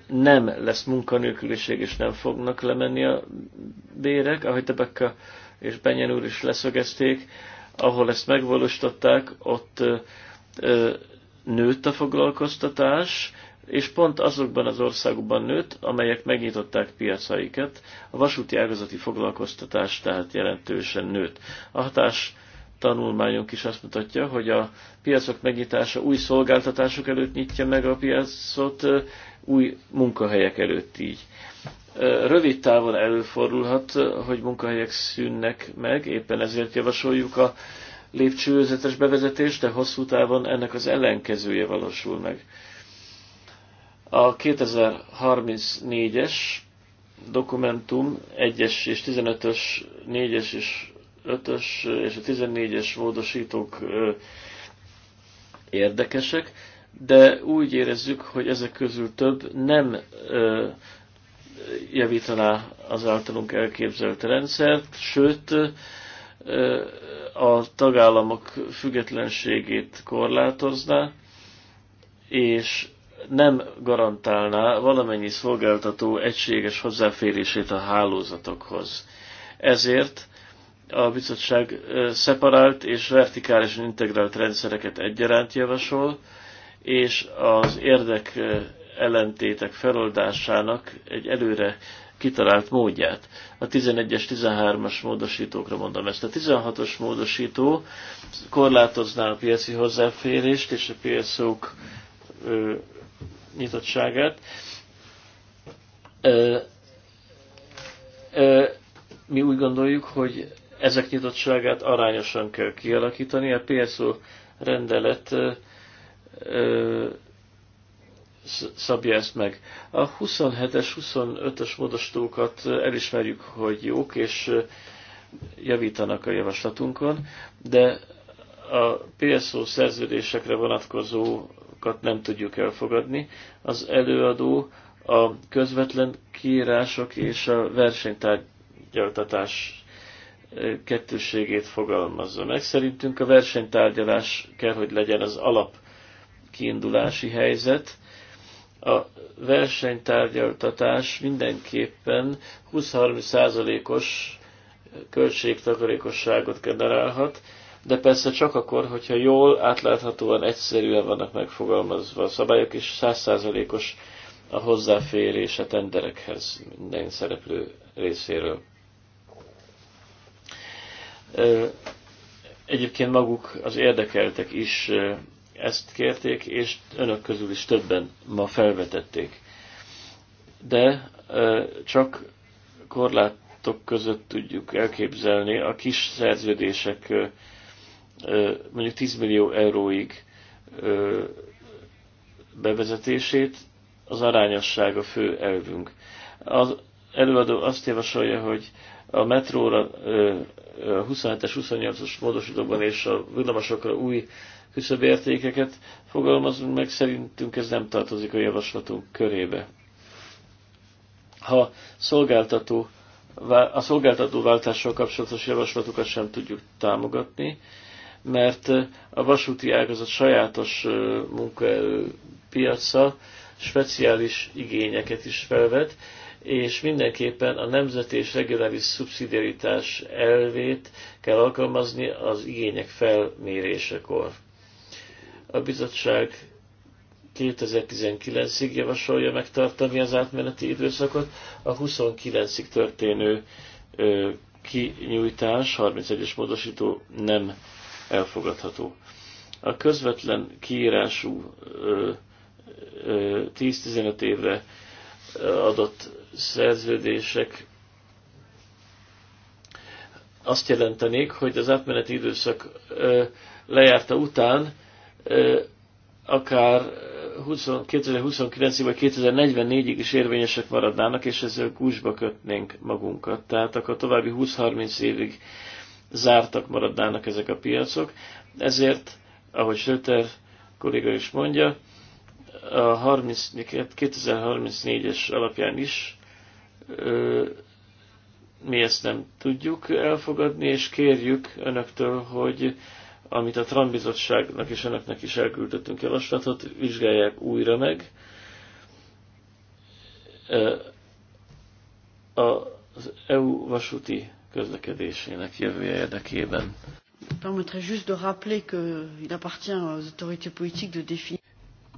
nem lesz munkanélküliség, és nem fognak lemenni a bérek, ahogy Tebekka és Benyen úr is leszögezték. Ö, ahol ezt megvalósították, ott nőtt a foglalkoztatás, és pont azokban az országokban nőtt, amelyek megnyitották piacaikat, a vasúti ágazati foglalkoztatás tehát jelentősen nőtt. A hatás tanulmányunk is azt mutatja, hogy a piacok megnyitása új szolgáltatások előtt nyitja meg a piacot, új munkahelyek előtt így. Rövid távon előfordulhat, hogy munkahelyek szűnnek meg, éppen ezért javasoljuk a lépcsőzetes bevezetést, de hosszú távon ennek az ellenkezője valósul meg. A 2034-es dokumentum 1-es és 15-ös, 4-es és 5-ös és a 14-es módosítók érdekesek, de úgy érezzük, hogy ezek közül több nem javítaná az általunk elképzelt rendszert, sőt a tagállamok függetlenségét korlátozná, és nem garantálná valamennyi szolgáltató egységes hozzáférését a hálózatokhoz. Ezért a bizottság szeparált és vertikálisan integrált rendszereket egyaránt javasol, és az érdek ellentétek feloldásának egy előre kitalált módját. A 11-es, 13-as módosítókra mondom ezt. A 16-os módosító korlátozná a piaci hozzáférést és a piacok nyitottságát. Ö, ö, mi úgy gondoljuk, hogy ezek nyitottságát arányosan kell kialakítani. A PSO rendelet ö, ö, szabja ezt meg. A 27-es, 25-ös módosítókat elismerjük, hogy jók, és javítanak a javaslatunkon, de a PSO szerződésekre vonatkozókat nem tudjuk elfogadni. Az előadó a közvetlen kiírások és a versenytárgyaltatás kettőségét fogalmazza meg. Szerintünk a versenytárgyalás kell, hogy legyen az alap kiindulási helyzet, a versenytárgyaltatás mindenképpen 20-30%-os költségtakarékosságot generálhat, de persze csak akkor, hogyha jól, átláthatóan, egyszerűen vannak megfogalmazva a szabályok, és 100%-os a hozzáférés a tenderekhez minden szereplő részéről. Egyébként maguk az érdekeltek is ezt kérték, és önök közül is többen ma felvetették. De csak korlátok között tudjuk elképzelni a kis szerződések mondjuk 10 millió euróig bevezetését, az arányosság a fő elvünk. Az előadó azt javasolja, hogy a metróra, a 27-es, 28-as módosítóban és a villamosokra új küszöbértékeket fogalmazunk meg, szerintünk ez nem tartozik a javaslatunk körébe. Ha szolgáltató, a szolgáltató váltással kapcsolatos javaslatokat sem tudjuk támogatni, mert a vasúti ágazat sajátos munkaerőpiaca speciális igényeket is felvet, és mindenképpen a nemzeti és regionális szubszidiaritás elvét kell alkalmazni az igények felmérésekor. A bizottság 2019-ig javasolja megtartani az átmeneti időszakot, a 29-ig történő ö, kinyújtás, 31-es módosító nem elfogadható. A közvetlen kiírású 10-15 évre adott szerződések azt jelentenék, hogy az átmeneti időszak lejárta után akár 2029-ig vagy 2044-ig is érvényesek maradnának, és ezzel gúzsba kötnénk magunkat. Tehát akkor további 20-30 évig zártak maradnának ezek a piacok. Ezért, ahogy Söter kolléga is mondja, a 2034-es alapján is ö, mi ezt nem tudjuk elfogadni, és kérjük önöktől, hogy amit a Trump bizottságnak és önöknek is elküldöttünk javaslatot, vizsgálják újra meg. Az EU vasúti közlekedésének jövője érdekében.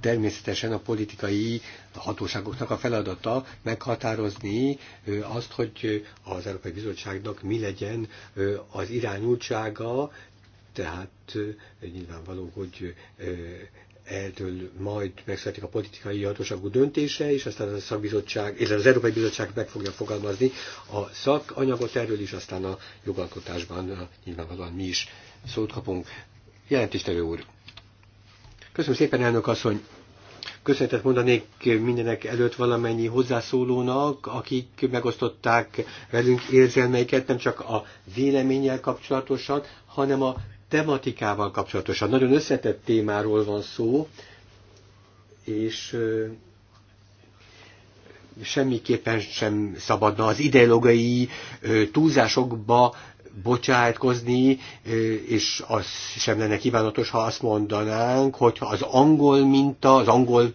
de természetesen a politikai hatóságoknak a feladata meghatározni azt, hogy az Európai Bizottságnak mi legyen az irányultsága, tehát nyilvánvaló, hogy eltől majd megszületik a politikai hatóságú döntése, és aztán a szakbizottság, illetve az Európai Bizottság meg fogja fogalmazni a szakanyagot erről is, aztán a jogalkotásban nyilvánvalóan mi is szót kapunk. Jelentéstevő úr! Köszönöm szépen, elnök asszony! köszönetet mondanék mindenek előtt valamennyi hozzászólónak, akik megosztották velünk érzelmeiket, nem csak a véleménnyel kapcsolatosan, hanem a tematikával kapcsolatosan. Nagyon összetett témáról van szó, és semmiképpen sem szabadna az ideológiai túlzásokba bocsátkozni, és az sem lenne kívánatos, ha azt mondanánk, hogyha az angol minta, az angol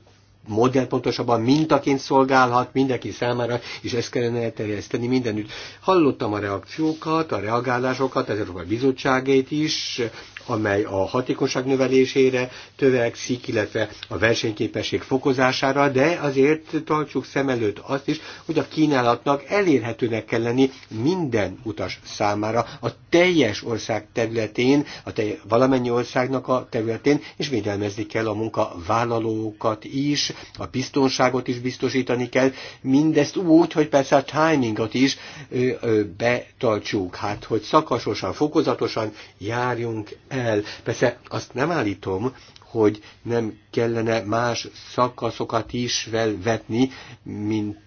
modell pontosabban mintaként szolgálhat mindenki számára, és ezt kellene elterjeszteni mindenütt. Hallottam a reakciókat, a reagálásokat, az Európai Bizottságét is, amely a hatékonyság növelésére törekszik, illetve a versenyképesség fokozására, de azért tartsuk szem előtt azt is, hogy a kínálatnak elérhetőnek kell lenni minden utas számára a teljes ország területén, a telj, valamennyi országnak a területén, és védelmezni kell a munkavállalókat is, a biztonságot is biztosítani kell, mindezt úgy, hogy persze a timingot is ö, ö, betartsuk, hát hogy szakasosan, fokozatosan járjunk el kell. Persze azt nem állítom, hogy nem kellene más szakaszokat is felvetni, mint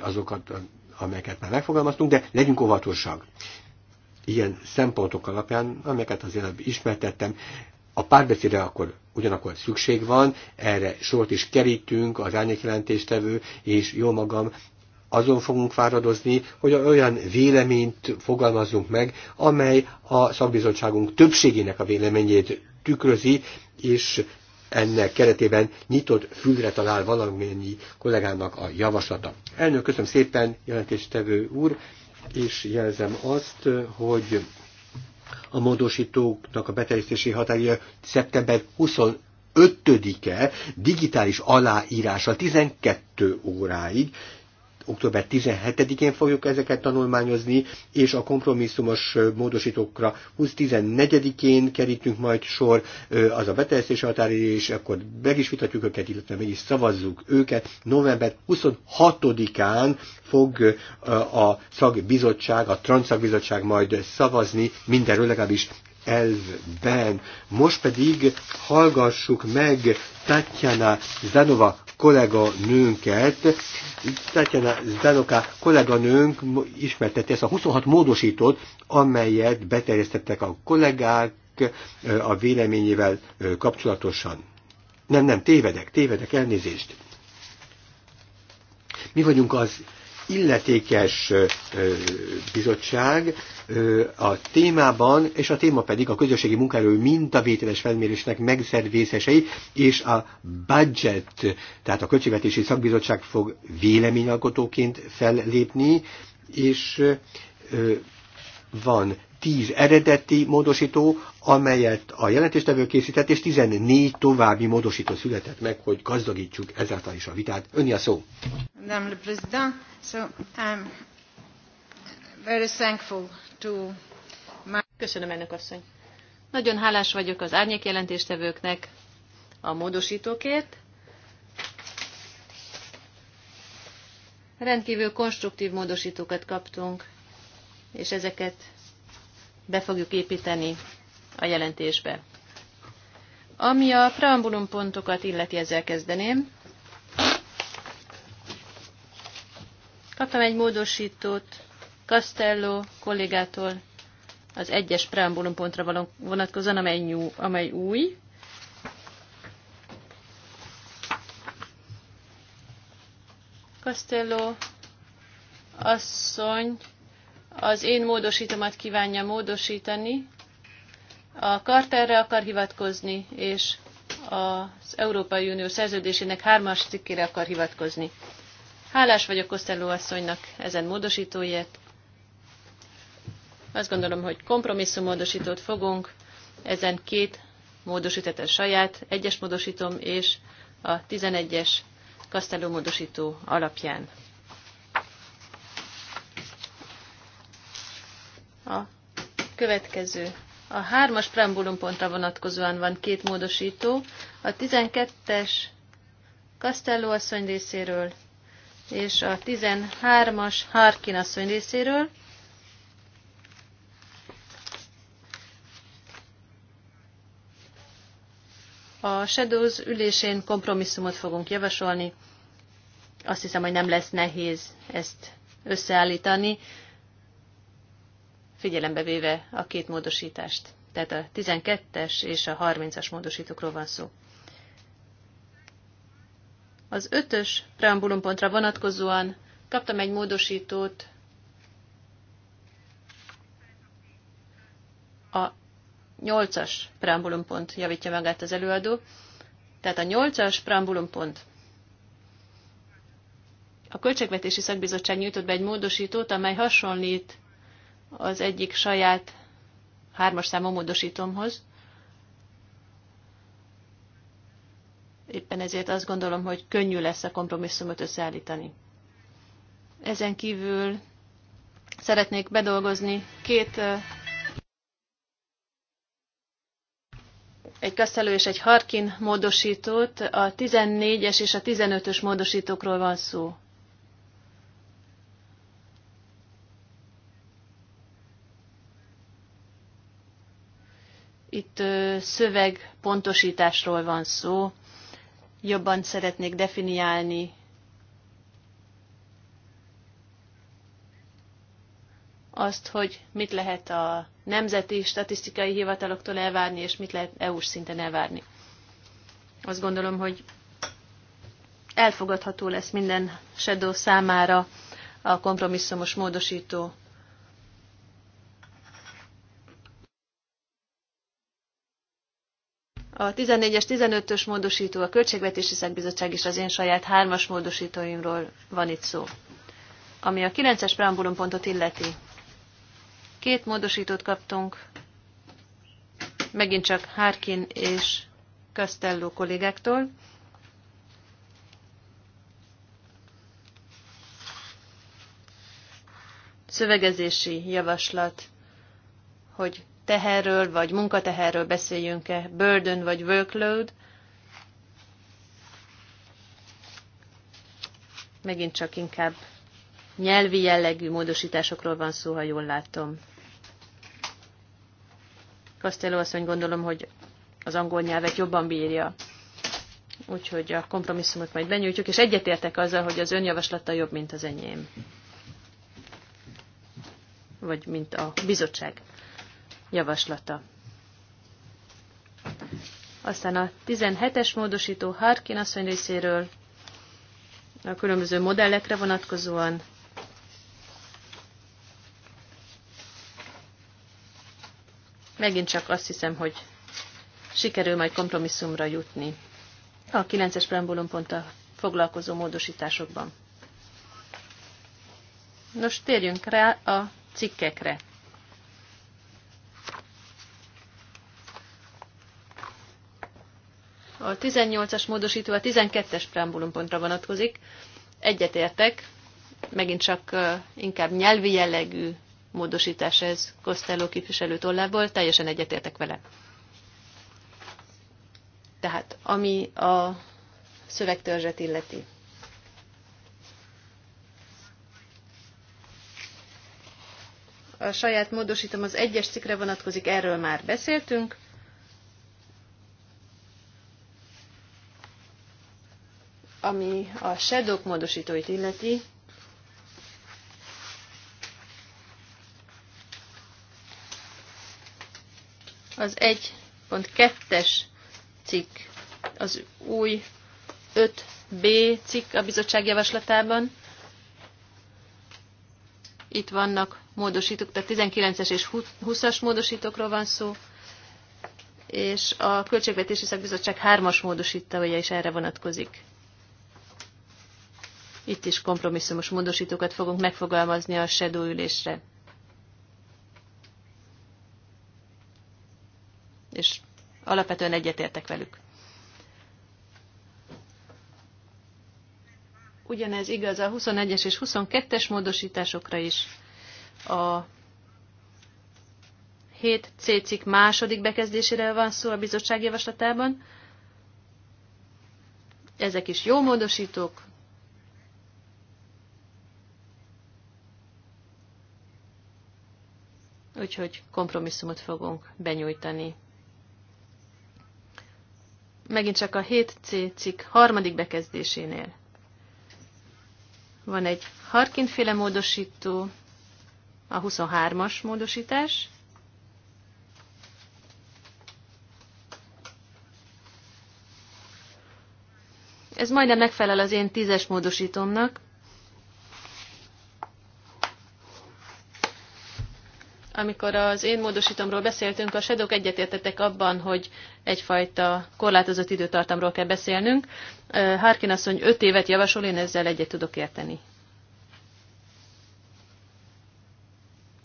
azokat, amelyeket már megfogalmaztunk, de legyünk óvatosak. Ilyen szempontok alapján, amelyeket az előbb ismertettem, a párbeszédre akkor ugyanakkor szükség van, erre sort is kerítünk, az árnyékjelentéstevő és jó magam azon fogunk fáradozni, hogy olyan véleményt fogalmazunk meg, amely a szakbizottságunk többségének a véleményét tükrözi, és ennek keretében nyitott fülre talál valamennyi kollégának a javaslata. Elnök, köszönöm szépen, jelentéstevő úr, és jelzem azt, hogy a módosítóknak a beterjesztési határja szeptember 25-e digitális aláírása 12 óráig, október 17-én fogjuk ezeket tanulmányozni, és a kompromisszumos módosítókra 20-14-én kerítünk majd sor, az a beterjesztés határidő, és akkor meg is vitatjuk őket, illetve meg is szavazzuk őket. November 26-án fog a szagbizottság, a transzakbizottság majd szavazni mindenről, legalábbis elvben. Most pedig hallgassuk meg Tatjana Zanova kollega nőnket. Tatjana Zanoka kollega nőnk ismertette ezt a 26 módosítót, amelyet beterjesztettek a kollégák a véleményével kapcsolatosan. Nem, nem, tévedek, tévedek, elnézést. Mi vagyunk az illetékes bizottság a témában, és a téma pedig a közösségi munkaerő mintavételes felmérésnek megszervészesei, és a budget, tehát a költségvetési szakbizottság fog véleményalkotóként fellépni, és van 10 eredeti módosító, amelyet a jelentéstevő készített, és 14 további módosító született meg, hogy gazdagítsuk ezáltal is a vitát. Önni a szó. Madame le Président, so I'm very thankful to my... Köszönöm, elnök asszony. Nagyon hálás vagyok az árnyék jelentéstevőknek a módosítókért. Rendkívül konstruktív módosítókat kaptunk, és ezeket be fogjuk építeni a jelentésbe. Ami a preambulum pontokat illeti, ezzel kezdeném. Kaptam egy módosítót Castello kollégától az egyes preambulum pontra vonatkozóan, amely, nyú, amely új. Castello asszony az én módosítomat kívánja módosítani, a karterre akar hivatkozni, és az Európai Unió szerződésének hármas cikkére akar hivatkozni. Hálás vagyok Kosztelló asszonynak ezen módosítóért. Azt gondolom, hogy kompromisszummódosítót fogunk, ezen két módosított a saját, egyes módosítom és a 11-es kasztelló módosító alapján. A következő. A hármas preambulum pontra vonatkozóan van két módosító. A 12-es Castello asszony részéről és a 13-as Harkin asszony részéről. A Shadows ülésén kompromisszumot fogunk javasolni. Azt hiszem, hogy nem lesz nehéz ezt összeállítani figyelembe véve a két módosítást. Tehát a 12-es és a 30-as módosítókról van szó. Az ötös preambulumpontra vonatkozóan kaptam egy módosítót a 8-as preambulumpont javítja magát az előadó. Tehát a 8-as preambulumpont. A Költségvetési Szakbizottság nyújtott be egy módosítót, amely hasonlít az egyik saját hármas számú módosítomhoz. Éppen ezért azt gondolom, hogy könnyű lesz a kompromisszumot összeállítani. Ezen kívül szeretnék bedolgozni két egy kasztelő és egy Harkin módosítót, a 14-es és a 15-ös módosítókról van szó. Itt szöveg pontosításról van szó. Jobban szeretnék definiálni azt, hogy mit lehet a nemzeti statisztikai hivataloktól elvárni, és mit lehet EU-s szinten elvárni. Azt gondolom, hogy elfogadható lesz minden shadow számára a kompromisszumos módosító A 14-es, 15-ös módosító, a Költségvetési Szakbizottság is az én saját hármas módosítóimról van itt szó. Ami a 9-es preambulumpontot pontot illeti. Két módosítót kaptunk, megint csak Harkin és Castello kollégáktól. Szövegezési javaslat, hogy teherről vagy munkateherről beszéljünk-e, burden vagy workload. Megint csak inkább nyelvi jellegű módosításokról van szó, ha jól látom. Costello asszony gondolom, hogy az angol nyelvet jobban bírja. Úgyhogy a kompromisszumot majd benyújtjuk, és egyetértek azzal, hogy az önjavaslata jobb, mint az enyém. Vagy mint a bizottság javaslata. Aztán a 17-es módosító Harkin asszony részéről a különböző modellekre vonatkozóan megint csak azt hiszem, hogy sikerül majd kompromisszumra jutni a 9-es a foglalkozó módosításokban. Nos, térjünk rá a cikkekre. A 18-as módosító a 12-es preambulumpontra vonatkozik. Egyetértek, megint csak inkább nyelvi jellegű módosítás ez Costello képviselő tollából, teljesen egyetértek vele. Tehát, ami a szövegtörzset illeti. A saját módosítom az egyes cikre vonatkozik, erről már beszéltünk. Ami a shadow módosítóit illeti, az 1.2-es cikk, az új 5B cikk a bizottság javaslatában. Itt vannak módosítók, tehát 19-es és 20-as módosítókról van szó, és a Költségvetési Szakbizottság 3-as módosítója is erre vonatkozik. Itt is kompromisszumos módosítókat fogunk megfogalmazni a SEDO ülésre. És alapvetően egyetértek velük. Ugyanez igaz a 21-es és 22-es módosításokra is. A 7C cikk második bekezdésére van szó a bizottság javaslatában. Ezek is jó módosítók, úgyhogy kompromisszumot fogunk benyújtani. Megint csak a 7C cikk harmadik bekezdésénél. Van egy Harkin-féle módosító, a 23-as módosítás, Ez majdnem megfelel az én tízes módosítomnak. Amikor az én módosítomról beszéltünk, a sedok egyetértettek abban, hogy egyfajta korlátozott időtartamról kell beszélnünk. Harkin asszony 5 évet javasol, én ezzel egyet tudok érteni.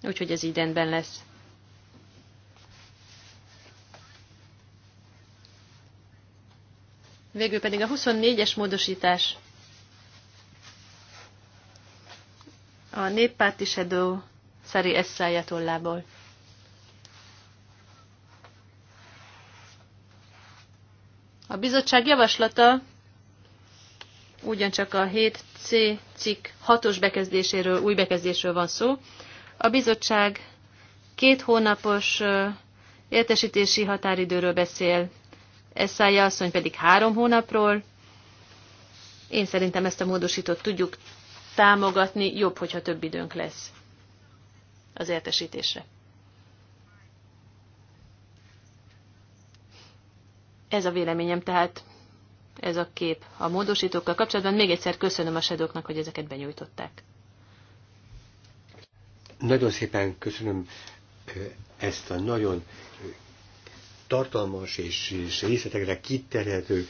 Úgyhogy ez így rendben lesz. Végül pedig a 24-es módosítás. A néppárti sedó Szari Esszája tollából. A bizottság javaslata ugyancsak a 7C cikk 6-os bekezdéséről, új bekezdésről van szó. A bizottság két hónapos értesítési határidőről beszél, Esszája asszony pedig három hónapról. Én szerintem ezt a módosítót tudjuk támogatni, jobb, hogyha több időnk lesz az értesítésre. Ez a véleményem, tehát ez a kép a módosítókkal kapcsolatban. Még egyszer köszönöm a sedoknak, hogy ezeket benyújtották. Nagyon szépen köszönöm ezt a nagyon tartalmas és, részletekre kiterjedő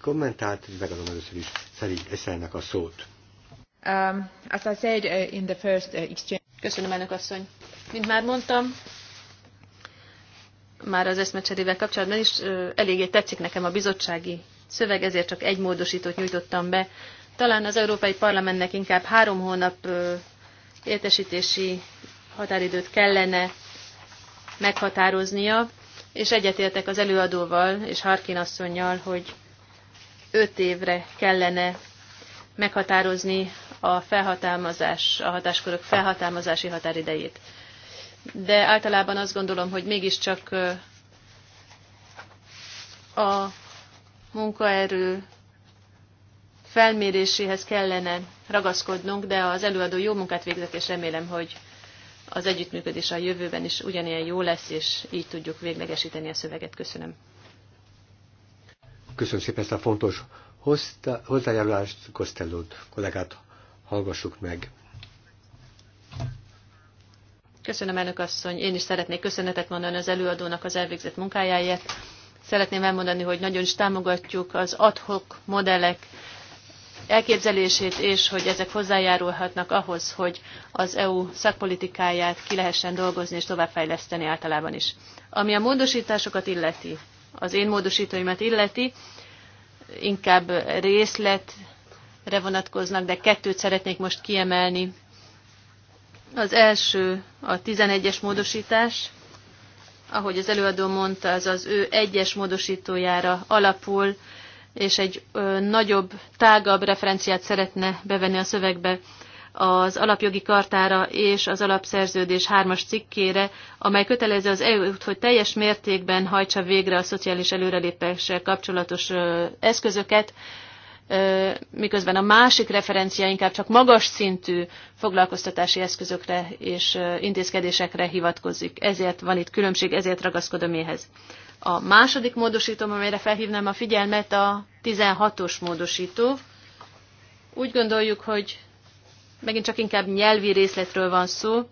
kommentát, megadom először is Szeri Eszelnek a szót. Um, as I said uh, in the first uh, exchange... Köszönöm, elnök asszony. Mint már mondtam, már az eszmecserével kapcsolatban is eléggé tetszik nekem a bizottsági szöveg, ezért csak egy módosítót nyújtottam be. Talán az Európai Parlamentnek inkább három hónap értesítési határidőt kellene meghatároznia, és egyetértek az előadóval és Harkin asszonynal, hogy öt évre kellene meghatározni a felhatalmazás, a hatáskörök felhatalmazási határidejét. De általában azt gondolom, hogy mégiscsak a munkaerő felméréséhez kellene ragaszkodnunk, de az előadó jó munkát végzett, és remélem, hogy az együttműködés a jövőben is ugyanilyen jó lesz, és így tudjuk véglegesíteni a szöveget. Köszönöm. Köszönöm szépen ezt a fontos hozzájárulást, Kostellót kollégát hallgassuk meg. Köszönöm, elnök asszony. Én is szeretnék köszönetet mondani az előadónak az elvégzett munkájáért. Szeretném elmondani, hogy nagyon is támogatjuk az adhok modellek elképzelését, és hogy ezek hozzájárulhatnak ahhoz, hogy az EU szakpolitikáját ki lehessen dolgozni és továbbfejleszteni általában is. Ami a módosításokat illeti, az én módosítóimat illeti, inkább részlet re vonatkoznak, de kettőt szeretnék most kiemelni. Az első a 11-es módosítás, ahogy az előadó mondta, az az ő egyes módosítójára alapul, és egy ö, nagyobb, tágabb referenciát szeretne bevenni a szövegbe az alapjogi kartára és az alapszerződés hármas cikkére, amely kötelező az EU-t, hogy teljes mértékben hajtsa végre a szociális előrelépéssel kapcsolatos ö, eszközöket, miközben a másik referencia inkább csak magas szintű foglalkoztatási eszközökre és intézkedésekre hivatkozik. Ezért van itt különbség, ezért ragaszkodom éhez. A második módosítom, amelyre felhívnám a figyelmet, a 16-os módosító. Úgy gondoljuk, hogy megint csak inkább nyelvi részletről van szó,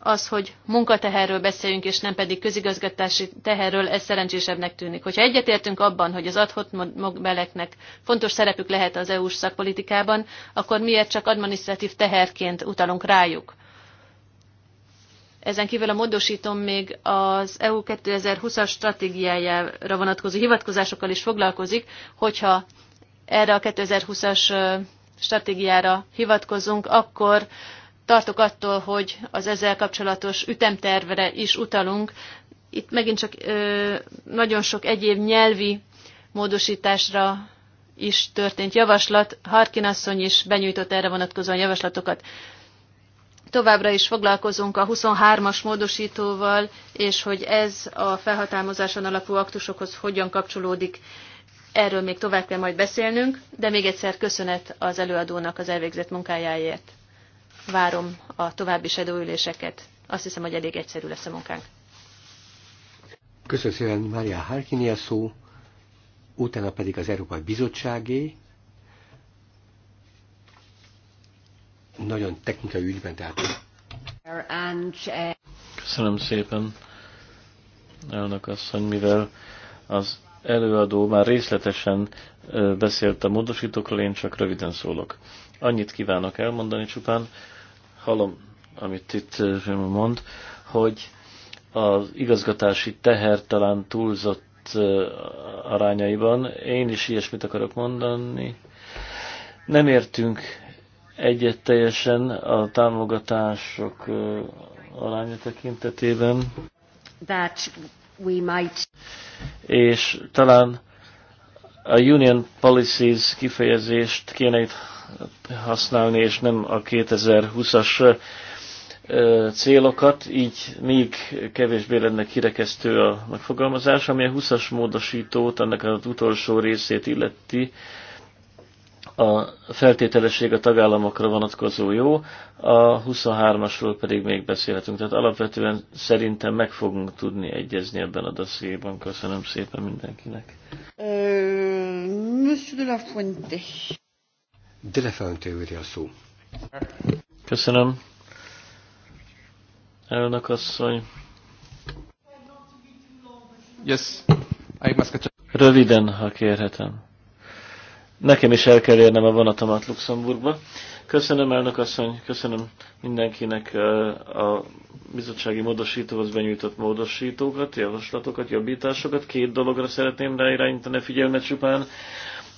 az, hogy munkateherről beszéljünk, és nem pedig közigazgatási teherről, ez szerencsésebbnek tűnik. Hogyha egyetértünk abban, hogy az adhot mogbeleknek fontos szerepük lehet az EU-s szakpolitikában, akkor miért csak administratív teherként utalunk rájuk? Ezen kívül a módosítom még az EU 2020-as stratégiájára vonatkozó hivatkozásokkal is foglalkozik, hogyha erre a 2020-as stratégiára hivatkozunk, akkor tartok attól, hogy az ezzel kapcsolatos ütemtervre is utalunk. Itt megint csak ö, nagyon sok egyéb nyelvi módosításra is történt javaslat. Harkin asszony is benyújtott erre vonatkozóan javaslatokat. Továbbra is foglalkozunk a 23-as módosítóval, és hogy ez a felhatalmazáson alapú aktusokhoz hogyan kapcsolódik, erről még tovább kell majd beszélnünk, de még egyszer köszönet az előadónak az elvégzett munkájáért várom a további sedőüléseket. Azt hiszem, hogy elég egyszerű lesz a munkánk. Köszönöm szépen Mária Harkini a szó, utána pedig az Európai Bizottságé. Nagyon technikai ügyben, tehát. Köszönöm szépen, elnök asszony, mivel az előadó már részletesen beszélt a módosítókról, én csak röviden szólok. Annyit kívánok elmondani csupán, hallom, amit itt eh, mond, hogy az igazgatási teher talán túlzott eh, arányaiban. Én is ilyesmit akarok mondani. Nem értünk egyet teljesen a támogatások eh, aránya tekintetében. That we might... És talán a Union Policies kifejezést kéne itt használni, és nem a 2020-as célokat, így még kevésbé lenne kirekesztő a megfogalmazás, ami a 20-as módosítót, annak az utolsó részét illeti, a feltételesség a tagállamokra vonatkozó jó, a 23-asról pedig még beszélhetünk. Tehát alapvetően szerintem meg fogunk tudni egyezni ebben a dossziéban. Köszönöm szépen mindenkinek. Monsieur de la Fuente. Delefante a szó. Köszönöm. Elnök asszony. Yes. I must Röviden, ha kérhetem. Nekem is el kell érnem a vonatomat Luxemburgba. Köszönöm, elnök asszony, köszönöm mindenkinek a bizottsági módosítóhoz benyújtott módosítókat, javaslatokat, jobbításokat. Két dologra szeretném ráirányítani a figyelmet csupán.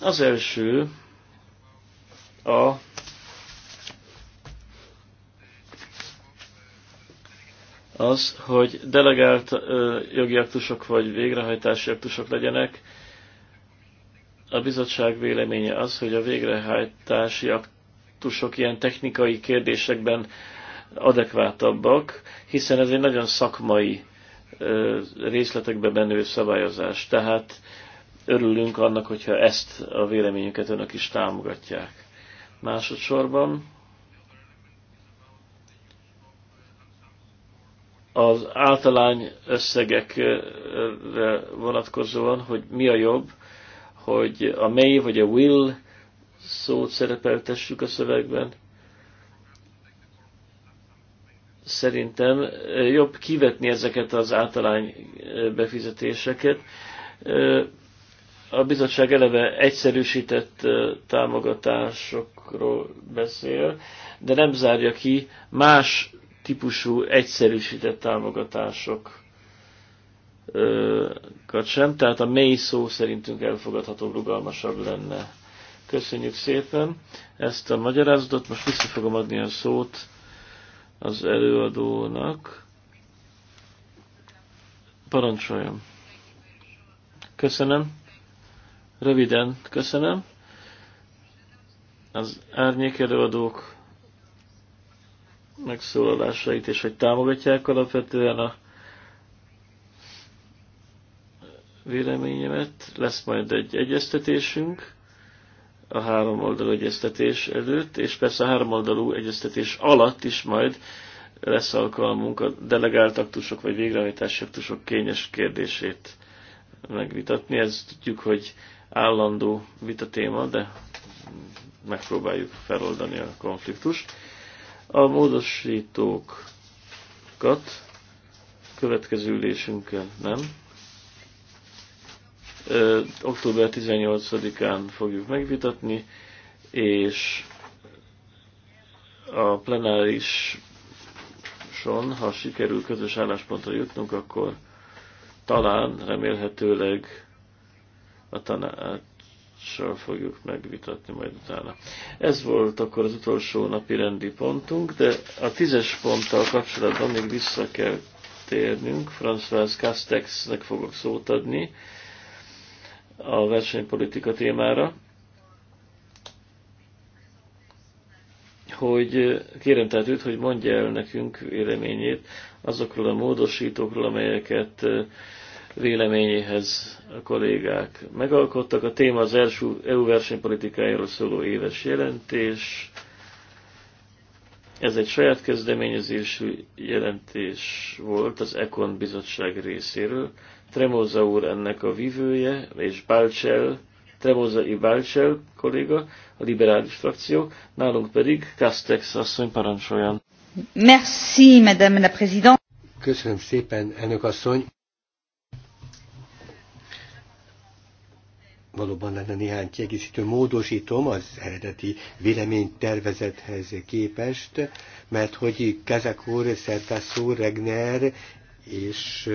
Az első, a az, hogy delegált jogi aktusok vagy végrehajtási aktusok legyenek. A bizottság véleménye az, hogy a végrehajtási aktusok ilyen technikai kérdésekben adekvátabbak, hiszen ez egy nagyon szakmai részletekbe menő szabályozás. Tehát örülünk annak, hogyha ezt a véleményüket önök is támogatják. Másodszorban az általány összegekre vonatkozóan, hogy mi a jobb, hogy a may vagy a will szót szerepeltessük a szövegben. Szerintem jobb kivetni ezeket az általány befizetéseket a bizottság eleve egyszerűsített támogatásokról beszél, de nem zárja ki más típusú egyszerűsített támogatásokat sem, tehát a mély szó szerintünk elfogadható rugalmasabb lenne. Köszönjük szépen ezt a magyarázatot, most vissza fogom adni a szót az előadónak. Parancsoljon! Köszönöm. Röviden köszönöm. Az árnyék előadók megszólalásait, és hogy támogatják alapvetően a véleményemet. Lesz majd egy egyeztetésünk a három oldalú egyeztetés előtt, és persze a három oldalú egyeztetés alatt is majd lesz alkalmunk a delegált aktusok vagy végrehajtási aktusok kényes kérdését megvitatni. Ez tudjuk, hogy állandó vita téma, de megpróbáljuk feloldani a konfliktust. A módosítókat következő ülésünkön nem. Ö, október 18-án fogjuk megvitatni, és a plenárison, ha sikerül közös álláspontra jutnunk, akkor talán remélhetőleg a tanácssal fogjuk megvitatni majd utána. Ez volt akkor az utolsó napi rendi pontunk, de a tízes ponttal kapcsolatban még vissza kell térnünk. François Castexnek fogok szót adni a versenypolitika témára. hogy kérem tehát őt, hogy mondja el nekünk véleményét azokról a módosítókról, amelyeket véleményéhez a kollégák megalkottak. A téma az első EU versenypolitikájáról szóló éves jelentés. Ez egy saját kezdeményezésű jelentés volt az Econ bizottság részéről. Tremóza úr ennek a vívője, és Balcsel, Tremóza i Balcsel kolléga, a liberális frakció, nálunk pedig Kastex asszony parancsoljon. Merci, madame la présidente. Köszönöm szépen, elnök asszony. valóban lenne néhány kiegészítő módosítom az eredeti véleménytervezethez képest, mert hogy Kazak úr, Szertász úr, Regner és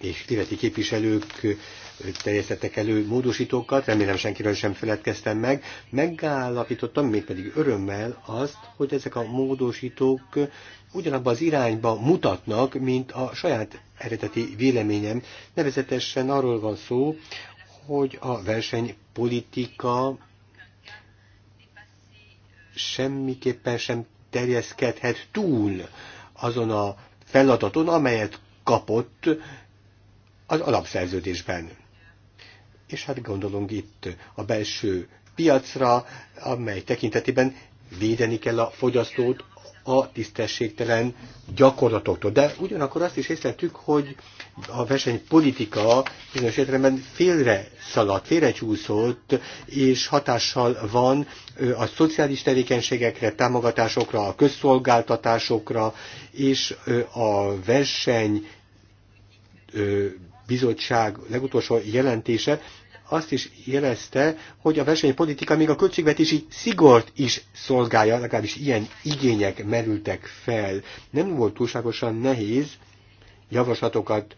és tibeti képviselők terjesztettek elő módosítókat, remélem senkiről sem feledkeztem meg, megállapítottam mégpedig örömmel azt, hogy ezek a módosítók ugyanabban az irányba mutatnak, mint a saját eredeti véleményem. Nevezetesen arról van szó, hogy a versenypolitika semmiképpen sem terjeszkedhet túl azon a feladaton, amelyet kapott az alapszerződésben. És hát gondolunk itt a belső piacra, amely tekintetében védeni kell a fogyasztót a tisztességtelen gyakorlatoktól. De ugyanakkor azt is észlettük, hogy a versenypolitika bizonyos értelemben félre szaladt, félrecsúszott, és hatással van a szociális tevékenységekre, támogatásokra, a közszolgáltatásokra, és a verseny bizottság legutolsó jelentése azt is jelezte, hogy a versenypolitika még a költségvetési szigort is szolgálja, legalábbis ilyen igények merültek fel. Nem volt túlságosan nehéz javaslatokat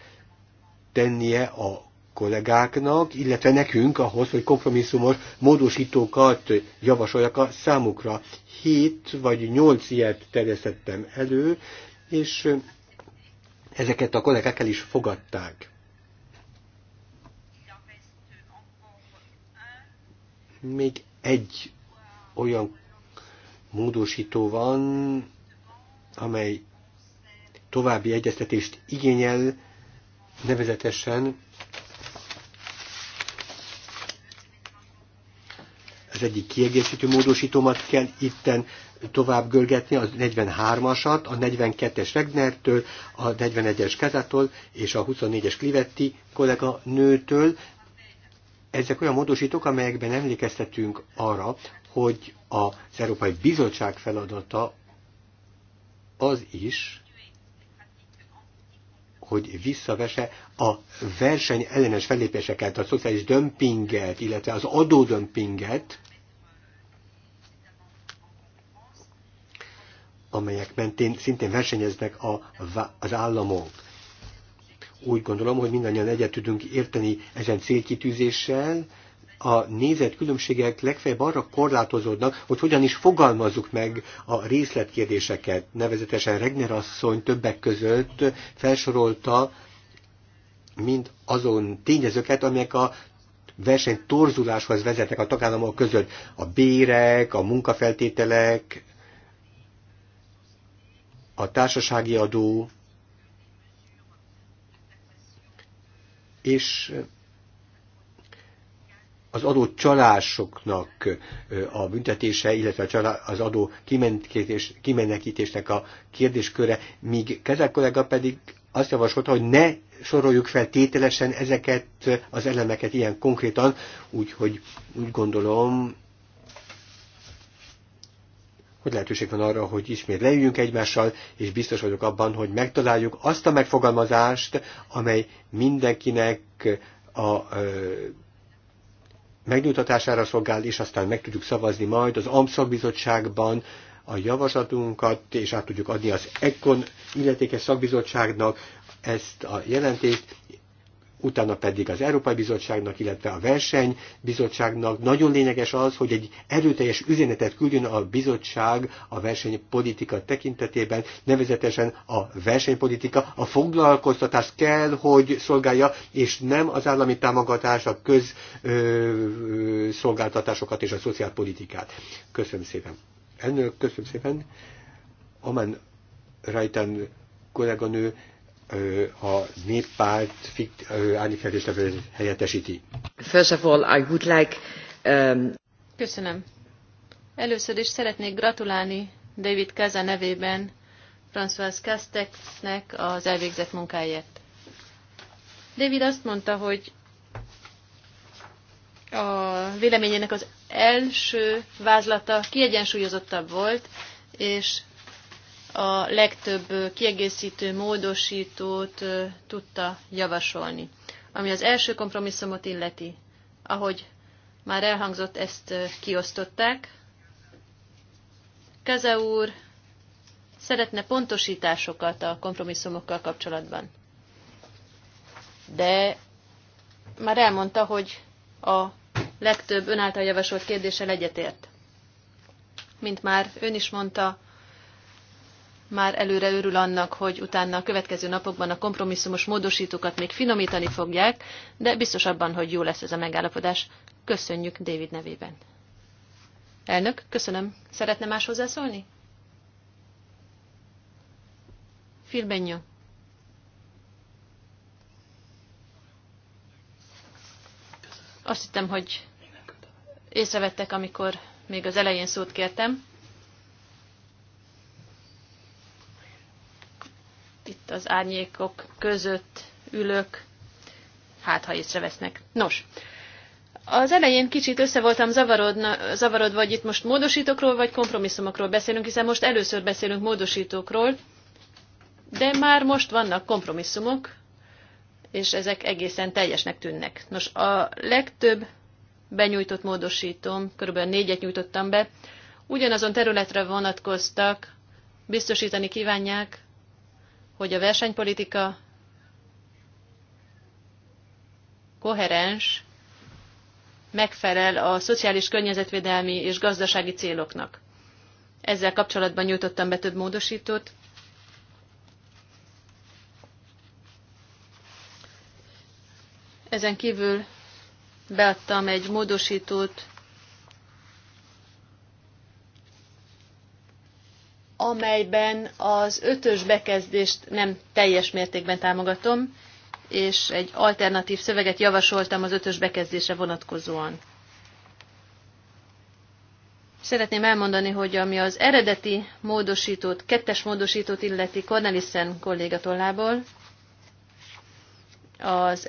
tennie a kollégáknak, illetve nekünk ahhoz, hogy kompromisszumos módosítókat javasoljak a számukra. Hét vagy nyolc ilyet terjesztettem elő, és ezeket a kollégák el is fogadták. Még egy olyan módosító van, amely további egyeztetést igényel, nevezetesen az egyik kiegészítő módosítómat kell itten tovább görgetni, az 43-asat, a 42-es Regnertől, a 41-es Kezától és a 24-es Klivetti kollega nőtől, ezek olyan módosítók, amelyekben emlékeztetünk arra, hogy az Európai Bizottság feladata az is, hogy visszavese a verseny ellenes fellépéseket, a szociális dömpinget, illetve az adódömpinget, amelyek mentén szintén versenyeznek a, az államok. Úgy gondolom, hogy mindannyian egyet tudunk érteni ezen célkitűzéssel, a nézetkülönbségek legfeljebb arra korlátozódnak, hogy hogyan is fogalmazzuk meg a részletkérdéseket. Nevezetesen Regner asszony többek között felsorolta mind azon tényezőket, amelyek a verseny torzuláshoz vezetnek a tagállamok között. A bérek, a munkafeltételek, a társasági adó, és az adó csalásoknak a büntetése, illetve az adó kimenekítésnek a kérdésköre, míg Kezel kollega pedig azt javasolta, hogy ne soroljuk fel tételesen ezeket az elemeket ilyen konkrétan, úgyhogy úgy gondolom, hogy lehetőség van arra, hogy ismét leüljünk egymással, és biztos vagyok abban, hogy megtaláljuk azt a megfogalmazást, amely mindenkinek a ö, megnyugtatására szolgál, és aztán meg tudjuk szavazni majd az AMSZOK bizottságban a javaslatunkat, és át tudjuk adni az EKON illetékes szakbizottságnak ezt a jelentést, utána pedig az Európai Bizottságnak, illetve a Versenybizottságnak nagyon lényeges az, hogy egy erőteljes üzenetet küldjön a bizottság a versenypolitika tekintetében, nevezetesen a versenypolitika, a foglalkoztatás kell, hogy szolgálja, és nem az állami támogatás, a közszolgáltatásokat és a szociálpolitikát. Köszönöm szépen. Ennél köszönöm szépen. amen Rajtán kolléganő a néppárt árnyékjelentéstevő helyettesíti. First of all, I would like... Um... Köszönöm. Először is szeretnék gratulálni David Kaza nevében François Castexnek az elvégzett munkáját. David azt mondta, hogy a véleményének az első vázlata kiegyensúlyozottabb volt, és a legtöbb kiegészítő módosítót tudta javasolni. Ami az első kompromisszumot illeti, ahogy már elhangzott, ezt kiosztották. Keze úr szeretne pontosításokat a kompromisszumokkal kapcsolatban. De már elmondta, hogy a legtöbb önáltal javasolt kérdéssel egyetért. Mint már ön is mondta, már előre örül annak, hogy utána a következő napokban a kompromisszumos módosítókat még finomítani fogják, de biztos abban, hogy jó lesz ez a megállapodás. Köszönjük David nevében. Elnök, köszönöm. Szeretne más hozzászólni? jó. Azt hittem, hogy észrevettek, amikor még az elején szót kértem. itt az árnyékok között ülök, hát ha észrevesznek. Nos, az elején kicsit össze voltam zavarodna, zavarodva, hogy itt most módosítókról vagy kompromisszumokról beszélünk, hiszen most először beszélünk módosítókról, de már most vannak kompromisszumok, és ezek egészen teljesnek tűnnek. Nos, a legtöbb benyújtott módosítom, körülbelül négyet nyújtottam be, ugyanazon területre vonatkoztak, biztosítani kívánják, hogy a versenypolitika koherens, megfelel a szociális környezetvédelmi és gazdasági céloknak. Ezzel kapcsolatban nyújtottam be több módosítót. Ezen kívül beadtam egy módosítót amelyben az ötös bekezdést nem teljes mértékben támogatom, és egy alternatív szöveget javasoltam az ötös bekezdése vonatkozóan. Szeretném elmondani, hogy ami az eredeti módosítót, kettes módosítót illeti Cornelissen kollégatollából, az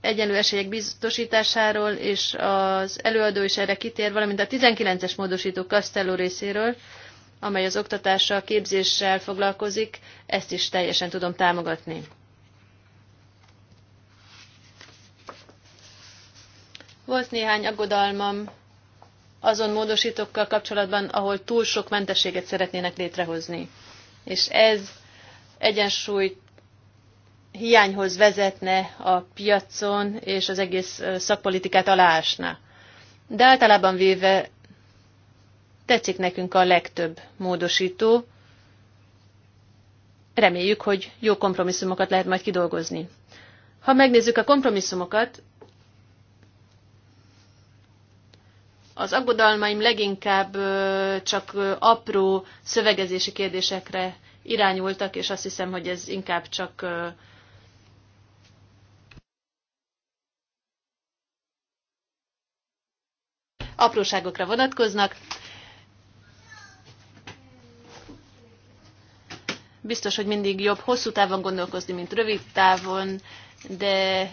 egyenlő esélyek biztosításáról, és az előadó is erre kitér, valamint a 19-es módosító Castello részéről, amely az oktatással, képzéssel foglalkozik, ezt is teljesen tudom támogatni. Volt néhány aggodalmam azon módosítókkal kapcsolatban, ahol túl sok mentességet szeretnének létrehozni. És ez egyensúly hiányhoz vezetne a piacon, és az egész szakpolitikát aláásna. De általában véve Tetszik nekünk a legtöbb módosító. Reméljük, hogy jó kompromisszumokat lehet majd kidolgozni. Ha megnézzük a kompromisszumokat, az aggodalmaim leginkább csak apró szövegezési kérdésekre irányultak, és azt hiszem, hogy ez inkább csak apróságokra vonatkoznak. Biztos, hogy mindig jobb hosszú távon gondolkozni, mint rövid távon, de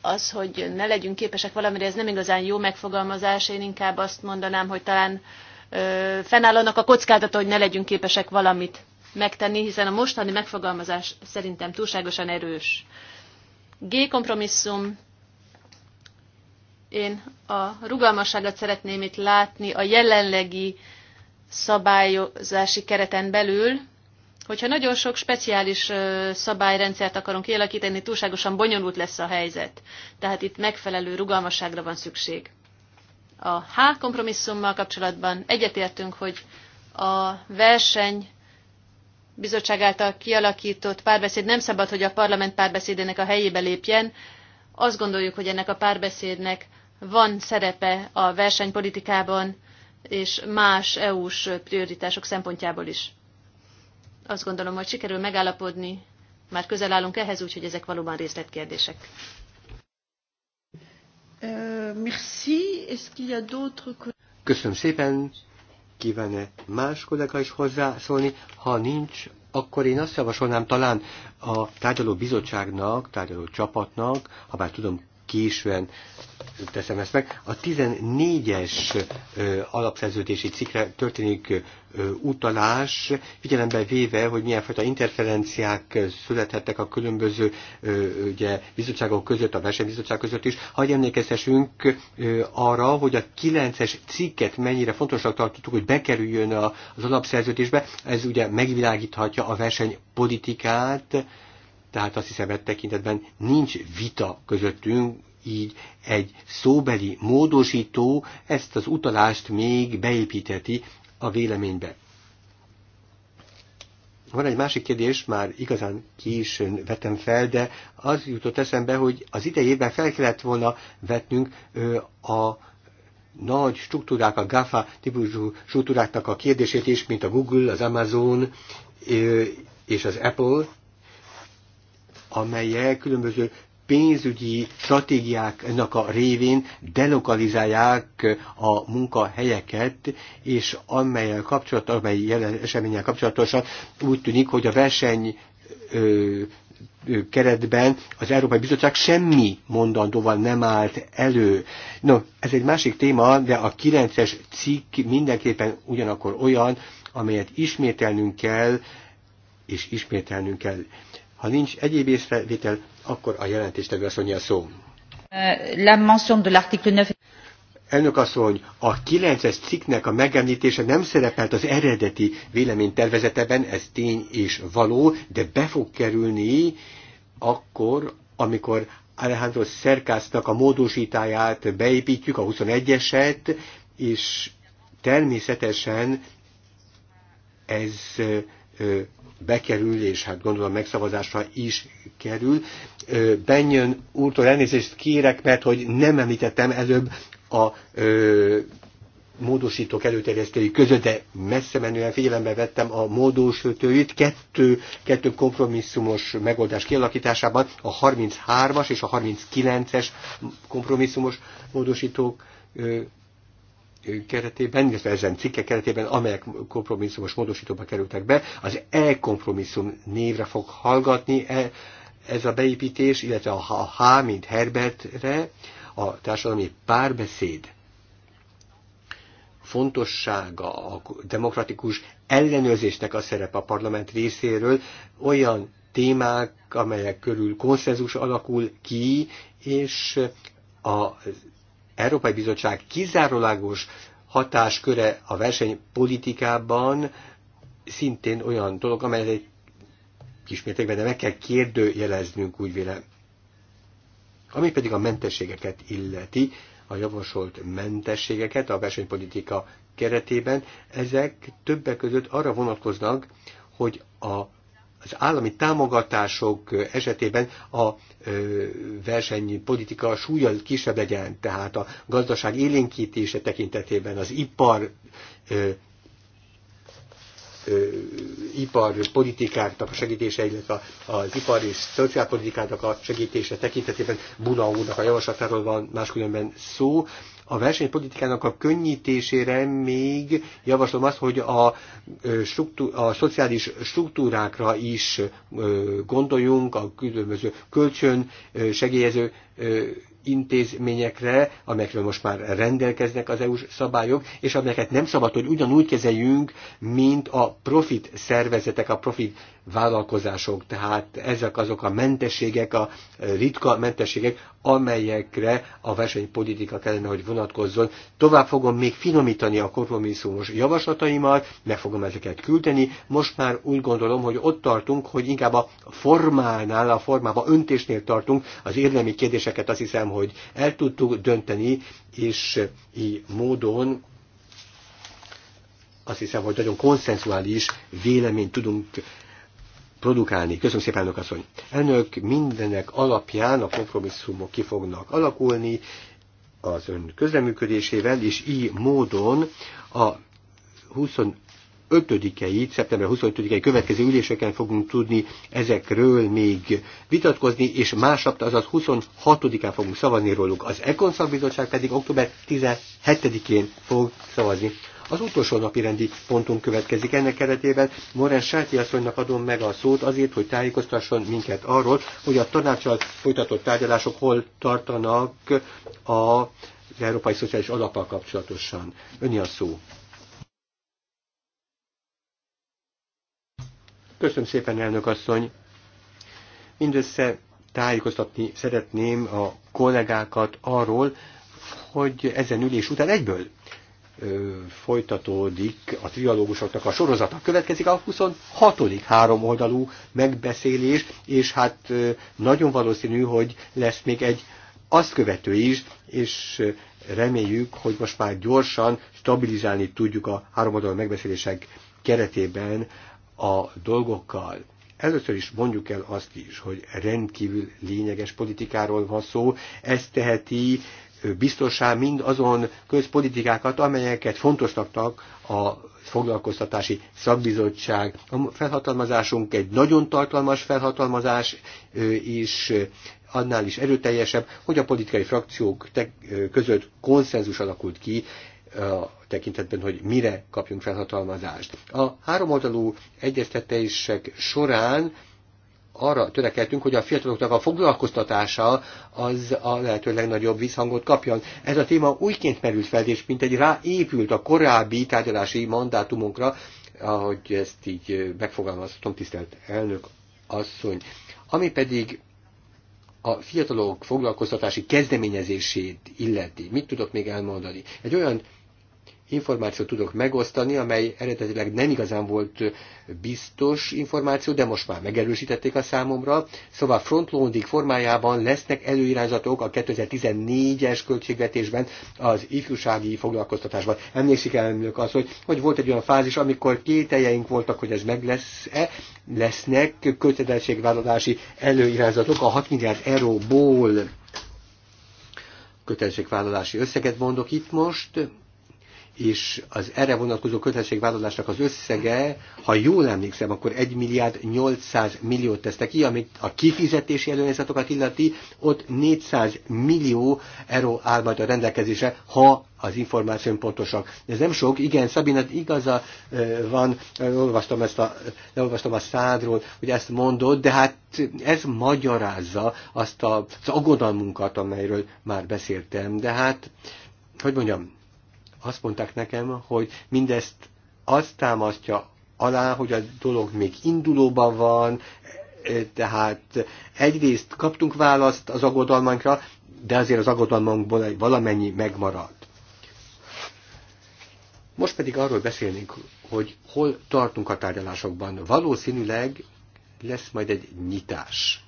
az, hogy ne legyünk képesek valamire, ez nem igazán jó megfogalmazás. Én inkább azt mondanám, hogy talán ö, fennáll annak a kockázata, hogy ne legyünk képesek valamit megtenni, hiszen a mostani megfogalmazás szerintem túlságosan erős. G kompromisszum. Én a rugalmasságot szeretném itt látni a jelenlegi szabályozási kereten belül, Hogyha nagyon sok speciális szabályrendszert akarunk kialakítani, túlságosan bonyolult lesz a helyzet. Tehát itt megfelelő rugalmasságra van szükség. A H kompromisszummal kapcsolatban egyetértünk, hogy a verseny bizottság által kialakított párbeszéd nem szabad, hogy a parlament párbeszédének a helyébe lépjen. Azt gondoljuk, hogy ennek a párbeszédnek van szerepe a versenypolitikában és más EU-s prioritások szempontjából is. Azt gondolom, hogy sikerül megállapodni, már közel állunk ehhez, úgyhogy ezek valóban részletkérdések. Köszönöm szépen. Kívánne más kollega is hozzászólni? Ha nincs, akkor én azt javasolnám talán a tárgyaló bizottságnak, tárgyaló csapatnak, ha bár tudom, későn teszem ezt meg. A 14-es alapszerződési cikkre történik utalás, figyelembe véve, hogy milyen fajta interferenciák születhettek a különböző ugye, bizottságok között, a versenybizottság között is. Hagy emlékeztessünk arra, hogy a 9-es cikket mennyire fontosnak tartottuk, hogy bekerüljön az alapszerződésbe. Ez ugye megvilágíthatja a versenypolitikát, tehát azt hiszem, e tekintetben nincs vita közöttünk, így egy szóbeli módosító ezt az utalást még beépíteti a véleménybe. Van egy másik kérdés, már igazán későn vetem fel, de az jutott eszembe, hogy az idejében fel kellett volna vetnünk a nagy struktúrák, a GAFA típusú struktúráknak a kérdését is, mint a Google, az Amazon és az Apple, amelyek különböző pénzügyi stratégiáknak a révén delokalizálják a munkahelyeket, és amelyel kapcsolatosan, amely jelen kapcsolatosan úgy tűnik, hogy a verseny ö, keretben az Európai Bizottság semmi mondandóval nem állt elő. No, ez egy másik téma, de a 9-es cikk mindenképpen ugyanakkor olyan, amelyet ismételnünk kell, és ismételnünk kell. Ha nincs egyéb észrevétel, akkor a jelentéstevő asszonyi a szó. Euh, la mention de l'article 9. Elnök asszony, a 9-es cikknek a megemlítése nem szerepelt az eredeti véleménytervezeteben, ez tény és való, de be fog kerülni akkor, amikor Alejandro Szerkásznak a módosítáját beépítjük, a 21-eset, és természetesen ez bekerül, és hát gondolom megszavazásra is kerül. Benjön úrtól elnézést kérek, mert hogy nem említettem előbb a ö, módosítók előterjesztői között, de messze menően figyelembe vettem a módosítőit kettő, kettő kompromisszumos megoldás kialakításában, a 33-as és a 39-es kompromisszumos módosítók keretében, illetve ezen cikke keretében, amelyek kompromisszumos módosítóba kerültek be, az e-kompromisszum névre fog hallgatni e, ez a beépítés, illetve a H, mint Herbertre, a társadalmi párbeszéd fontossága, a demokratikus ellenőrzésnek a szerep a parlament részéről olyan témák, amelyek körül konszenzus alakul ki, és a Európai Bizottság kizárólagos hatásköre a versenypolitikában szintén olyan dolog, amelyet egy kismértékben, de meg kell kérdőjeleznünk, úgy vélem. Ami pedig a mentességeket illeti, a javasolt mentességeket a versenypolitika keretében, ezek többek között arra vonatkoznak, hogy a az állami támogatások esetében a versenypolitika súlya kisebb legyen, tehát a gazdaság élénkítése tekintetében az ipar iparpolitikáknak a segítése, illetve az ipar és szociálpolitikának a segítése tekintetében Buna úrnak a javaslatáról van máskülönben szó. A versenypolitikának a könnyítésére még javaslom azt, hogy a, a szociális struktúrákra is gondoljunk, a különböző kölcsön segélyező intézményekre, amelyekről most már rendelkeznek az EU-s szabályok, és amelyeket nem szabad, hogy ugyanúgy kezeljünk, mint a profit szervezetek, a profit vállalkozások. Tehát ezek azok a mentességek, a ritka mentességek, amelyekre a versenypolitika kellene, hogy vonatkozzon. Tovább fogom még finomítani a kompromisszumos javaslataimat, meg fogom ezeket küldeni. Most már úgy gondolom, hogy ott tartunk, hogy inkább a formánál, a formába öntésnél tartunk az érdemi kérdés kérdéseket azt hiszem, hogy el tudtuk dönteni, és így módon azt hiszem, hogy nagyon konszenzuális véleményt tudunk produkálni. Köszönöm szépen, elnök asszony. Elnök mindenek alapján a kompromisszumok ki fognak alakulni az ön közreműködésével, és így módon a 25 5-i, szeptember 25-i következő üléseken fogunk tudni ezekről még vitatkozni, és másnap, azaz 26-án fogunk szavazni róluk. Az Ekon szakbizottság pedig október 17-én fog szavazni. Az utolsó napi rendi pontunk következik. Ennek keretében Moren Sáti asszonynak adom meg a szót azért, hogy tájékoztasson minket arról, hogy a tanácssal folytatott tárgyalások hol tartanak a az Európai Szociális Alappal kapcsolatosan. Öni a szó. Köszönöm szépen, elnök asszony. Mindössze tájékoztatni szeretném a kollégákat arról, hogy ezen ülés után egyből ö, folytatódik a trialógusoknak a sorozata. Következik a 26. háromoldalú megbeszélés, és hát ö, nagyon valószínű, hogy lesz még egy azt követő is, és reméljük, hogy most már gyorsan stabilizálni tudjuk a háromoldalú megbeszélések keretében a dolgokkal. Először is mondjuk el azt is, hogy rendkívül lényeges politikáról van szó, ez teheti biztosá mind azon közpolitikákat, amelyeket fontosnak tartanak a foglalkoztatási szakbizottság. A felhatalmazásunk egy nagyon tartalmas felhatalmazás, és annál is erőteljesebb, hogy a politikai frakciók között konszenzus alakult ki a tekintetben, hogy mire kapjunk felhatalmazást. A háromoldalú egyeztetések során arra törekedtünk, hogy a fiataloknak a foglalkoztatása az a lehető legnagyobb visszhangot kapjon. Ez a téma újként merült fel, és mint egy ráépült a korábbi tárgyalási mandátumunkra, ahogy ezt így megfogalmazhatom, tisztelt elnök asszony. Ami pedig a fiatalok foglalkoztatási kezdeményezését illeti. Mit tudok még elmondani? Egy olyan információt tudok megosztani, amely eredetileg nem igazán volt biztos információ, de most már megerősítették a számomra. Szóval frontloading formájában lesznek előirányzatok a 2014-es költségvetésben az ifjúsági foglalkoztatásban. Emlékszik elnök az, hogy, hogy volt egy olyan fázis, amikor kételjeink voltak, hogy ez meg lesz-e, lesznek kötelezettségvállalási előirányzatok a 6 milliárd euróból kötelezettségvállalási összeget mondok itt most, és az erre vonatkozó kötelezettségvállalásnak az összege, ha jól emlékszem, akkor 1 milliárd 800 milliót tesztek ki, amit a kifizetési előnyezetokat illeti, ott 400 millió euró áll majd a rendelkezésre, ha az információ pontosak. Ez nem sok, igen, szabina, igaza van, olvastam, ezt a, leolvastam a szádról, hogy ezt mondod, de hát ez magyarázza azt a, az aggodalmunkat, amelyről már beszéltem, de hát, hogy mondjam, azt mondták nekem, hogy mindezt azt támasztja alá, hogy a dolog még indulóban van, tehát egyrészt kaptunk választ az aggodalmánkra, de azért az aggodalmunkból valamennyi megmaradt. Most pedig arról beszélnénk, hogy hol tartunk a tárgyalásokban. Valószínűleg lesz majd egy nyitás.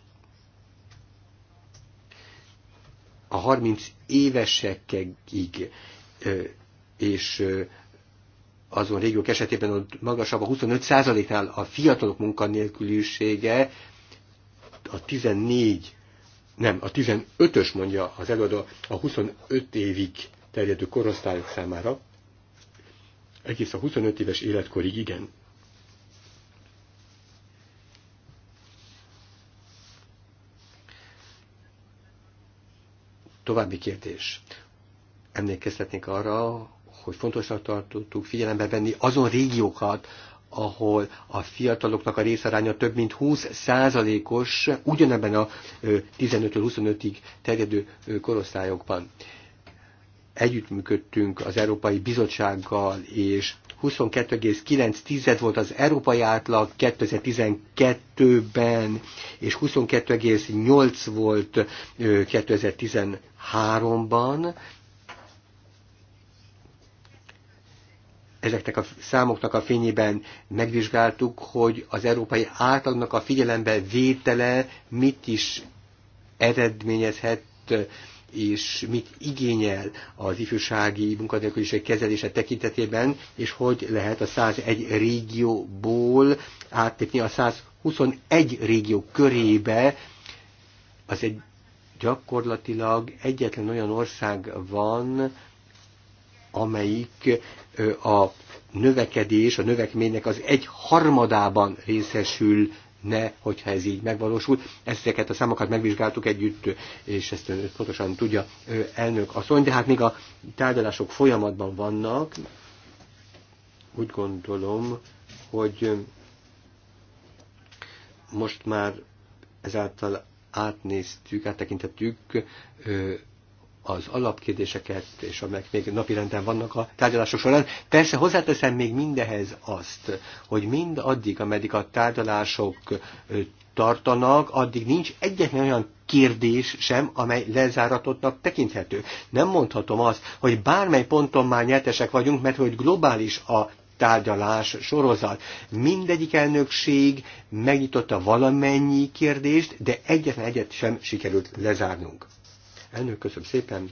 A 30 évesekig és azon régiók esetében ott magasabb a 25%-nál a fiatalok munkanélkülisége a 14, nem, a 15-ös mondja az előadó a 25 évig terjedő korosztályok számára, egész a 25 éves életkorig igen. További kérdés. Emlékeztetnék arra, hogy fontosnak tartottuk figyelembe venni azon régiókat, ahol a fiataloknak a részaránya több mint 20 százalékos ugyanebben a 15 25-ig terjedő korosztályokban. Együttműködtünk az Európai Bizottsággal, és 22,9 volt az európai átlag 2012-ben, és 22,8 volt 2013-ban, ezeknek a számoknak a fényében megvizsgáltuk, hogy az európai átlagnak a figyelembe vétele mit is eredményezhet és mit igényel az ifjúsági munkanélküliség kezelése tekintetében, és hogy lehet a 101 régióból áttépni a 121 régió körébe, az egy gyakorlatilag egyetlen olyan ország van, amelyik a növekedés, a növekménynek az egy harmadában részesül ne, hogyha ez így megvalósul. Ezeket a számokat megvizsgáltuk együtt, és ezt pontosan tudja elnök asszony, de hát még a tárgyalások folyamatban vannak. Úgy gondolom, hogy most már ezáltal átnéztük, áttekintettük az alapkérdéseket, és amelyek még napirenden vannak a tárgyalások során. Persze hozzáteszem még mindehez azt, hogy mind addig, ameddig a tárgyalások tartanak, addig nincs egyetlen olyan kérdés sem, amely lezáratottnak tekinthető. Nem mondhatom azt, hogy bármely ponton már nyertesek vagyunk, mert hogy globális a tárgyalás sorozat. Mindegyik elnökség megnyitotta valamennyi kérdést, de egyetlen egyet sem sikerült lezárnunk. Elnök, köszönöm szépen.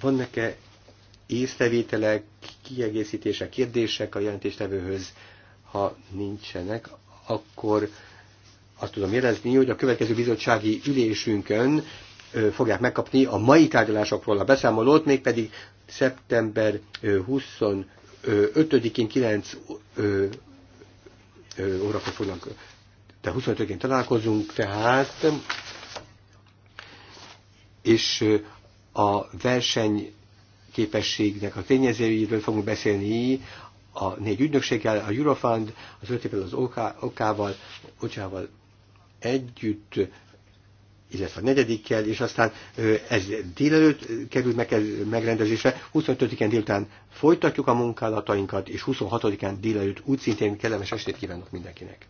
Vannak-e észrevételek, kiegészítések, kérdések a jelentéstevőhöz? Ha nincsenek, akkor azt tudom jelezni, hogy a következő bizottsági ülésünkön fogják megkapni a mai tárgyalásokról a beszámolót, mégpedig szeptember 25-én 9 órakor fognak, de 25-én találkozunk, tehát és a versenyképességnek a tényezőiről fogunk beszélni, a négy ügynökséggel, a Eurofund, az ötépel az OK-val, OK együtt illetve a negyedikkel, és aztán ez délelőtt kerül meg, megrendezésre, 25-én délután folytatjuk a munkálatainkat, és 26-án délelőtt úgy szintén kellemes estét kívánok mindenkinek.